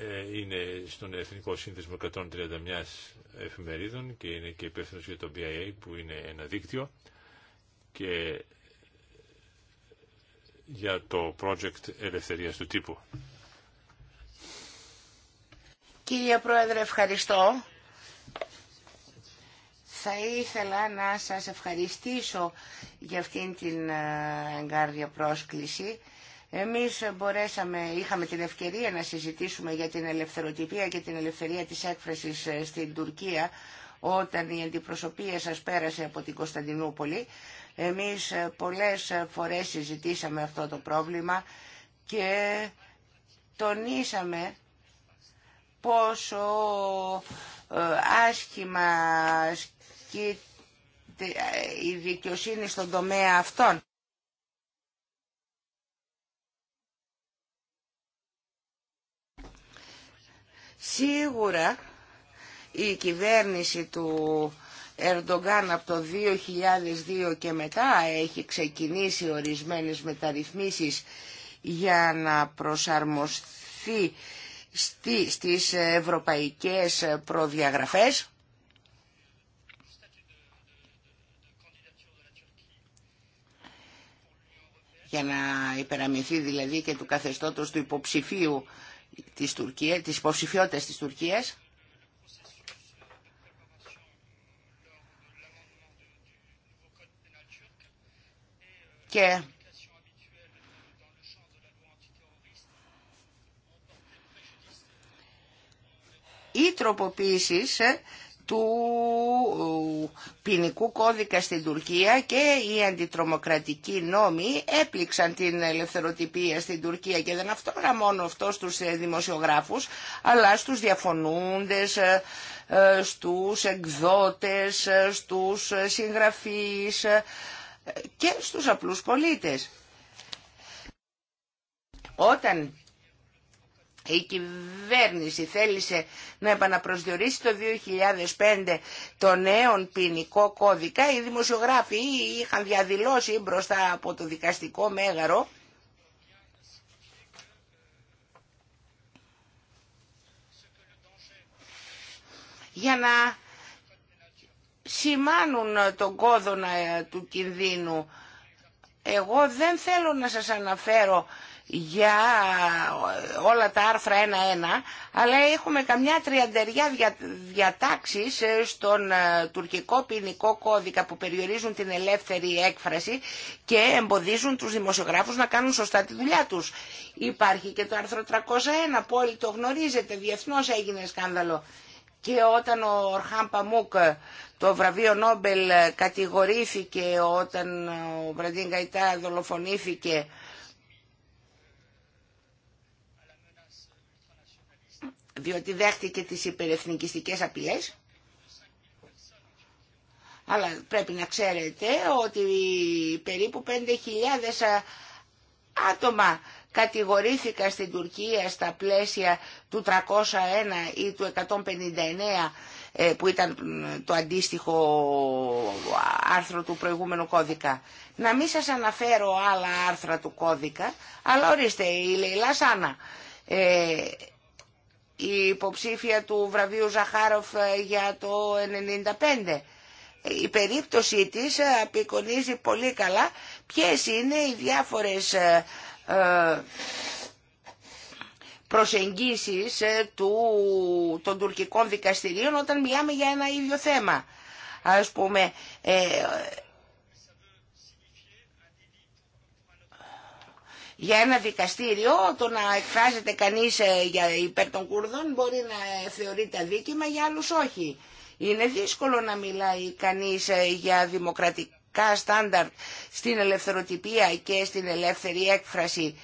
ε, είναι στον Εθνικό Σύνδεσμο 131 Εφημερίδων και είναι και υπεύθυνο για το BIA που είναι ένα δίκτυο και για το project ελευθερίας του τύπου. Κύριε Πρόεδρε, ευχαριστώ. Θα ήθελα να σας ευχαριστήσω για αυτήν την ε, εγκάρδια πρόσκληση. Εμείς μπορέσαμε, είχαμε την ευκαιρία να συζητήσουμε για την ελευθεροτυπία και την ελευθερία της έκφρασης ε, στην Τουρκία όταν η αντιπροσωπεία σας πέρασε από την Κωνσταντινούπολη. Εμείς ε, πολλές φορές συζητήσαμε αυτό το πρόβλημα και τονίσαμε πόσο άσχημα και ε, η δικαιοσύνη στον τομέα αυτών. Σίγουρα η κυβέρνηση του Ερντογκάν από το 2002 και μετά έχει ξεκινήσει ορισμένες μεταρρυθμίσεις για να προσαρμοστεί στις ευρωπαϊκές προδιαγραφές. για να υπεραμηθεί δηλαδή και του καθεστώτος του υποψηφίου της Τουρκίας, της υποψηφιότητας της Τουρκίας. Και η τροποποίησεις ε, του ε, ποινικού κώδικα στην Τουρκία και οι αντιτρομοκρατικοί νόμοι έπληξαν την ελευθεροτυπία στην Τουρκία και δεν είναι μόνο αυτό στους ε, δημοσιογράφους αλλά στους διαφωνούντες, ε, στους εκδότες, στους συγγραφείς και στους απλούς πολίτες. Όταν η κυβέρνηση θέλησε να επαναπροσδιορίσει το 2005 το νέο ποινικό κώδικα. Οι δημοσιογράφοι είχαν διαδηλώσει μπροστά από το δικαστικό μέγαρο για να σημάνουν τον κόδωνα του κινδύνου. Εγώ δεν θέλω να σας αναφέρω για όλα τα άρθρα ένα, αλλά έχουμε καμιά τριαντεριά δια, διατάξεις ε, στον ε, τουρκικό ποινικό κώδικα που περιορίζουν την ελεύθερη έκφραση και εμποδίζουν τους δημοσιογράφους να κάνουν σωστά τη δουλειά τους. Υπάρχει και το άρθρο 301 που όλοι το γνωρίζετε, διεθνώς έγινε σκάνδαλο. Και όταν ο Ορχάν Παμούκ το βραβείο Νόμπελ κατηγορήθηκε όταν ο Βραντίν Καϊτά δολοφονήθηκε διότι δέχτηκε τις υπερεθνικιστικές απειλές. Αλλά πρέπει να ξέρετε ότι περίπου 5.000 άτομα κατηγορήθηκαν στην Τουρκία στα πλαίσια του 301 ή του 159 ε, που ήταν το αντίστοιχο άρθρο του προηγούμενου κώδικα. Να μην σας αναφέρω άλλα άρθρα του κώδικα, αλλά ορίστε η Λεϊλά Σάνα ε, η υποψήφια του βραβείου Ζαχάροφ ε, για το 1995. Η περίπτωση της ε, απεικονίζει πολύ καλά ποιες είναι οι διάφορες ε, προσεγγίσεις του, των τουρκικών δικαστηρίων όταν μιλάμε για ένα ίδιο θέμα. Ας πούμε, για ένα δικαστήριο το να εκφράζεται κανείς ε, για υπέρ των Κούρδων μπορεί να ε, θεωρείται αδίκημα, για άλλους όχι. Είναι δύσκολο να μιλάει κανείς ε, για δημοκρατικά στάνταρτ στην ελευθεροτυπία και στην ελεύθερη έκφραση,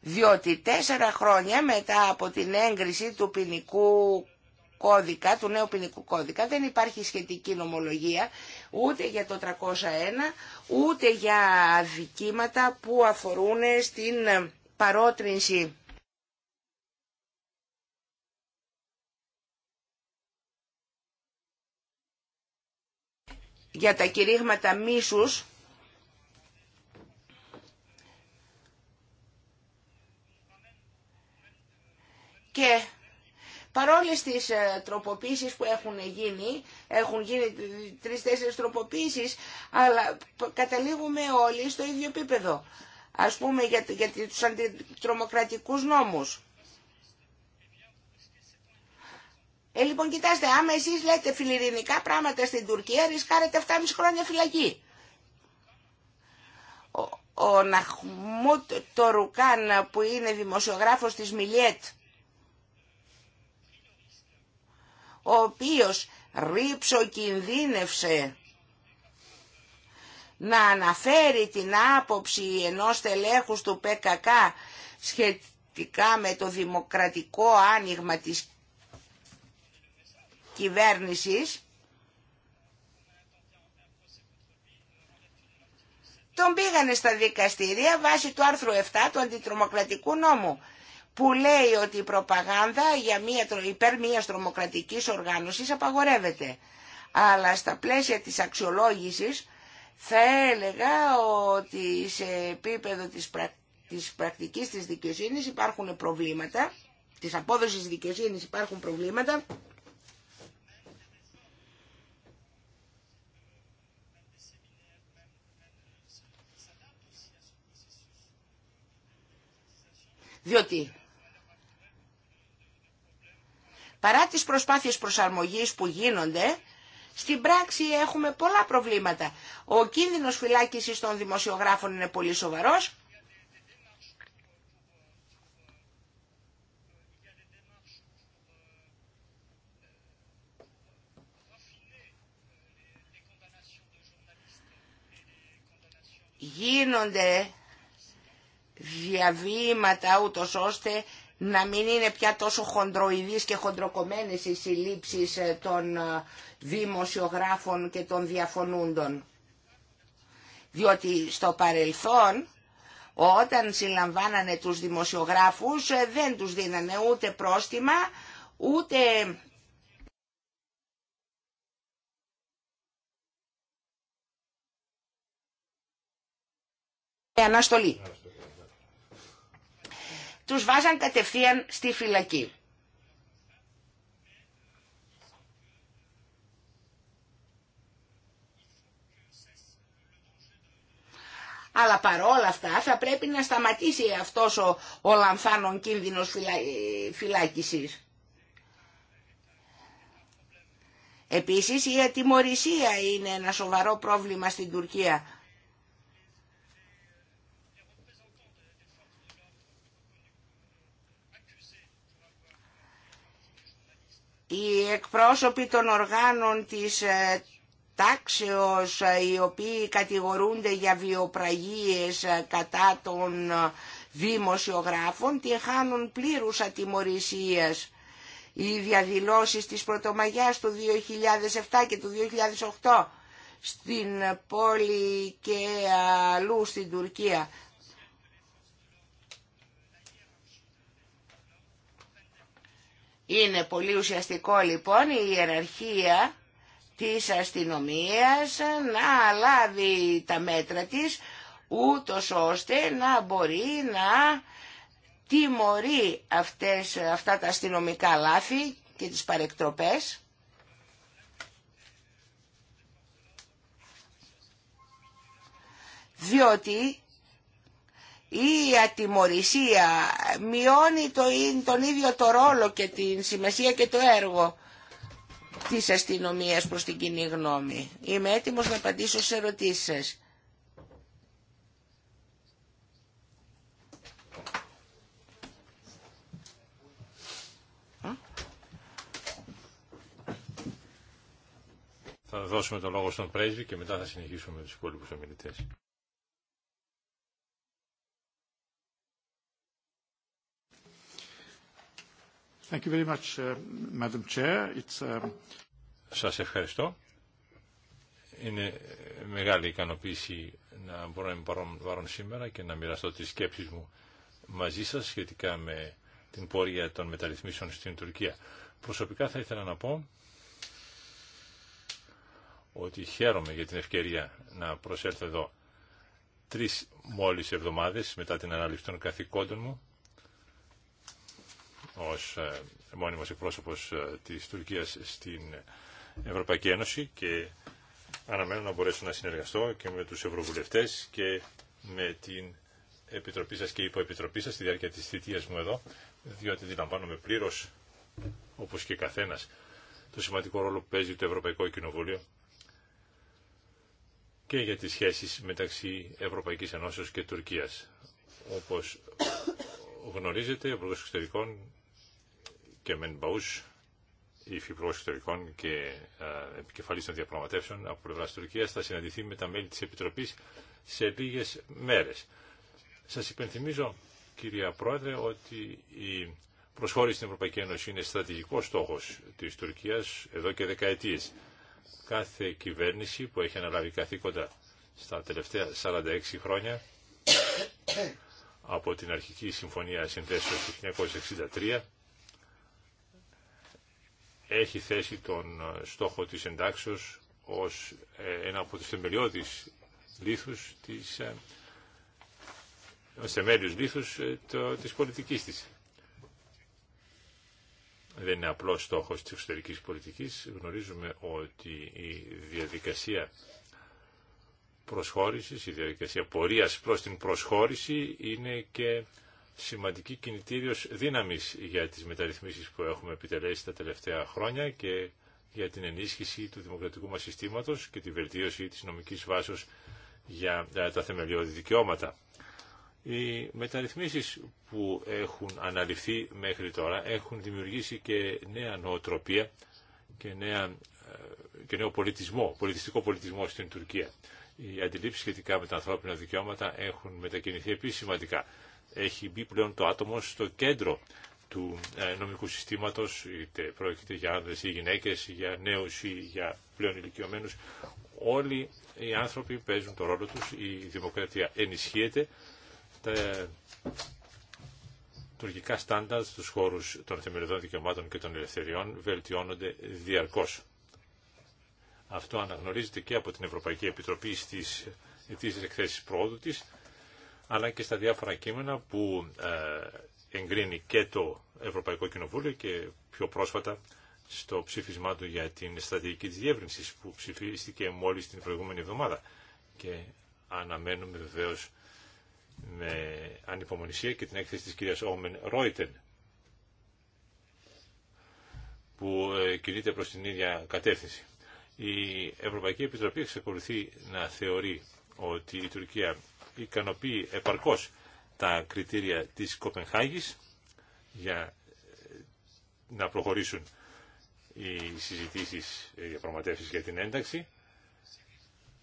διότι τέσσερα χρόνια μετά από την έγκριση του ποινικού κώδικα, του νέου ποινικού κώδικα, δεν υπάρχει σχετική νομολογία ούτε για το 301, ούτε για δικήματα που αφορούν στην παρότρινση για τα κηρύγματα μίσους και Παρόλες τις ε, τροποποίησεις που έχουν γίνει, έχουν γίνει τρεις-τέσσερις τροποποίησεις, αλλά καταλήγουμε όλοι στο ίδιο επίπεδο. Ας πούμε για, για τους αντιτρομοκρατικούς νόμους. Ε, λοιπόν, κοιτάστε, άμα εσείς λέτε φιλιρινικά πράγματα στην Τουρκία, ρισκάρετε 7,5 χρόνια φυλακή. Ο, Ναχμούτ Τορουκάν, που είναι δημοσιογράφος της Μιλιέτ, ο οποίος κινδύνευσε να αναφέρει την άποψη ενός τελέχους του ΠΚΚ σχετικά με το δημοκρατικό άνοιγμα της κυβέρνησης τον πήγανε στα δικαστηρία βάσει του άρθρου 7 του αντιτρομοκρατικού νόμου που λέει ότι η προπαγάνδα για μια, υπέρ μιας τρομοκρατικής οργάνωσης απαγορεύεται. Αλλά στα πλαίσια της αξιολόγησης θα έλεγα ότι σε επίπεδο της, της πρακτικής της δικαιοσύνης υπάρχουν προβλήματα, της απόδοσης της δικαιοσύνης υπάρχουν προβλήματα, διότι Παρά τις προσπάθειες προσαρμογής που γίνονται, στην πράξη έχουμε πολλά προβλήματα. Ο κίνδυνος φυλάκησης των δημοσιογράφων είναι πολύ σοβαρός. Γίνονται διαβήματα ούτως ώστε να μην είναι πια τόσο χοντροειδείς και χοντροκομμένες οι συλλήψεις ε, των ε, δημοσιογράφων και των διαφωνούντων. Διότι στο παρελθόν, όταν συλλαμβάνανε τους δημοσιογράφους, ε, δεν τους δίνανε ούτε πρόστιμα, ούτε αναστολή τους βάζαν κατευθείαν στη φυλακή. Αλλά παρόλα αυτά θα πρέπει να σταματήσει αυτός ο, ο λανθάνων κίνδυνος φυλα, φυλάκισης. Επίσης η ατιμορρησία είναι ένα σοβαρό πρόβλημα στην Τουρκία. οι εκπρόσωποι των οργάνων της ε, τάξεως ε, οι οποίοι κατηγορούνται για βιοπραγίες ε, κατά των δημοσιογράφων τη χάνουν πλήρους Οι διαδηλώσει της Πρωτομαγιάς του 2007 και του 2008 στην πόλη και αλλού στην Τουρκία Είναι πολύ ουσιαστικό λοιπόν η ιεραρχία της αστυνομίας να λάβει τα μέτρα της ούτως ώστε να μπορεί να τιμωρεί αυτές, αυτά τα αστυνομικά λάθη και τις παρεκτροπές. Διότι η ατιμορρησία μειώνει το, τον ίδιο το ρόλο και την σημασία και το έργο της αστυνομίας προς την κοινή γνώμη. Είμαι έτοιμος να απαντήσω σε ερωτήσεις σας. Θα δώσουμε το λόγο στον πρέσβη και μετά θα συνεχίσουμε με τους υπόλοιπους ομιλητές. Thank uh, um, Σας ευχαριστώ. Είναι μεγάλη ικανοποίηση να μπορώ να είμαι παρόν σήμερα και να μοιραστώ τις σκέψεις μου μαζί σας σχετικά με την πορεία των μεταρρυθμίσεων στην Τουρκία. Προσωπικά θα ήθελα να πω ότι χαίρομαι για την ευκαιρία να προσέλθω εδώ τρεις μόλις εβδομάδες μετά την ανάληψη των καθηκόντων μου ως ε, μόνιμος εκπρόσωπος ε, της Τουρκίας στην Ευρωπαϊκή Ένωση και αναμένω να μπορέσω να συνεργαστώ και με τους Ευρωβουλευτές και με την Επιτροπή σας και υποεπιτροπή σας στη διάρκεια της θητείας μου εδώ, διότι αντιλαμβάνομαι πλήρως, όπως και καθένας, το σημαντικό ρόλο που παίζει το Ευρωπαϊκό Κοινοβούλιο και για τις σχέσεις μεταξύ Ευρωπαϊκής Ενώσεως και Τουρκίας. Όπως γνωρίζετε, ο Υπουργός Εξωτερικών και Μεν Μπαούς, υφυπουργό εξωτερικών και επικεφαλή των διαπραγματεύσεων από πλευρά Τουρκία, θα συναντηθεί με τα μέλη τη Επιτροπή σε λίγε μέρε. Σα υπενθυμίζω, κυρία Πρόεδρε, ότι η προσχώρηση στην Ευρωπαϊκή Ένωση είναι στρατηγικό στόχο τη Τουρκία εδώ και δεκαετίε. Κάθε κυβέρνηση που έχει αναλάβει καθήκοντα στα τελευταία 46 χρόνια από την αρχική συμφωνία συνθέσεως του 1963 έχει θέσει τον στόχο της εντάξεως ως ε, ένα από τους θεμελιώδεις λήθους της ως ε, θεμέλιους ε, της πολιτικής της. Δεν είναι απλός στόχος της εξωτερικής πολιτικής. Γνωρίζουμε ότι η διαδικασία προσχώρησης, η διαδικασία πορείας προς την προσχώρηση είναι και σημαντική κινητήριος δύναμης για τις μεταρρυθμίσεις που έχουμε επιτελέσει τα τελευταία χρόνια και για την ενίσχυση του δημοκρατικού μας συστήματος και τη βελτίωση της νομικής βάσης για τα θεμελιώδη δικαιώματα. Οι μεταρρυθμίσεις που έχουν αναλυφθεί μέχρι τώρα έχουν δημιουργήσει και νέα νοοτροπία και, νέα, ε, και νέο πολιτισμό, πολιτιστικό πολιτισμό στην Τουρκία. Οι αντιλήψεις σχετικά με τα ανθρώπινα δικαιώματα έχουν μετακινηθεί επίσης σημαντικά έχει μπει πλέον το άτομο στο κέντρο του ε, νομικού συστήματος, είτε πρόκειται για άνδρες ή γυναίκες, για νέους ή για πλέον ηλικιωμένους. Όλοι οι άνθρωποι παίζουν το ρόλο τους, η δημοκρατία ενισχύεται, τα τουρκικά στάνταρ στους χώρους των θεμελιωδών δικαιωμάτων και των ελευθεριών βελτιώνονται διαρκώς. Αυτό αναγνωρίζεται και από την Ευρωπαϊκή Επιτροπή στις ετήσιες εκθέσεις πρόοδου της, αλλά και στα διάφορα κείμενα που ε, εγκρίνει και το Ευρωπαϊκό Κοινοβούλιο και πιο πρόσφατα στο ψήφισμά του για την στρατηγική της διεύρυνσης που ψηφίστηκε μόλις την προηγούμενη εβδομάδα και αναμένουμε βεβαίως με ανυπομονησία και την έκθεση της κυρίας Όμεν Ρόιτεν που ε, κινείται προς την ίδια κατεύθυνση. Η Ευρωπαϊκή Επιτροπή εξακολουθεί να θεωρεί ότι η Τουρκία ικανοποιεί επαρκώς τα κριτήρια της Κοπενχάγης για ε, να προχωρήσουν οι συζητήσεις, για ε, προματεύσεις για την ένταξη.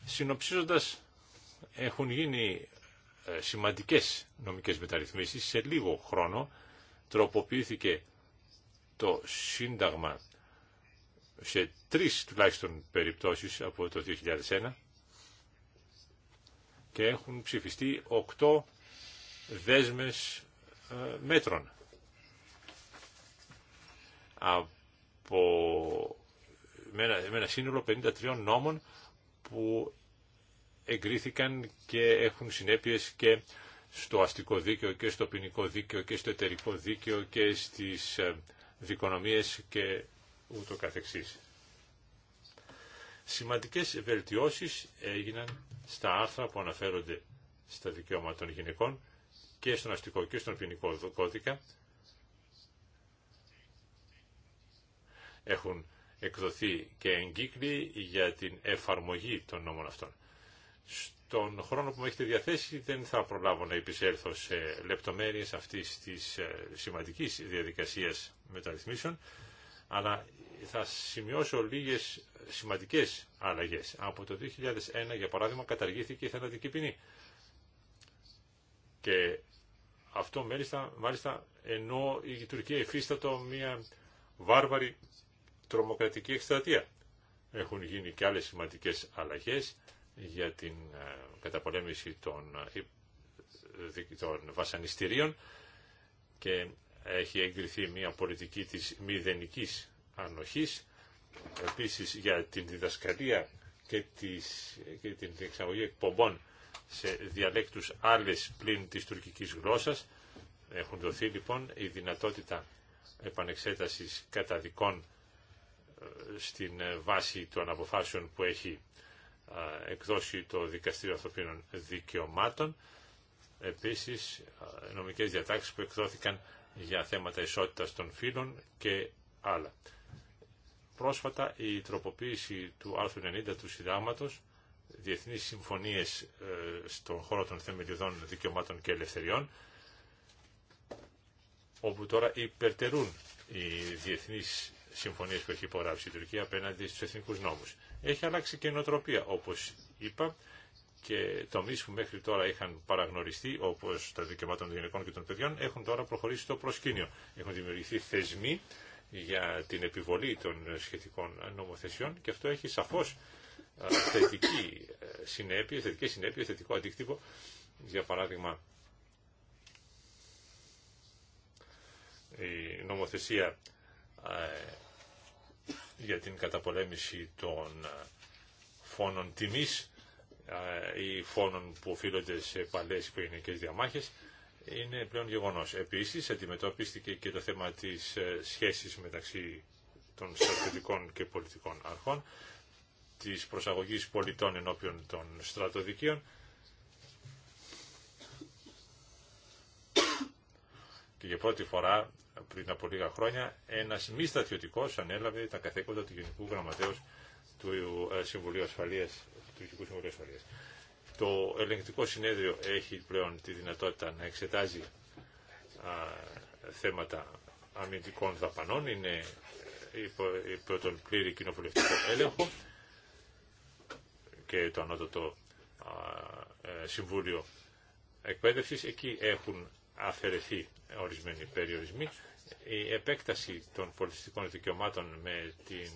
Συνοψίζοντας, έχουν γίνει ε, σημαντικές νομικές μεταρρυθμίσεις. Σε λίγο χρόνο τροποποιήθηκε το Σύνταγμα σε τρεις τουλάχιστον περιπτώσεις από το 2001 και έχουν ψηφιστεί οκτώ δέσμες ε, μέτρων. Από, με, ένα, με ένα σύνολο 53 νόμων που εγκρίθηκαν και έχουν συνέπειες και στο αστικό δίκαιο και στο ποινικό δίκαιο και στο εταιρικό δίκαιο και στις ε, δικονομίες και ούτω καθεξής. Σημαντικές βελτιώσεις έγιναν στα άρθρα που αναφέρονται στα δικαιώματα των γυναικών και στον αστικό και στον ποινικό κώδικα. Έχουν εκδοθεί και εγκύκλοι για την εφαρμογή των νόμων αυτών. Στον χρόνο που με έχετε διαθέσει δεν θα προλάβω να επισέλθω σε λεπτομέρειες αυτής της ε, σημαντικής διαδικασίας μεταρρυθμίσεων, αλλά θα σημειώσω λίγες σημαντικές αλλαγές. Από το 2001, για παράδειγμα, καταργήθηκε η θανατική ποινή. Και αυτό μάλιστα, μάλιστα ενώ η Τουρκία υφίστατο μια βάρβαρη τρομοκρατική εκστρατεία. Έχουν γίνει και άλλες σημαντικές αλλαγές για την ε, καταπολέμηση των, ε, των βασανιστήριων και έχει εγκριθεί μια πολιτική της μηδενικής ανοχής, επίσης για την διδασκαλία και, τις, και την εξαγωγή εκπομπών σε διαλέκτους άλλες πλην της τουρκικής γλώσσας. Έχουν δοθεί λοιπόν η δυνατότητα επανεξέτασης καταδικών ε, στην ε, βάση των αποφάσεων που έχει ε, εκδώσει το Δικαστήριο Ανθρωπίνων Δικαιωμάτων. Επίσης, νομικές διατάξεις που εκδόθηκαν για θέματα ισότητας των φύλων και άλλα. Πρόσφατα η τροποποίηση του άρθρου 90 του συντάγματος διεθνείς συμφωνίες ε, στον χώρο των θεμελιωδών δικαιωμάτων και ελευθεριών, όπου τώρα υπερτερούν οι διεθνείς συμφωνίες που έχει υπογράψει η Τουρκία απέναντι στους εθνικούς νόμους. Έχει αλλάξει και η νοοτροπία, όπως είπα, και τομείς που μέχρι τώρα είχαν παραγνωριστεί, όπως τα δικαιωμάτων των γυναικών και των παιδιών, έχουν τώρα προχωρήσει στο προσκήνιο. Έχουν δημιουργηθεί θεσμοί για την επιβολή των σχετικών νομοθεσιών και αυτό έχει σαφώς θετική συνέπεια, θετική συνέπεια, θετικό αντίκτυπο. Για παράδειγμα, η νομοθεσία ε, για την καταπολέμηση των φόνων τιμής ή φόνων που οφείλονται σε παλές διαμάχες είναι πλέον γεγονός. Επίσης αντιμετωπίστηκε και το θέμα της ε, σχέσης μεταξύ των στρατιωτικών και πολιτικών αρχών, της προσαγωγής πολιτών ενώπιον των στρατοδικείων και για πρώτη φορά πριν από λίγα χρόνια ένας μη στρατιωτικός ανέλαβε τα καθήκοντα του Γενικού Γραμματέως του ε, Συμβουλίου Ασφαλείας, του Γενικού Συμβουλίου Ασφαλείας. Το ελεγκτικό συνέδριο έχει πλέον τη δυνατότητα να εξετάζει θέματα αμυντικών δαπανών, είναι ε, υπό, τον πλήρη κοινοβουλευτικό έλεγχο και το ανώτατο ε, Συμβούλιο Εκπαίδευσης. Εκεί έχουν αφαιρεθεί ορισμένοι περιορισμοί. Η επέκταση των πολιτιστικών δικαιωμάτων με την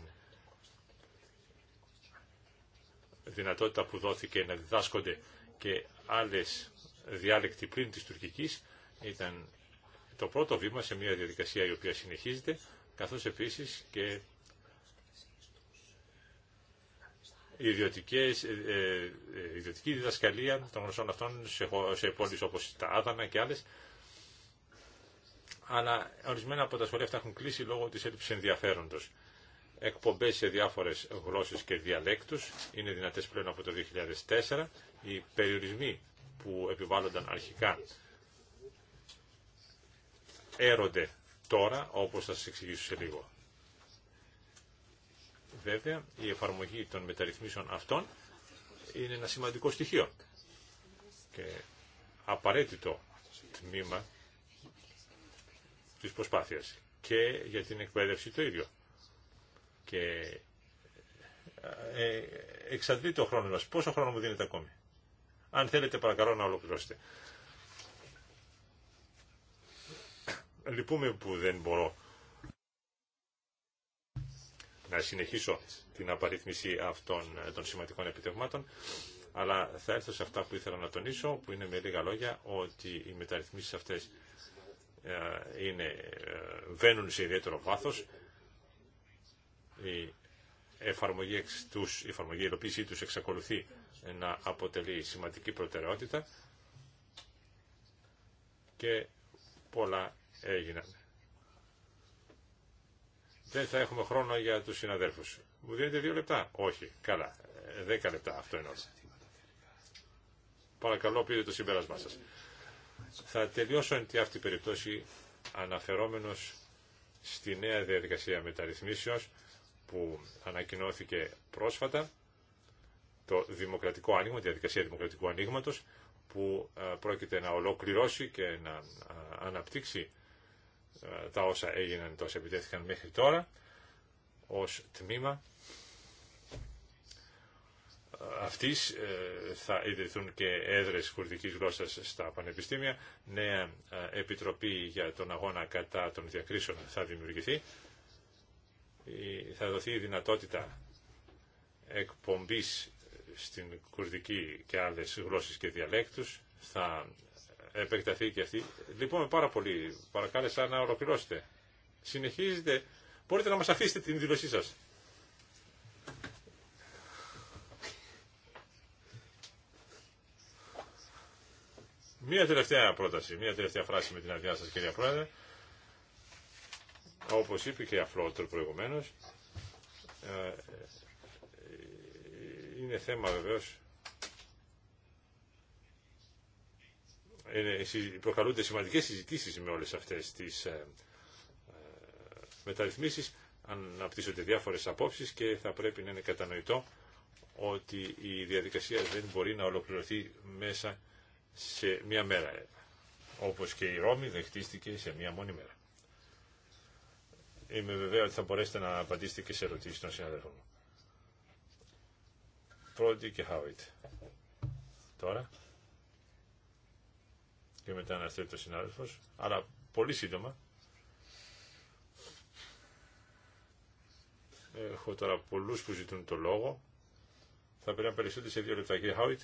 δυνατότητα που δόθηκε να διδάσκονται και άλλες διάλεκτοι πλήν της τουρκικής ήταν το πρώτο βήμα σε μια διαδικασία η οποία συνεχίζεται, καθώς επίσης και ιδιωτικές, ε, ε ιδιωτική διδασκαλία των γνωστών αυτών σε, σε πόλεις όπως τα Άδανα και άλλες. Αλλά ορισμένα από τα σχολεία αυτά έχουν κλείσει λόγω της έλλειψης ενδιαφέροντος εκπομπές σε διάφορες γλώσσες και διαλέκτους, είναι δυνατές πλέον από το 2004. Οι περιορισμοί που επιβάλλονταν αρχικά έρονται τώρα, όπως θα σας εξηγήσω σε λίγο. Βέβαια, η εφαρμογή των μεταρρυθμίσεων αυτών είναι ένα σημαντικό στοιχείο και απαραίτητο τμήμα της προσπάθειας και για την εκπαίδευση το ίδιο και ε, εξαντλείται ο χρόνος μας. Πόσο χρόνο μου δίνετε ακόμη. Αν θέλετε παρακαλώ να ολοκληρώσετε. Λυπούμε που δεν μπορώ να συνεχίσω την απαρίθμηση αυτών ε, των σημαντικών επιτευγμάτων, αλλά θα έρθω σε αυτά που ήθελα να τονίσω, που είναι με λίγα λόγια ότι οι μεταρρυθμίσεις αυτές ε, είναι, βαίνουν σε ιδιαίτερο βάθος, η εφαρμογή, τους, η εφαρμογή υλοποίησή τους εξακολουθεί να αποτελεί σημαντική προτεραιότητα και πολλά έγιναν. Δεν θα έχουμε χρόνο για τους συναδέλφους. Μου δίνετε δύο λεπτά. Όχι. Καλά. Δέκα λεπτά. Αυτό είναι όλο. Παρακαλώ πείτε το συμπέρασμά σας. Θα τελειώσω εν τη αυτή περιπτώση αναφερόμενος στη νέα διαδικασία μεταρρυθμίσεως που ανακοινώθηκε πρόσφατα, το δημοκρατικό άνοιγμα, τη διαδικασία δημοκρατικού ανοίγματο, που ε, πρόκειται να ολοκληρώσει και να ε, αναπτύξει ε, τα όσα έγιναν, τα όσα επιτέθηκαν μέχρι τώρα, ως τμήμα αυτής θα ιδρυθούν και έδρες κουρδικής γλώσσας στα πανεπιστήμια. Νέα επιτροπή για τον αγώνα κατά των διακρίσεων θα δημιουργηθεί θα δοθεί η δυνατότητα εκπομπής στην κουρδική και άλλες γλώσσες και διαλέκτους. Θα επεκταθεί και αυτή. Λοιπόν, πάρα πολύ. Παρακάλεσα να ολοκληρώσετε. Συνεχίζετε. Μπορείτε να μας αφήσετε την δήλωσή σας. Μία τελευταία πρόταση, μία τελευταία φράση με την αδειά σας κυρία Πρόεδρε. Όπως είπε και η Αφρότερ προηγουμένως, ε, είναι θέμα βεβαίως προκαλούνται σημαντικές συζητήσεις με όλες αυτές τις ε, ε, μεταρρυθμίσεις αναπτύσσονται διάφορες απόψεις και θα πρέπει να είναι κατανοητό ότι η διαδικασία δεν μπορεί να ολοκληρωθεί μέσα σε μία μέρα όπως και η Ρώμη δεν σε μία μόνη μέρα. Είμαι βέβαια ότι θα μπορέσετε να απαντήσετε και σε ερωτήσει των συναδέλφων μου. Πρώτη και Χάουιτ. Τώρα. Και μετά έρθει το συνάδελφο. Αλλά πολύ σύντομα. Έχω τώρα πολλού που ζητούν το λόγο. Θα περνάμε περισσότερο σε δύο λεπτά. Κύριε Χάουιτ.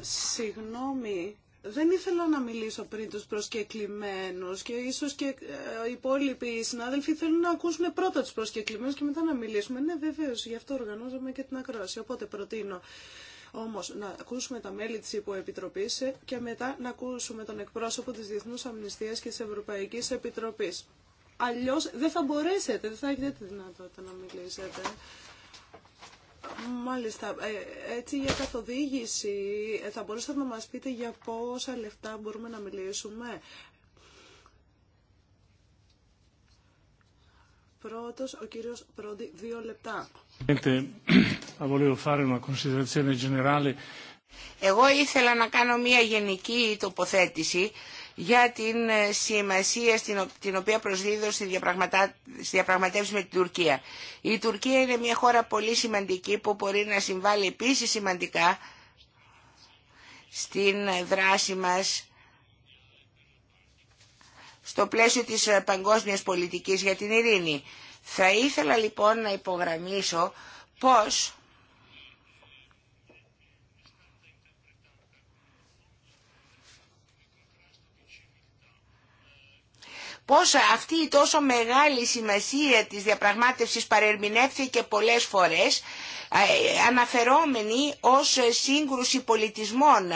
Συγγνώμη, δεν ήθελα να μιλήσω πριν τους προσκεκλημένους και ίσως και ε, οι υπόλοιποι συνάδελφοι θέλουν να ακούσουν πρώτα τους προσκεκλημένους και μετά να μιλήσουμε. Ναι, βεβαίως, γι' αυτό οργανώσαμε και την ακρόαση. Οπότε προτείνω όμως να ακούσουμε τα μέλη της Υποεπιτροπή ε, και μετά να ακούσουμε τον εκπρόσωπο τη Διεθνού Αμνηστία και τη Ευρωπαϊκή Επιτροπή. Αλλιώ δεν θα μπορέσετε, δεν θα έχετε τη δυνατότητα να μιλήσετε. Μάλιστα. Ε, έτσι για καθοδήγηση ε, θα μπορούσατε να μας πείτε για πόσα λεφτά μπορούμε να μιλήσουμε. Πρώτος ο κύριος Πρόντι, δύο λεπτά. Εγώ ήθελα να κάνω μια γενική τοποθέτηση για την ε, σημασία την οποία προσδίδω στη διαπραγματεύση με την Τουρκία. Η Τουρκία είναι μια χώρα πολύ σημαντική που μπορεί να συμβάλλει επίσης σημαντικά στην δράση μας στο πλαίσιο της ε, παγκόσμιας πολιτικής για την ειρήνη. Θα ήθελα λοιπόν να υπογραμμίσω πώς πως αυτή η τόσο μεγάλη σημασία της διαπραγμάτευσης παρερμηνεύθηκε πολλές φορές ε, αναφερόμενη ως σύγκρουση πολιτισμών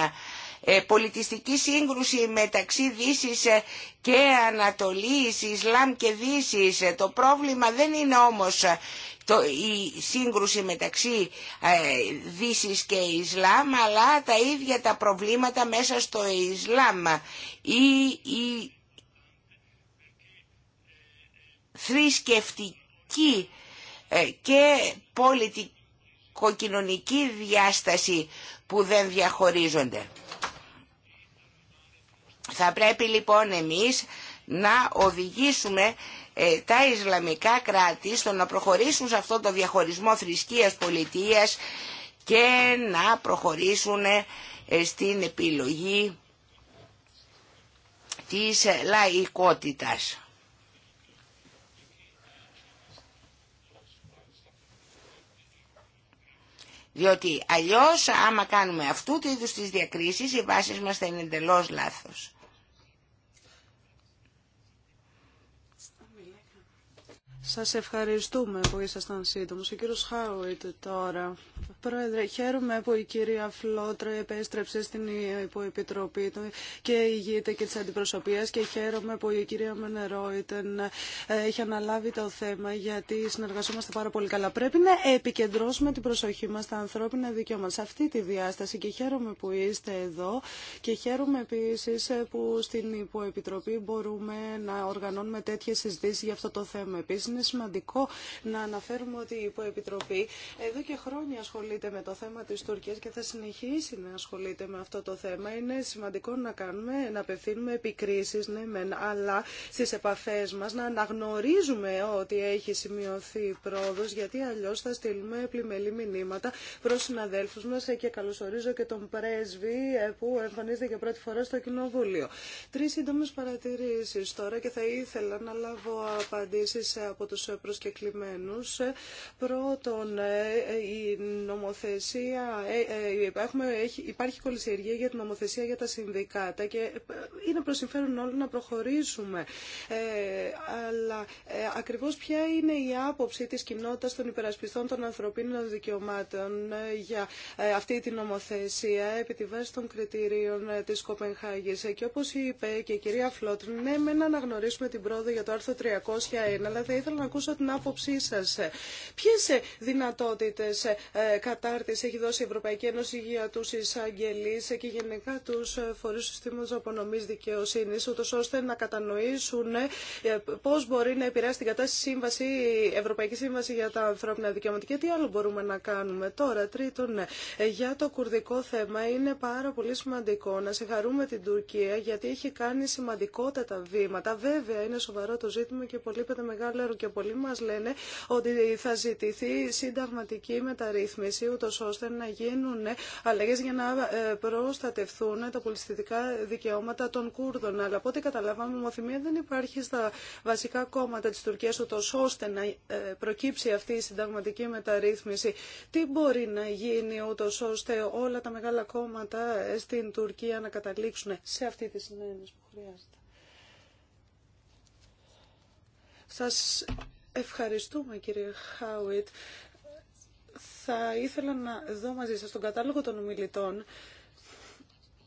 ε, πολιτιστική σύγκρουση μεταξύ Δύσης ε, και Ανατολής, Ισλάμ και Δύσης. Το πρόβλημα δεν είναι όμως το, η σύγκρουση μεταξύ ε, Δύσης και Ισλάμ, αλλά τα ίδια τα προβλήματα μέσα στο Ισλάμ. Η, θρησκευτική ε, και πολιτικοκοινωνική διάσταση που δεν διαχωρίζονται. Θα πρέπει λοιπόν εμείς να οδηγήσουμε ε, τα Ισλαμικά κράτη στο να προχωρήσουν σε αυτό το διαχωρισμό θρησκείας πολιτείας και να προχωρήσουν ε, στην επιλογή της λαϊκότητας. Διότι αλλιώς άμα κάνουμε αυτού του είδους τις διακρίσεις οι βάσεις μας θα είναι εντελώς λάθος. Σας ευχαριστούμε που ήσασταν σύντομος. Ο κύριος Χάουιτ τώρα. Πρόεδρε, χαίρομαι που η κυρία Φλότρα επέστρεψε στην υποεπιτροπή του και ηγείται και της αντιπροσωπείας και χαίρομαι που η κυρία Μενερόιτεν ε, έχει αναλάβει το θέμα γιατί συνεργαζόμαστε πάρα πολύ καλά. Πρέπει να επικεντρώσουμε την προσοχή μας στα ανθρώπινα δικαιώματα σε αυτή τη διάσταση και χαίρομαι που είστε εδώ και χαίρομαι επίσης που στην υποεπιτροπή μπορούμε να οργανώνουμε τέτοιες συζητήσεις για αυτό το θέμα. Επίσης, είναι σημαντικό να αναφέρουμε ότι η Υποεπιτροπή εδώ και χρόνια ασχολείται με το θέμα της Τουρκίας και θα συνεχίσει να ασχολείται με αυτό το θέμα. Είναι σημαντικό να κάνουμε, να απευθύνουμε επικρίσεις, ναι αλλά στις επαφές μας να αναγνωρίζουμε ότι έχει σημειωθεί πρόοδος, γιατί αλλιώς θα στείλουμε πλημελή μηνύματα προς συναδέλφους μας και καλωσορίζω και τον πρέσβη ε, που εμφανίζεται για πρώτη φορά στο Κοινοβούλιο. Τρεις σύντομες παρατηρήσεις τώρα και θα ήθελα να λάβω απαντήσεις από τους προσκεκλημένους. Πρώτον, η νομοθεσία, ε, ε, έχουμε, υπάρχει κολυσιεργία για την νομοθεσία για τα συνδικάτα και ε, είναι προς συμφέρον όλων να προχωρήσουμε. αλλά ακριβώς ποια είναι η άποψη της κοινότητας των υπερασπιστών των ανθρωπίνων δικαιωμάτων για αυτή τη νομοθεσία επί τη βάση των κριτηρίων της Κοπενχάγης. Και όπως είπε και η κυρία Φλότρ, ναι, να αναγνωρίσουμε την πρόοδο για το άρθρο 301, αλλά θα ήθελα να ακούσω την άποψή σα. Ποιε δυνατότητε ε, κατάρτιση έχει δώσει η Ευρωπαϊκή Ένωση για του εισαγγελεί και γενικά τους φορείς του συστήματο απονομή δικαιοσύνης, ούτω ώστε να κατανοήσουν ε, πώ μπορεί να επηρεάσει την κατάσταση σύμβαση, η Ευρωπαϊκή Σύμβαση για τα ανθρώπινα δικαιώματα και τι άλλο μπορούμε να κάνουμε τώρα. Τρίτον, ε, για το κουρδικό θέμα είναι πάρα πολύ σημαντικό να συγχαρούμε την Τουρκία γιατί έχει κάνει σημαντικότατα βήματα. Βέβαια είναι σοβαρό το ζήτημα και πολύ μεγάλο και πολλοί μας λένε ότι θα ζητηθεί συνταγματική μεταρρύθμιση ούτως ώστε να γίνουν αλλαγές για να ε, προστατευθούν τα πολιτιστικά δικαιώματα των Κούρδων. Αλλά από ό,τι καταλάβαμε, ομοθυμία δεν υπάρχει στα βασικά κόμματα της Τουρκίας ούτως ώστε να ε, προκύψει αυτή η συνταγματική μεταρρύθμιση. Τι μπορεί να γίνει ούτως ώστε όλα τα μεγάλα κόμματα ε, στην Τουρκία να καταλήξουν σε αυτή τη συνένεση που χρειάζεται. Σας ευχαριστούμε κύριε Χάουιτ. Θα ήθελα να δω μαζί σας τον κατάλογο των ομιλητών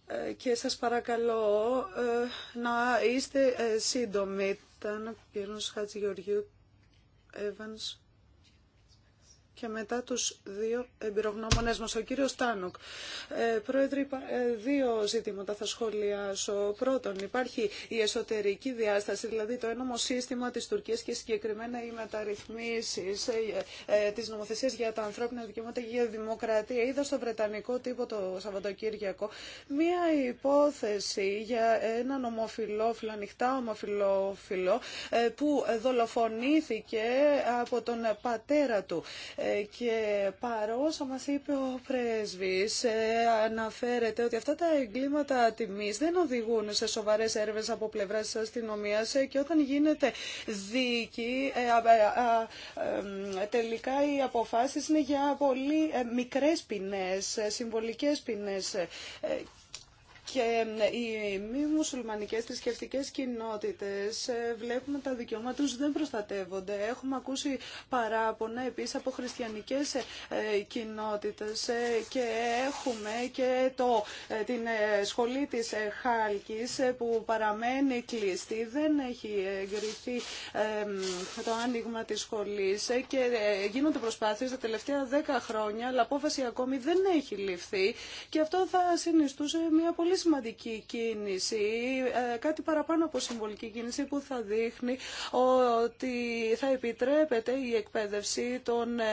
ε, και σας παρακαλώ ε, να είστε ε, σύντομοι. Ήταν ο Χατζηγεωργίου Evans, και μετά τους δύο εμπειρογνώμονες μας, ο κύριος Τάνοκ. Ε, πρόεδρε, ε, δύο ζητήματα θα σχολιάσω. Πρώτον, υπάρχει η εσωτερική διάσταση, δηλαδή το ένομο σύστημα της Τουρκίας και συγκεκριμένα οι μεταρρυθμίσεις ε, ε, της νομοθεσίας για τα ανθρώπινα δικαιώματα και για δημοκρατία. Είδα στο Βρετανικό τύπο το Σαββατοκύριακο μία υπόθεση για έναν νομοφιλόφιλο, ανοιχτά ομοφιλόφιλο, ε, που δολοφονήθηκε από τον πατέρα του. Ε, ε, και παρόσα μα είπε ο πρέσβης ε, αναφέρεται ότι αυτά τα εγκλήματα τιμής δεν οδηγούν σε σοβαρές έρευνες από πλευράς της αστυνομίας ε, και όταν γίνεται δίκη τελικά οι αποφάσεις είναι για πολύ μικρές ποινές, συμβολικές ποινές και οι μη μουσουλμανικές θρησκευτικέ κοινότητες ε, βλέπουμε τα δικαιώματα τους δεν προστατεύονται. Έχουμε ακούσει παράπονα επίσης από χριστιανικές ε, ε, κοινότητες και έχουμε και το, την σχολή της Χάλκης που παραμένει κλειστή. Δεν έχει εγκριθεί το άνοιγμα της σχολής και γίνονται προσπάθειες τα τελευταία δέκα χρόνια αλλά απόφαση ακόμη δεν έχει ληφθεί και αυτό θα συνιστούσε μια πολύ πολύ σημαντική κίνηση, ε, κάτι παραπάνω από συμβολική κίνηση που θα δείχνει ότι θα επιτρέπεται η εκπαίδευση των ε,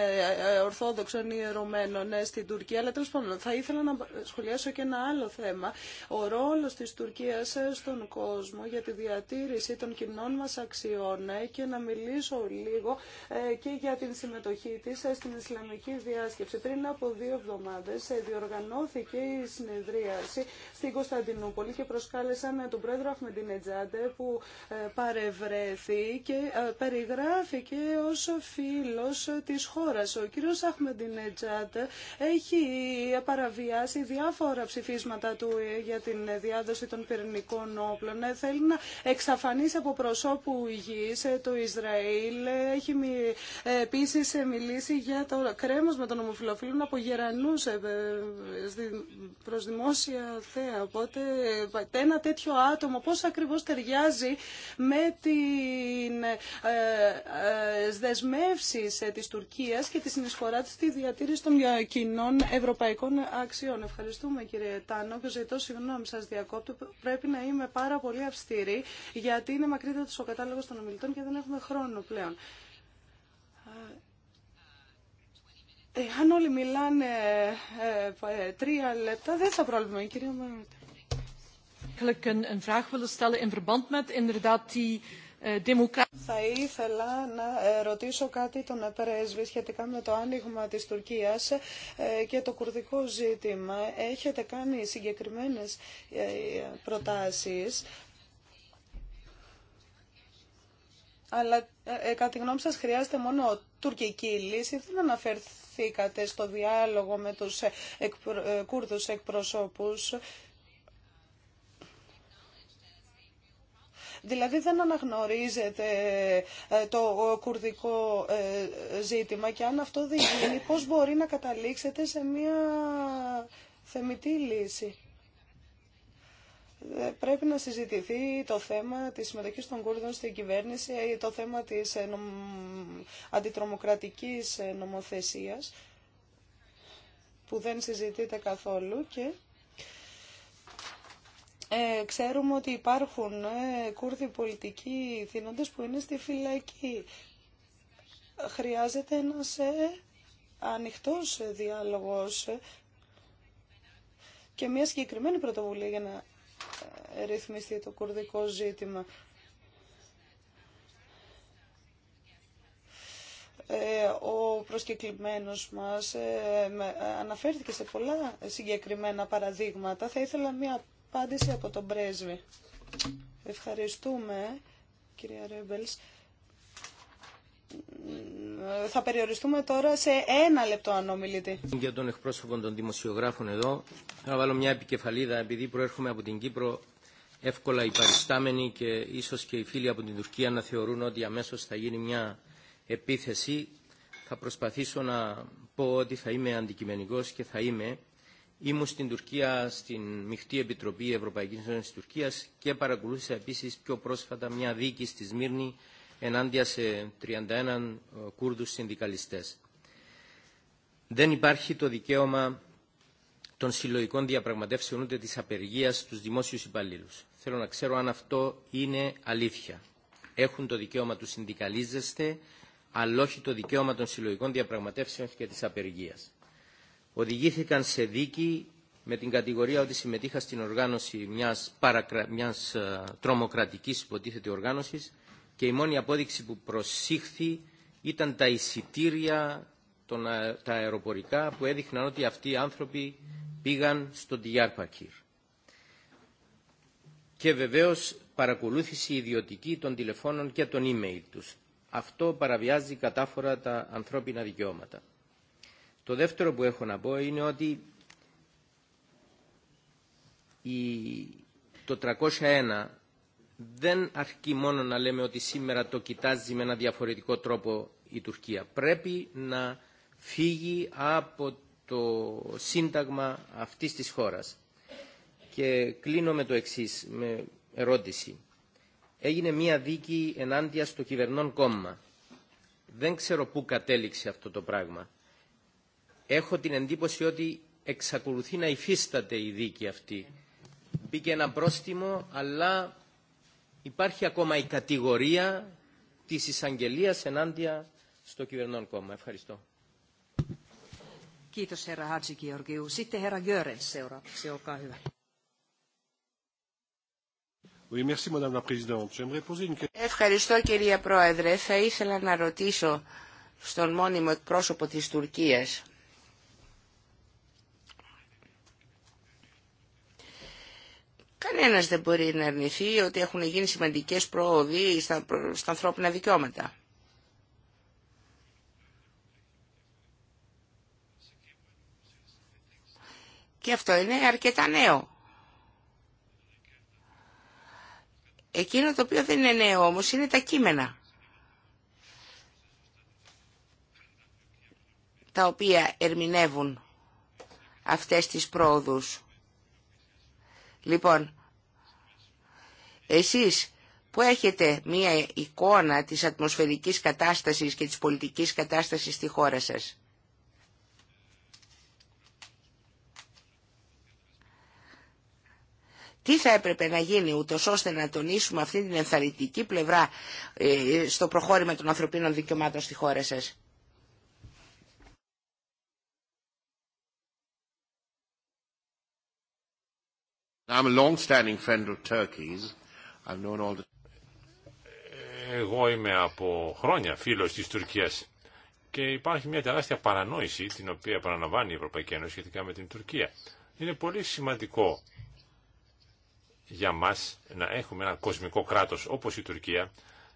ε, Ορθόδοξων Ιερωμένων στην Τουρκία. Αλλά τέλο πάντων, θα ήθελα να σχολιάσω και ένα άλλο θέμα. Ο ρόλο τη Τουρκία στον κόσμο για τη διατήρηση των κοινών μα αξιών και να μιλήσω λίγο και για την συμμετοχή τη στην Ισλαμική διάσκεψη. Πριν από δύο εβδομάδε διοργανώθηκε η συνεδρίαση στην στην Κωνσταντινούπολη και προσκάλεσαν τον πρόεδρο Αχμεντινετζάντε που ε, παρευρέθη και ε, περιγράφηκε ως φίλος της χώρας. Ο κύριος Αχμεντινετζάντε έχει παραβιάσει διάφορα ψηφίσματα του ε, για την διάδοση των πυρηνικών όπλων. Θέλει να εξαφανίσει από προσώπου γης το Ισραήλ. Έχει επίσης μιλήσει για το κρέμος με τον ομοφυλοφίλων από γερανούς προς δημόσια θέα Οπότε ένα τέτοιο άτομο πώς ακριβώς ταιριάζει με την ε, ε, ε, δεσμεύσεις της Τουρκίας και τη συνεισφορά της στη διατήρηση των κοινών ευρωπαϊκών αξιών. Ευχαριστούμε κύριε Τάνο και ζητώ συγγνώμη σας διακόπτω. Πρέπει να είμαι πάρα πολύ αυστηρή γιατί είναι μακρύτερος ο κατάλογος των ομιλητών και δεν έχουμε χρόνο πλέον. Αν όλοι μιλάνε ε, ε, τρία λεπτά, δεν θα πρόβλημα, Θα ήθελα να ε, ρωτήσω κάτι τον πρέσβη σχετικά με το άνοιγμα της Τουρκίας και το κουρδικό ζήτημα. Έχετε κάνει συγκεκριμένες προτάσεις αλλά ε, κατά τη γνώμη σας χρειάζεται μόνο τουρκική λύση. Δεν αναφέρθηκε στο διάλογο με τους ε, εκπρο... Ε, Κούρδους εκπροσώπους. Δηλαδή δεν αναγνωρίζετε το κουρδικό ε, ζήτημα και αν αυτό δεν γίνει πώς μπορεί να καταλήξετε σε μια θεμητή λύση. Ε, πρέπει να συζητηθεί το θέμα της συμμετοχής των Κούρδων στην κυβέρνηση, ή ε, το θέμα της ε, αντιτρομοκρατικής νομοθεσίας, που δεν συζητείται καθόλου και... ξέρουμε ότι υπάρχουν ε, Κούρδοι πολιτικοί θύνοντες που είναι στη φυλακή. Χρειάζεται ένας ε, ανοιχτός διάλογος και μια συγκεκριμένη πρωτοβουλία για να ρυθμιστεί το κουρδικό ζήτημα. Ε, ο προσκεκλημένος μας ε, αναφέρθηκε σε πολλά συγκεκριμένα παραδείγματα. Θα ήθελα μία απάντηση από τον πρέσβη. Ευχαριστούμε, κυρία Ρέμπελς θα περιοριστούμε τώρα σε ένα λεπτό αν ομιλητή. Για τον εκπρόσωπο των δημοσιογράφων εδώ, θα βάλω μια επικεφαλίδα, επειδή προέρχομαι από την Κύπρο, εύκολα οι παριστάμενοι και ίσως και οι φίλοι από την Τουρκία να θεωρούν ότι αμέσως θα γίνει μια επίθεση. Θα προσπαθήσω να πω ότι θα είμαι αντικειμενικός και θα είμαι. Ήμουν στην Τουρκία, στην Μιχτή Επιτροπή Ευρωπαϊκής Ένωσης Τουρκίας και παρακολούθησα επίσης πιο πρόσφατα μια δίκη στη Σμύρνη ενάντια σε 31 ε, Κούρδους συνδικαλιστές. Δεν υπάρχει το δικαίωμα των συλλογικών διαπραγματεύσεων ούτε της απεργίας στους δημόσιους υπαλλήλους. Θέλω να ξέρω αν αυτό είναι αλήθεια. Έχουν το δικαίωμα του συνδικαλίζεστε, αλλά όχι το δικαίωμα των συλλογικών διαπραγματεύσεων και της απεργίας. Οδηγήθηκαν σε δίκη με την κατηγορία ότι συμμετείχα στην οργάνωση μιας, παρακρα... μιας ε, τρομοκρατικής υποτίθεται οργάνωσης και η μόνη απόδειξη που προσήχθη ήταν τα εισιτήρια τα αεροπορικά που έδειχναν ότι αυτοί οι άνθρωποι πήγαν στον Τιάρπακυρ. Και βεβαίως παρακολούθηση ιδιωτική των τηλεφώνων και των email τους. Αυτό παραβιάζει κατάφορα τα ανθρώπινα δικαιώματα. Το δεύτερο που έχω να πω είναι ότι το 301 δεν αρκεί μόνο να λέμε ότι σήμερα το κοιτάζει με ένα διαφορετικό τρόπο η Τουρκία. Πρέπει να φύγει από το σύνταγμα αυτής της χώρας. Και κλείνω με το εξής, με ερώτηση. Έγινε μία δίκη ενάντια στο κυβερνών κόμμα. Δεν ξέρω πού κατέληξε αυτό το πράγμα. Έχω την εντύπωση ότι εξακολουθεί να υφίσταται η δίκη αυτή. Μπήκε ένα πρόστιμο, αλλά υπάρχει ακόμα η κατηγορία της εισαγγελία ενάντια στο κυβερνόν κόμμα. Ευχαριστώ. Ευχαριστώ κυρία Πρόεδρε. Θα ήθελα να ρωτήσω στον μόνιμο εκπρόσωπο της Τουρκίας. Κανένας δεν μπορεί να αρνηθεί ότι έχουν γίνει σημαντικές προοδοί στα, ανθρώπινα δικαιώματα. Και αυτό είναι αρκετά νέο. Εκείνο το οποίο δεν είναι νέο όμως είναι τα κείμενα. Τα οποία ερμηνεύουν αυτές τις πρόοδους. Λοιπόν, εσείς που έχετε μία εικόνα της ατμοσφαιρικής κατάστασης και της πολιτικής κατάστασης στη χώρα σας. Τι θα έπρεπε να γίνει ούτω ώστε να τονίσουμε αυτή την ενθαρρυντική πλευρά ε, στο προχώρημα των ανθρωπίνων δικαιωμάτων στη χώρα σας. Εγώ είμαι από χρόνια φίλος της Τουρκίας και υπάρχει μια τεράστια παρανόηση την οποία παραλαμβάνει η Ευρωπαϊκή Ένωση σχετικά με την Τουρκία. Είναι πολύ σημαντικό για μας να έχουμε ένα κοσμικό κράτος όπως η Τουρκία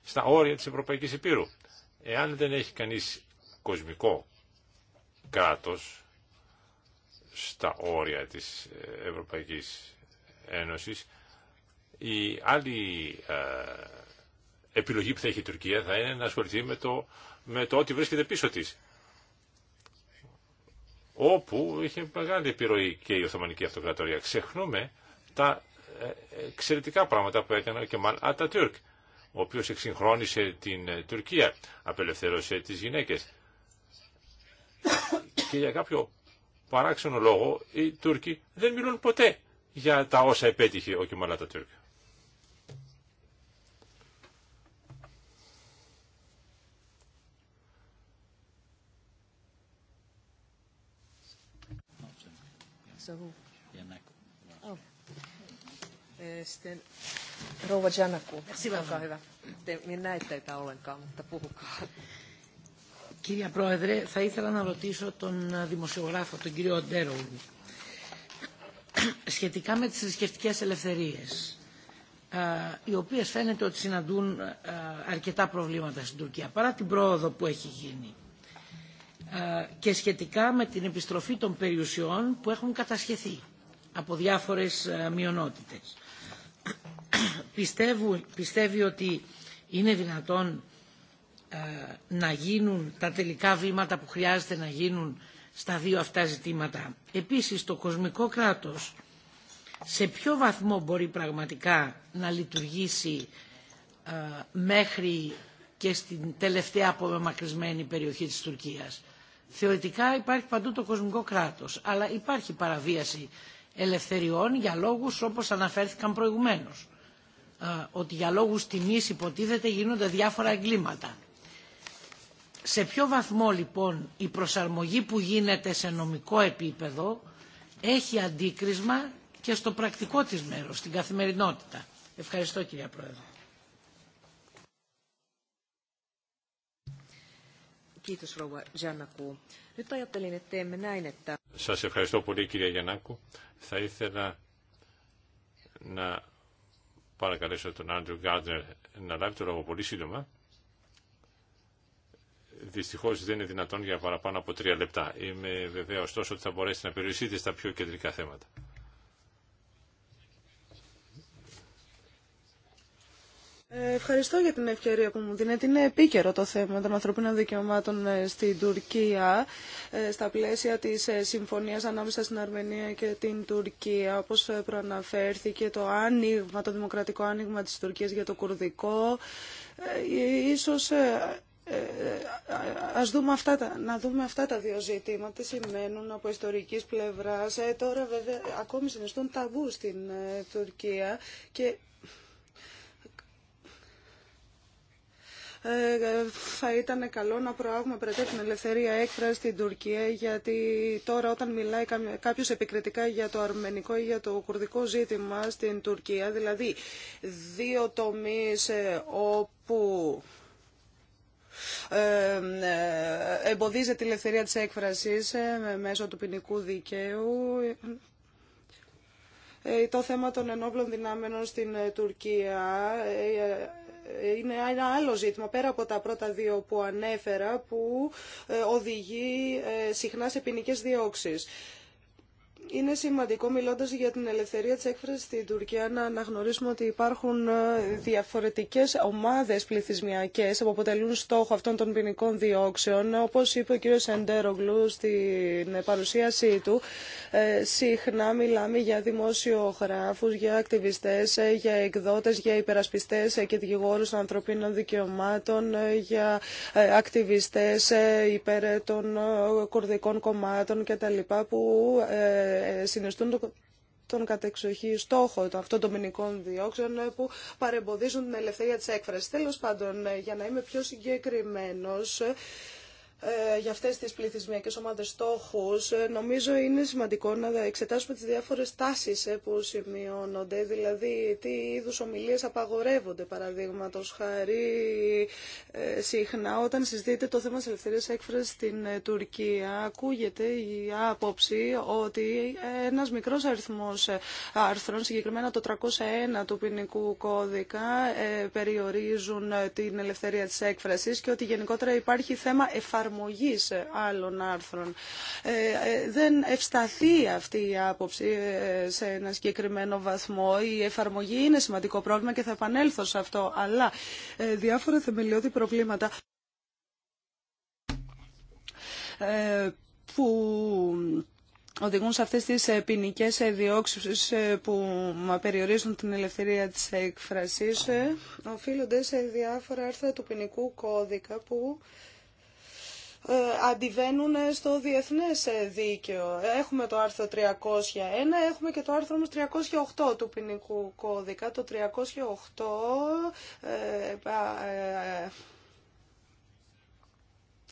στα όρια της Ευρωπαϊκής Επίρου. Εάν δεν έχει κανείς κοσμικό κράτος στα όρια της Ευρωπαϊκής Ένωσης, η άλλη ε, επιλογή που θα έχει η Τουρκία θα είναι να ασχοληθεί με το, με ότι βρίσκεται πίσω της. Όπου είχε μεγάλη επιρροή και η Οθωμανική Αυτοκρατορία. Ξεχνούμε τα ε, εξαιρετικά πράγματα που έκανε ο Κεμάλ Ατατούρκ, ο οποίος εξυγχρόνισε την ε, Τουρκία, απελευθέρωσε τις γυναίκες. Και για κάποιο παράξενο λόγο οι Τούρκοι δεν μιλούν ποτέ για τα όσα επέτυχε ο Κιμολάτα Τούρκ. Oh. Eh, Κύριε Πρόεδρε, θα ήθελα να ρωτήσω τον δημοσιογράφο, τον κύριο Ντέρογλου σχετικά με τις θρησκευτικέ ελευθερίες οι οποίες φαίνεται ότι συναντούν αρκετά προβλήματα στην Τουρκία παρά την πρόοδο που έχει γίνει και σχετικά με την επιστροφή των περιουσιών που έχουν κατασχεθεί από διάφορες μειονότητες. Πιστεύω, πιστεύει ότι είναι δυνατόν να γίνουν τα τελικά βήματα που χρειάζεται να γίνουν στα δύο αυτά ζητήματα. Επίσης το κοσμικό κράτος σε ποιο βαθμό μπορεί πραγματικά να λειτουργήσει ε, μέχρι και στην τελευταία απομακρυσμένη περιοχή της Τουρκίας. Θεωρητικά υπάρχει παντού το κοσμικό κράτος, αλλά υπάρχει παραβίαση ελευθεριών για λόγους όπως αναφέρθηκαν προηγουμένως. Ε, ότι για λόγους τιμής υποτίθεται γίνονται διάφορα εγκλήματα. Σε ποιο βαθμό λοιπόν η προσαρμογή που γίνεται σε νομικό επίπεδο έχει αντίκρισμα και στο πρακτικό της μέρος, στην καθημερινότητα. Ευχαριστώ κυρία Πρόεδρε. Σας ευχαριστώ πολύ κυρία Γιαννάκου. Θα ήθελα να παρακαλέσω τον Άντρου Γκάρντερ να λάβει το λόγο πολύ σύντομα Δυστυχώ δεν είναι δυνατόν για παραπάνω από τρία λεπτά. Είμαι βεβαίω ωστόσο ότι θα μπορέσετε να περιοριστείτε στα πιο κεντρικά θέματα. Ε, ευχαριστώ για την ευκαιρία που μου δίνετε. Είναι επίκαιρο το θέμα των ανθρωπίνων δικαιωμάτων ε, στην Τουρκία ε, στα πλαίσια της συμφωνίας ανάμεσα στην Αρμενία και την Τουρκία. Όπως προαναφέρθηκε το άνοιγμα, το δημοκρατικό άνοιγμα της Τουρκίας για το κουρδικό, ίσως ε, ε, ε, ας δούμε αυτά τα, να δούμε αυτά τα δύο ζητήματα, τι σημαίνουν από ιστορικής πλευράς. τώρα βέβαια ακόμη συνιστούν ταμπού στην Τουρκία και θα ήταν καλό να προάγουμε πριν την ελευθερία έκφραση στην Τουρκία, γιατί τώρα όταν μιλάει κάποιο επικριτικά για το αρμενικό ή για το κουρδικό ζήτημα στην Τουρκία, δηλαδή δύο τομεί όπου ε, ε, εμποδίζεται η ελευθερία της έκφρασης ε, μέσω του ποινικού δικαίου το θέμα των ενόπλων δυνάμενων στην Τουρκία είναι ένα άλλο ζήτημα πέρα από τα πρώτα δύο που ανέφερα που οδηγεί συχνά σε ποινικέ διώξεις. Είναι σημαντικό μιλώντας για την ελευθερία της έκφρασης στην Τουρκία να αναγνωρίσουμε ότι υπάρχουν ε, διαφορετικές ομάδες πληθυσμιακές που αποτελούν στόχο αυτών των ποινικών διώξεων. Όπως είπε ο κ. Σεντερογλου στην παρουσίασή του, ε, συχνά μιλάμε για δημοσιογράφους, για ακτιβιστές, ε, για εκδότες, για υπερασπιστές και δικηγόρους ανθρωπίνων δικαιωμάτων, για ακτιβιστές υπέρ των κουρδικών κομμάτων κτλ συνιστούν τον κατεξοχή στόχο το αυτών των ποινικών διώξεων ε, που παρεμποδίζουν την ελευθερία της έκφρασης. Τέλος πάντων, ε, για να είμαι πιο συγκεκριμένος, ε, ε, για αυτές τις πληθυσμιακές ομάδες στόχους, ε, νομίζω είναι σημαντικό να εξετάσουμε τις διάφορες τάσεις ε, που σημειώνονται, δηλαδή τι είδους ομιλίες απαγορεύονται, παραδείγματο χαρή συχνά. Όταν συζητείται το θέμα της ελευθερίας έκφρασης στην Τουρκία, ακούγεται η άποψη ότι ένας μικρός αριθμός άρθρων, συγκεκριμένα το 301 του ποινικού κώδικα, περιορίζουν την ελευθερία της έκφρασης και ότι γενικότερα υπάρχει θέμα εφαρμογής εφαρμογής άλλων άρθρων. Ε, ε, δεν ευσταθεί αυτή η άποψη ε, σε ένα συγκεκριμένο βαθμό. Η εφαρμογή είναι σημαντικό πρόβλημα και θα επανέλθω σε αυτό, αλλά διάφορα θεμελιώδη προβλήματα που οδηγούν σε αυτές τις ποινικέ διώξεις που περιορίζουν την ελευθερία της έκφρασης οφείλονται σε διάφορα άρθρα του ποινικού κώδικα που ε, αντιβαίνουν στο διεθνές ε, δίκαιο. Έχουμε το άρθρο 301, έχουμε και το άρθρο όμως 308 του ποινικού κώδικα. Το 308 ε,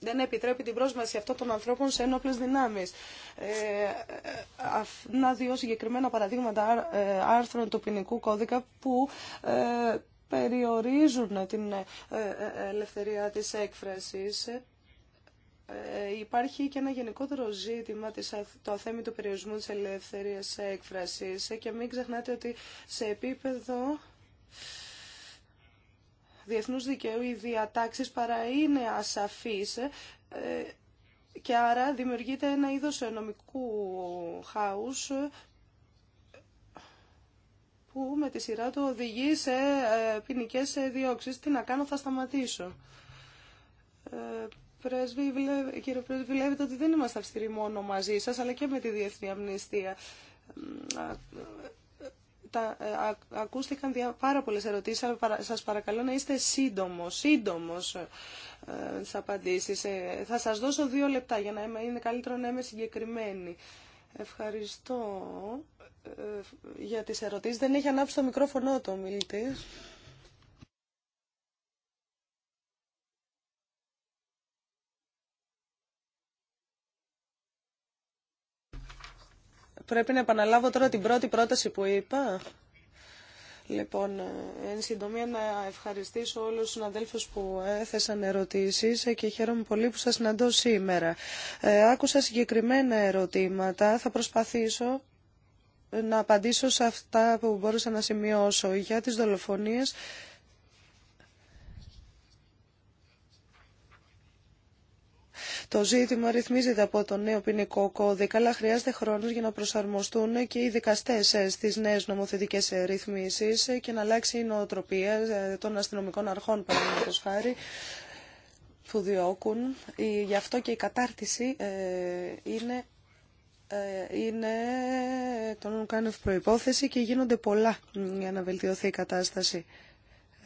δεν επιτρέπει την πρόσβαση αυτών των ανθρώπων σε ένοπλες δυνάμεις. Να δύο συγκεκριμένα παραδείγματα άρθρων του ποινικού κώδικα που περιορίζουν την ελευθερία της έκφρασης ε, υπάρχει και ένα γενικότερο ζήτημα της, το θέμα του περιορισμού της ελευθερίας έκφρασης ε, και μην ξεχνάτε ότι σε επίπεδο διεθνούς δικαίου οι διατάξεις παρά είναι ασαφείς ε, και άρα δημιουργείται ένα είδος νομικού χάους που με τη σειρά του οδηγεί σε ποινικέ διώξεις. Τι να κάνω, θα σταματήσω κύριε Πρέσβη, βλέπετε ότι δεν είμαστε αυστηροί μόνο μαζί σας, αλλά και με τη Διεθνή Αμνηστία. Τα, ε, ακούστηκαν πάρα πολλές ερωτήσεις, αλλά σας παρακαλώ να είστε σύντομος, σύντομος στις ε, απαντήσεις. Ε, θα σας δώσω δύο λεπτά για να είναι καλύτερο να είμαι συγκεκριμένη. Ευχαριστώ για τις ερωτήσεις. Δεν έχει ανάψει το μικρόφωνο το ο Πρέπει να επαναλάβω τώρα την πρώτη πρόταση που είπα. Λοιπόν, ε, εν συντομία να ευχαριστήσω όλους τους αδέλφους που έθεσαν ερωτήσεις ε, και χαίρομαι πολύ που σας συναντώ σήμερα. Ε, άκουσα συγκεκριμένα ερωτήματα, θα προσπαθήσω να απαντήσω σε αυτά που μπορούσα να σημειώσω για τις δολοφονίες. Το ζήτημα ρυθμίζεται από το νέο ποινικό κώδικα, αλλά χρειάζεται χρόνο για να προσαρμοστούν και οι δικαστέ ε, στις νέες νομοθετικές ε, ρυθμίσεις ε, και να αλλάξει η νοοτροπία των αστυνομικών αρχών, παραδείγματο χάρη, που διώκουν. Γι' αυτό και η κατάρτιση είναι είναι τον κάνει προϋπόθεση και γίνονται πολλά για να βελτιωθεί η κατάσταση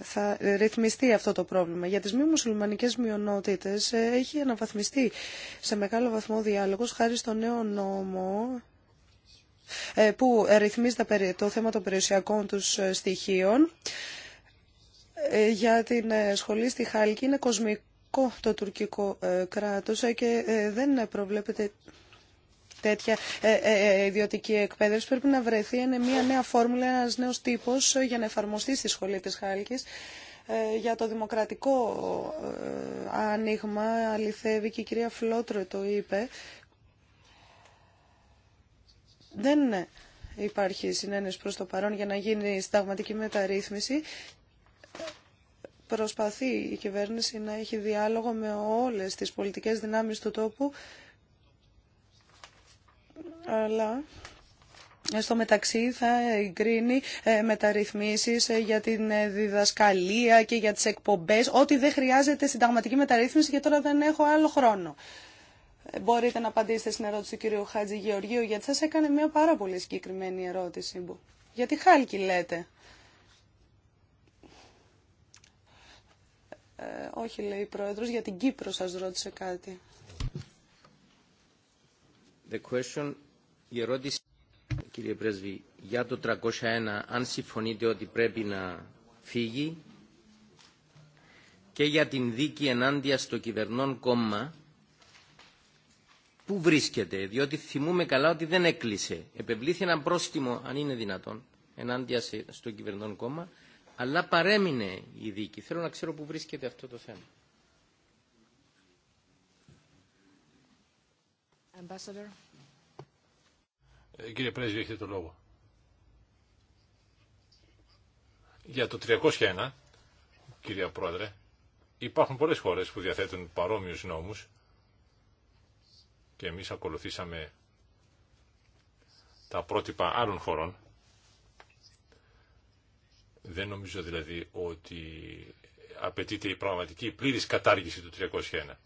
θα ρυθμιστεί αυτό το πρόβλημα. Για τις μη μουσουλμανικές μειονότητες ε, έχει αναβαθμιστεί σε μεγάλο βαθμό διάλογος χάρη στο νέο νόμο ε, που ρυθμίζει το θέμα των περιουσιακών τους ε, στοιχείων. Για την σχολή στη Χάλκη είναι κοσμικό το τουρκικό κράτος και δεν προβλέπεται τέτοια ε, ε, ε, ιδιωτική εκπαίδευση. Πρέπει να βρεθεί μια νέα φόρμουλα, ένα νέος τύπος για να εφαρμοστεί στη σχολή της Χάλκης για το δημοκρατικό άνοιγμα, αληθεύει και η κυρία Φλότρο το είπε, δεν υπάρχει συνένεση προς το παρόν για να γίνει συνταγματική μεταρρύθμιση. Προσπαθεί η κυβέρνηση να έχει διάλογο με όλες τις πολιτικές δυνάμεις του τόπου αλλά ε, στο μεταξύ θα εγκρίνει ε, μεταρρυθμίσεις ε, για την διδασκαλία και για τις εκπομπές, ό,τι δεν χρειάζεται συνταγματική μεταρρύθμιση και τώρα δεν έχω άλλο χρόνο. Μπορείτε να απαντήσετε στην ερώτηση του κ. Χατζη Γεωργίου, γιατί σας έκανε μια πάρα πολύ συγκεκριμένη ερώτηση. Γιατί χάλκι λέτε. όχι, λέει η Πρόεδρος, για την Κύπρο σας ρώτησε κάτι. The question η ερώτηση, κύριε Πρέσβη, για το 301, αν συμφωνείτε ότι πρέπει να φύγει και για την δίκη ενάντια στο κυβερνών κόμμα, πού βρίσκεται, διότι θυμούμε καλά ότι δεν έκλεισε. Επευλήθη ένα πρόστιμο, αν είναι δυνατόν, ενάντια στο κυβερνών κόμμα, αλλά παρέμεινε η δίκη. Θέλω να ξέρω πού βρίσκεται αυτό το θέμα. Ambassador. Ε, κύριε Πρέσβη, έχετε το λόγο. Για το 301, κύριε Πρόεδρε, υπάρχουν πολλές χώρες που διαθέτουν παρόμοιους νόμους και εμείς ακολουθήσαμε τα πρότυπα άλλων χωρών. Δεν νομίζω δηλαδή ότι απαιτείται η πραγματική πλήρης κατάργηση του 301.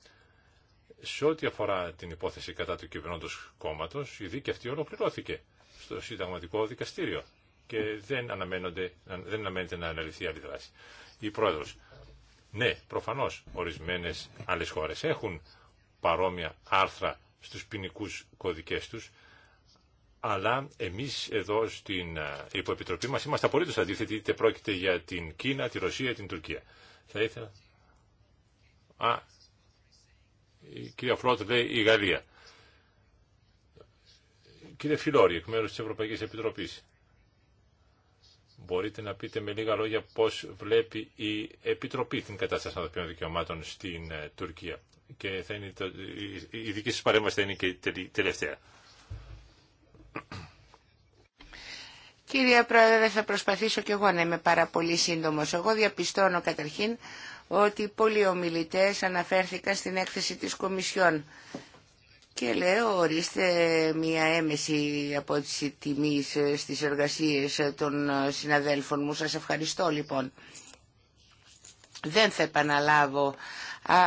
Σε ό,τι αφορά την υπόθεση κατά του κυβερνώντο κόμματο, η δίκη αυτή ολοκληρώθηκε στο Συνταγματικό Δικαστήριο και δεν, αναμένονται, δεν αναμένεται να αναλυθεί άλλη δράση. Η πρόεδρο. ναι, προφανώς ορισμένε άλλε χώρε έχουν παρόμοια άρθρα στους ποινικού κωδικέ του, αλλά εμείς εδώ στην υποεπιτροπή μας είμαστε απολύτω αντίθετοι, είτε πρόκειται για την Κίνα, τη Ρωσία, την Τουρκία. Θα ήθελα... Α, η κυρία Φλότ λέει η Γαλλία. Κύριε Φιλόρη, εκ μέρους της Ευρωπαϊκή Επιτροπής, μπορείτε να πείτε με λίγα λόγια πώς βλέπει η Επιτροπή την κατάσταση των ανθρωπίνων δικαιωμάτων στην ε, Τουρκία. Και θα το, η δική σας παρέμβαση θα είναι και η τελευταία. Κύριε Πρόεδρε, θα προσπαθήσω κι εγώ να είμαι πάρα πολύ σύντομος. Εγώ διαπιστώνω καταρχήν ότι πολλοί ομιλητές αναφέρθηκαν στην έκθεση της Κομισιόν. Και λέω, ορίστε μια έμεση από τις τιμής ε, στις εργασίες ε, των ε, συναδέλφων μου. Σας ευχαριστώ λοιπόν. Δεν θα επαναλάβω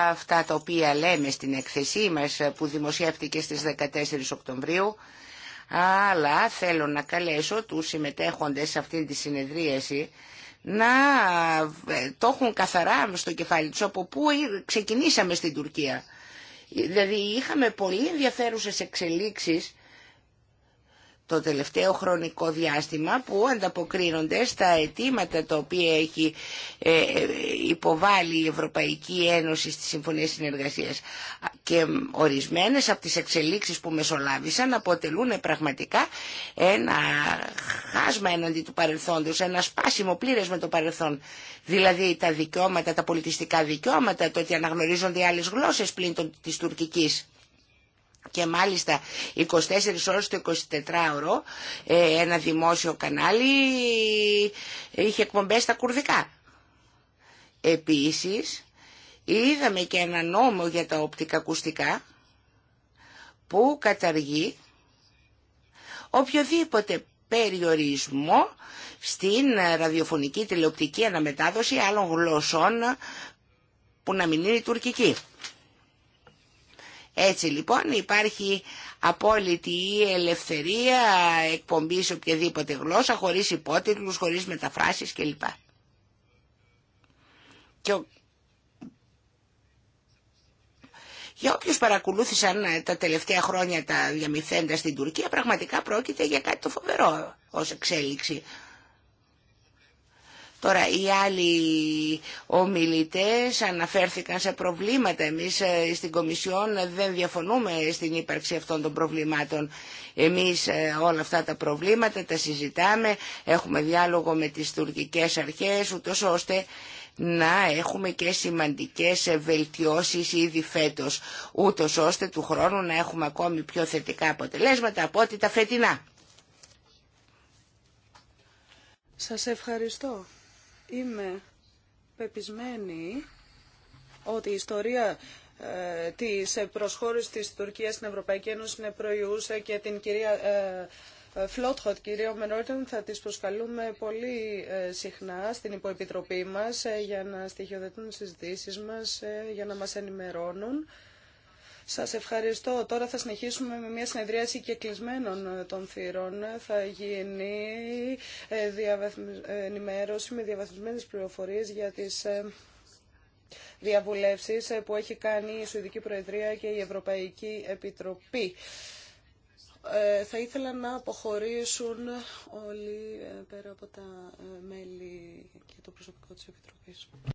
αυτά τα οποία λέμε στην εκθεσή μας που δημοσιεύτηκε στις 14 Οκτωβρίου αλλά θέλω να καλέσω τους συμμετέχοντες σε αυτή τη συνεδρίαση να ε, το έχουν καθαρά στο κεφάλι τους από πού ξεκινήσαμε στην Τουρκία. Δηλαδή είχαμε πολύ ενδιαφέρουσες εξελίξεις το τελευταίο χρονικό διάστημα που ανταποκρίνονται στα αιτήματα τα οποία έχει ε, υποβάλει η Ευρωπαϊκή Ένωση στη Συμφωνία Συνεργασίας και ορισμένες από τις εξελίξεις που μεσολάβησαν αποτελούν πραγματικά ένα χάσμα εναντί του παρελθόντος, ένα σπάσιμο πλήρες με το παρελθόν. Δηλαδή τα δικαιώματα, τα πολιτιστικά δικαιώματα, το ότι αναγνωρίζονται άλλες γλώσσες πλην της τουρκικής και μάλιστα 24 ώρες το 24ωρο ε, ένα δημόσιο κανάλι είχε εκπομπές στα κουρδικά. Επίσης είδαμε και ένα νόμο για τα οπτικακουστικά που καταργεί οποιοδήποτε περιορισμό στην ραδιοφωνική τηλεοπτική αναμετάδοση άλλων γλωσσών που να μην είναι τουρκική. Έτσι λοιπόν υπάρχει απόλυτη ελευθερία εκπομπή σε οποιαδήποτε γλώσσα, χωρίς υπότιτλους, χωρίς μεταφράσεις κλπ. Και ο... Για όποιους παρακολούθησαν ε, τα τελευταία χρόνια τα διαμηθέντα στην Τουρκία, πραγματικά πρόκειται για κάτι το φοβερό ως εξέλιξη. Τώρα οι άλλοι ομιλητές αναφέρθηκαν σε προβλήματα. Εμείς ε, στην Κομισιόν δεν διαφωνούμε στην ύπαρξη αυτών των προβλημάτων. Εμείς ε, όλα αυτά τα προβλήματα τα συζητάμε, έχουμε διάλογο με τις τουρκικές αρχές, ούτως ώστε να έχουμε και σημαντικές βελτιώσεις ήδη φέτος, ούτως ώστε του χρόνου να έχουμε ακόμη πιο θετικά αποτελέσματα από ό,τι τα φετινά. Σας ευχαριστώ. Είμαι πεπισμένη ότι η ιστορία ε, της προσχώρησης της Τουρκίας στην Ευρωπαϊκή Ένωση είναι προϊούσα και την κυρία ε, ε, Φλότχοτ, κυρία Μενόρτον, θα τις προσκαλούμε πολύ συχνά στην υποεπιτροπή μας για να στοιχειοδετούν στις συζητήσεις μας, για να μας ενημερώνουν. Σας ευχαριστώ. Τώρα θα συνεχίσουμε με μια συνεδρίαση και ε, των θύρων. Θα γίνει ε, ε, ενημέρωση με διαβαθμισμένες πληροφορίες για τις διαβουλεύσεις που έχει κάνει η Σουηδική Προεδρία και η Ευρωπαϊκή Επιτροπή. Θα ήθελα να αποχωρήσουν όλοι πέρα από τα μέλη και το προσωπικό της Επιτροπής.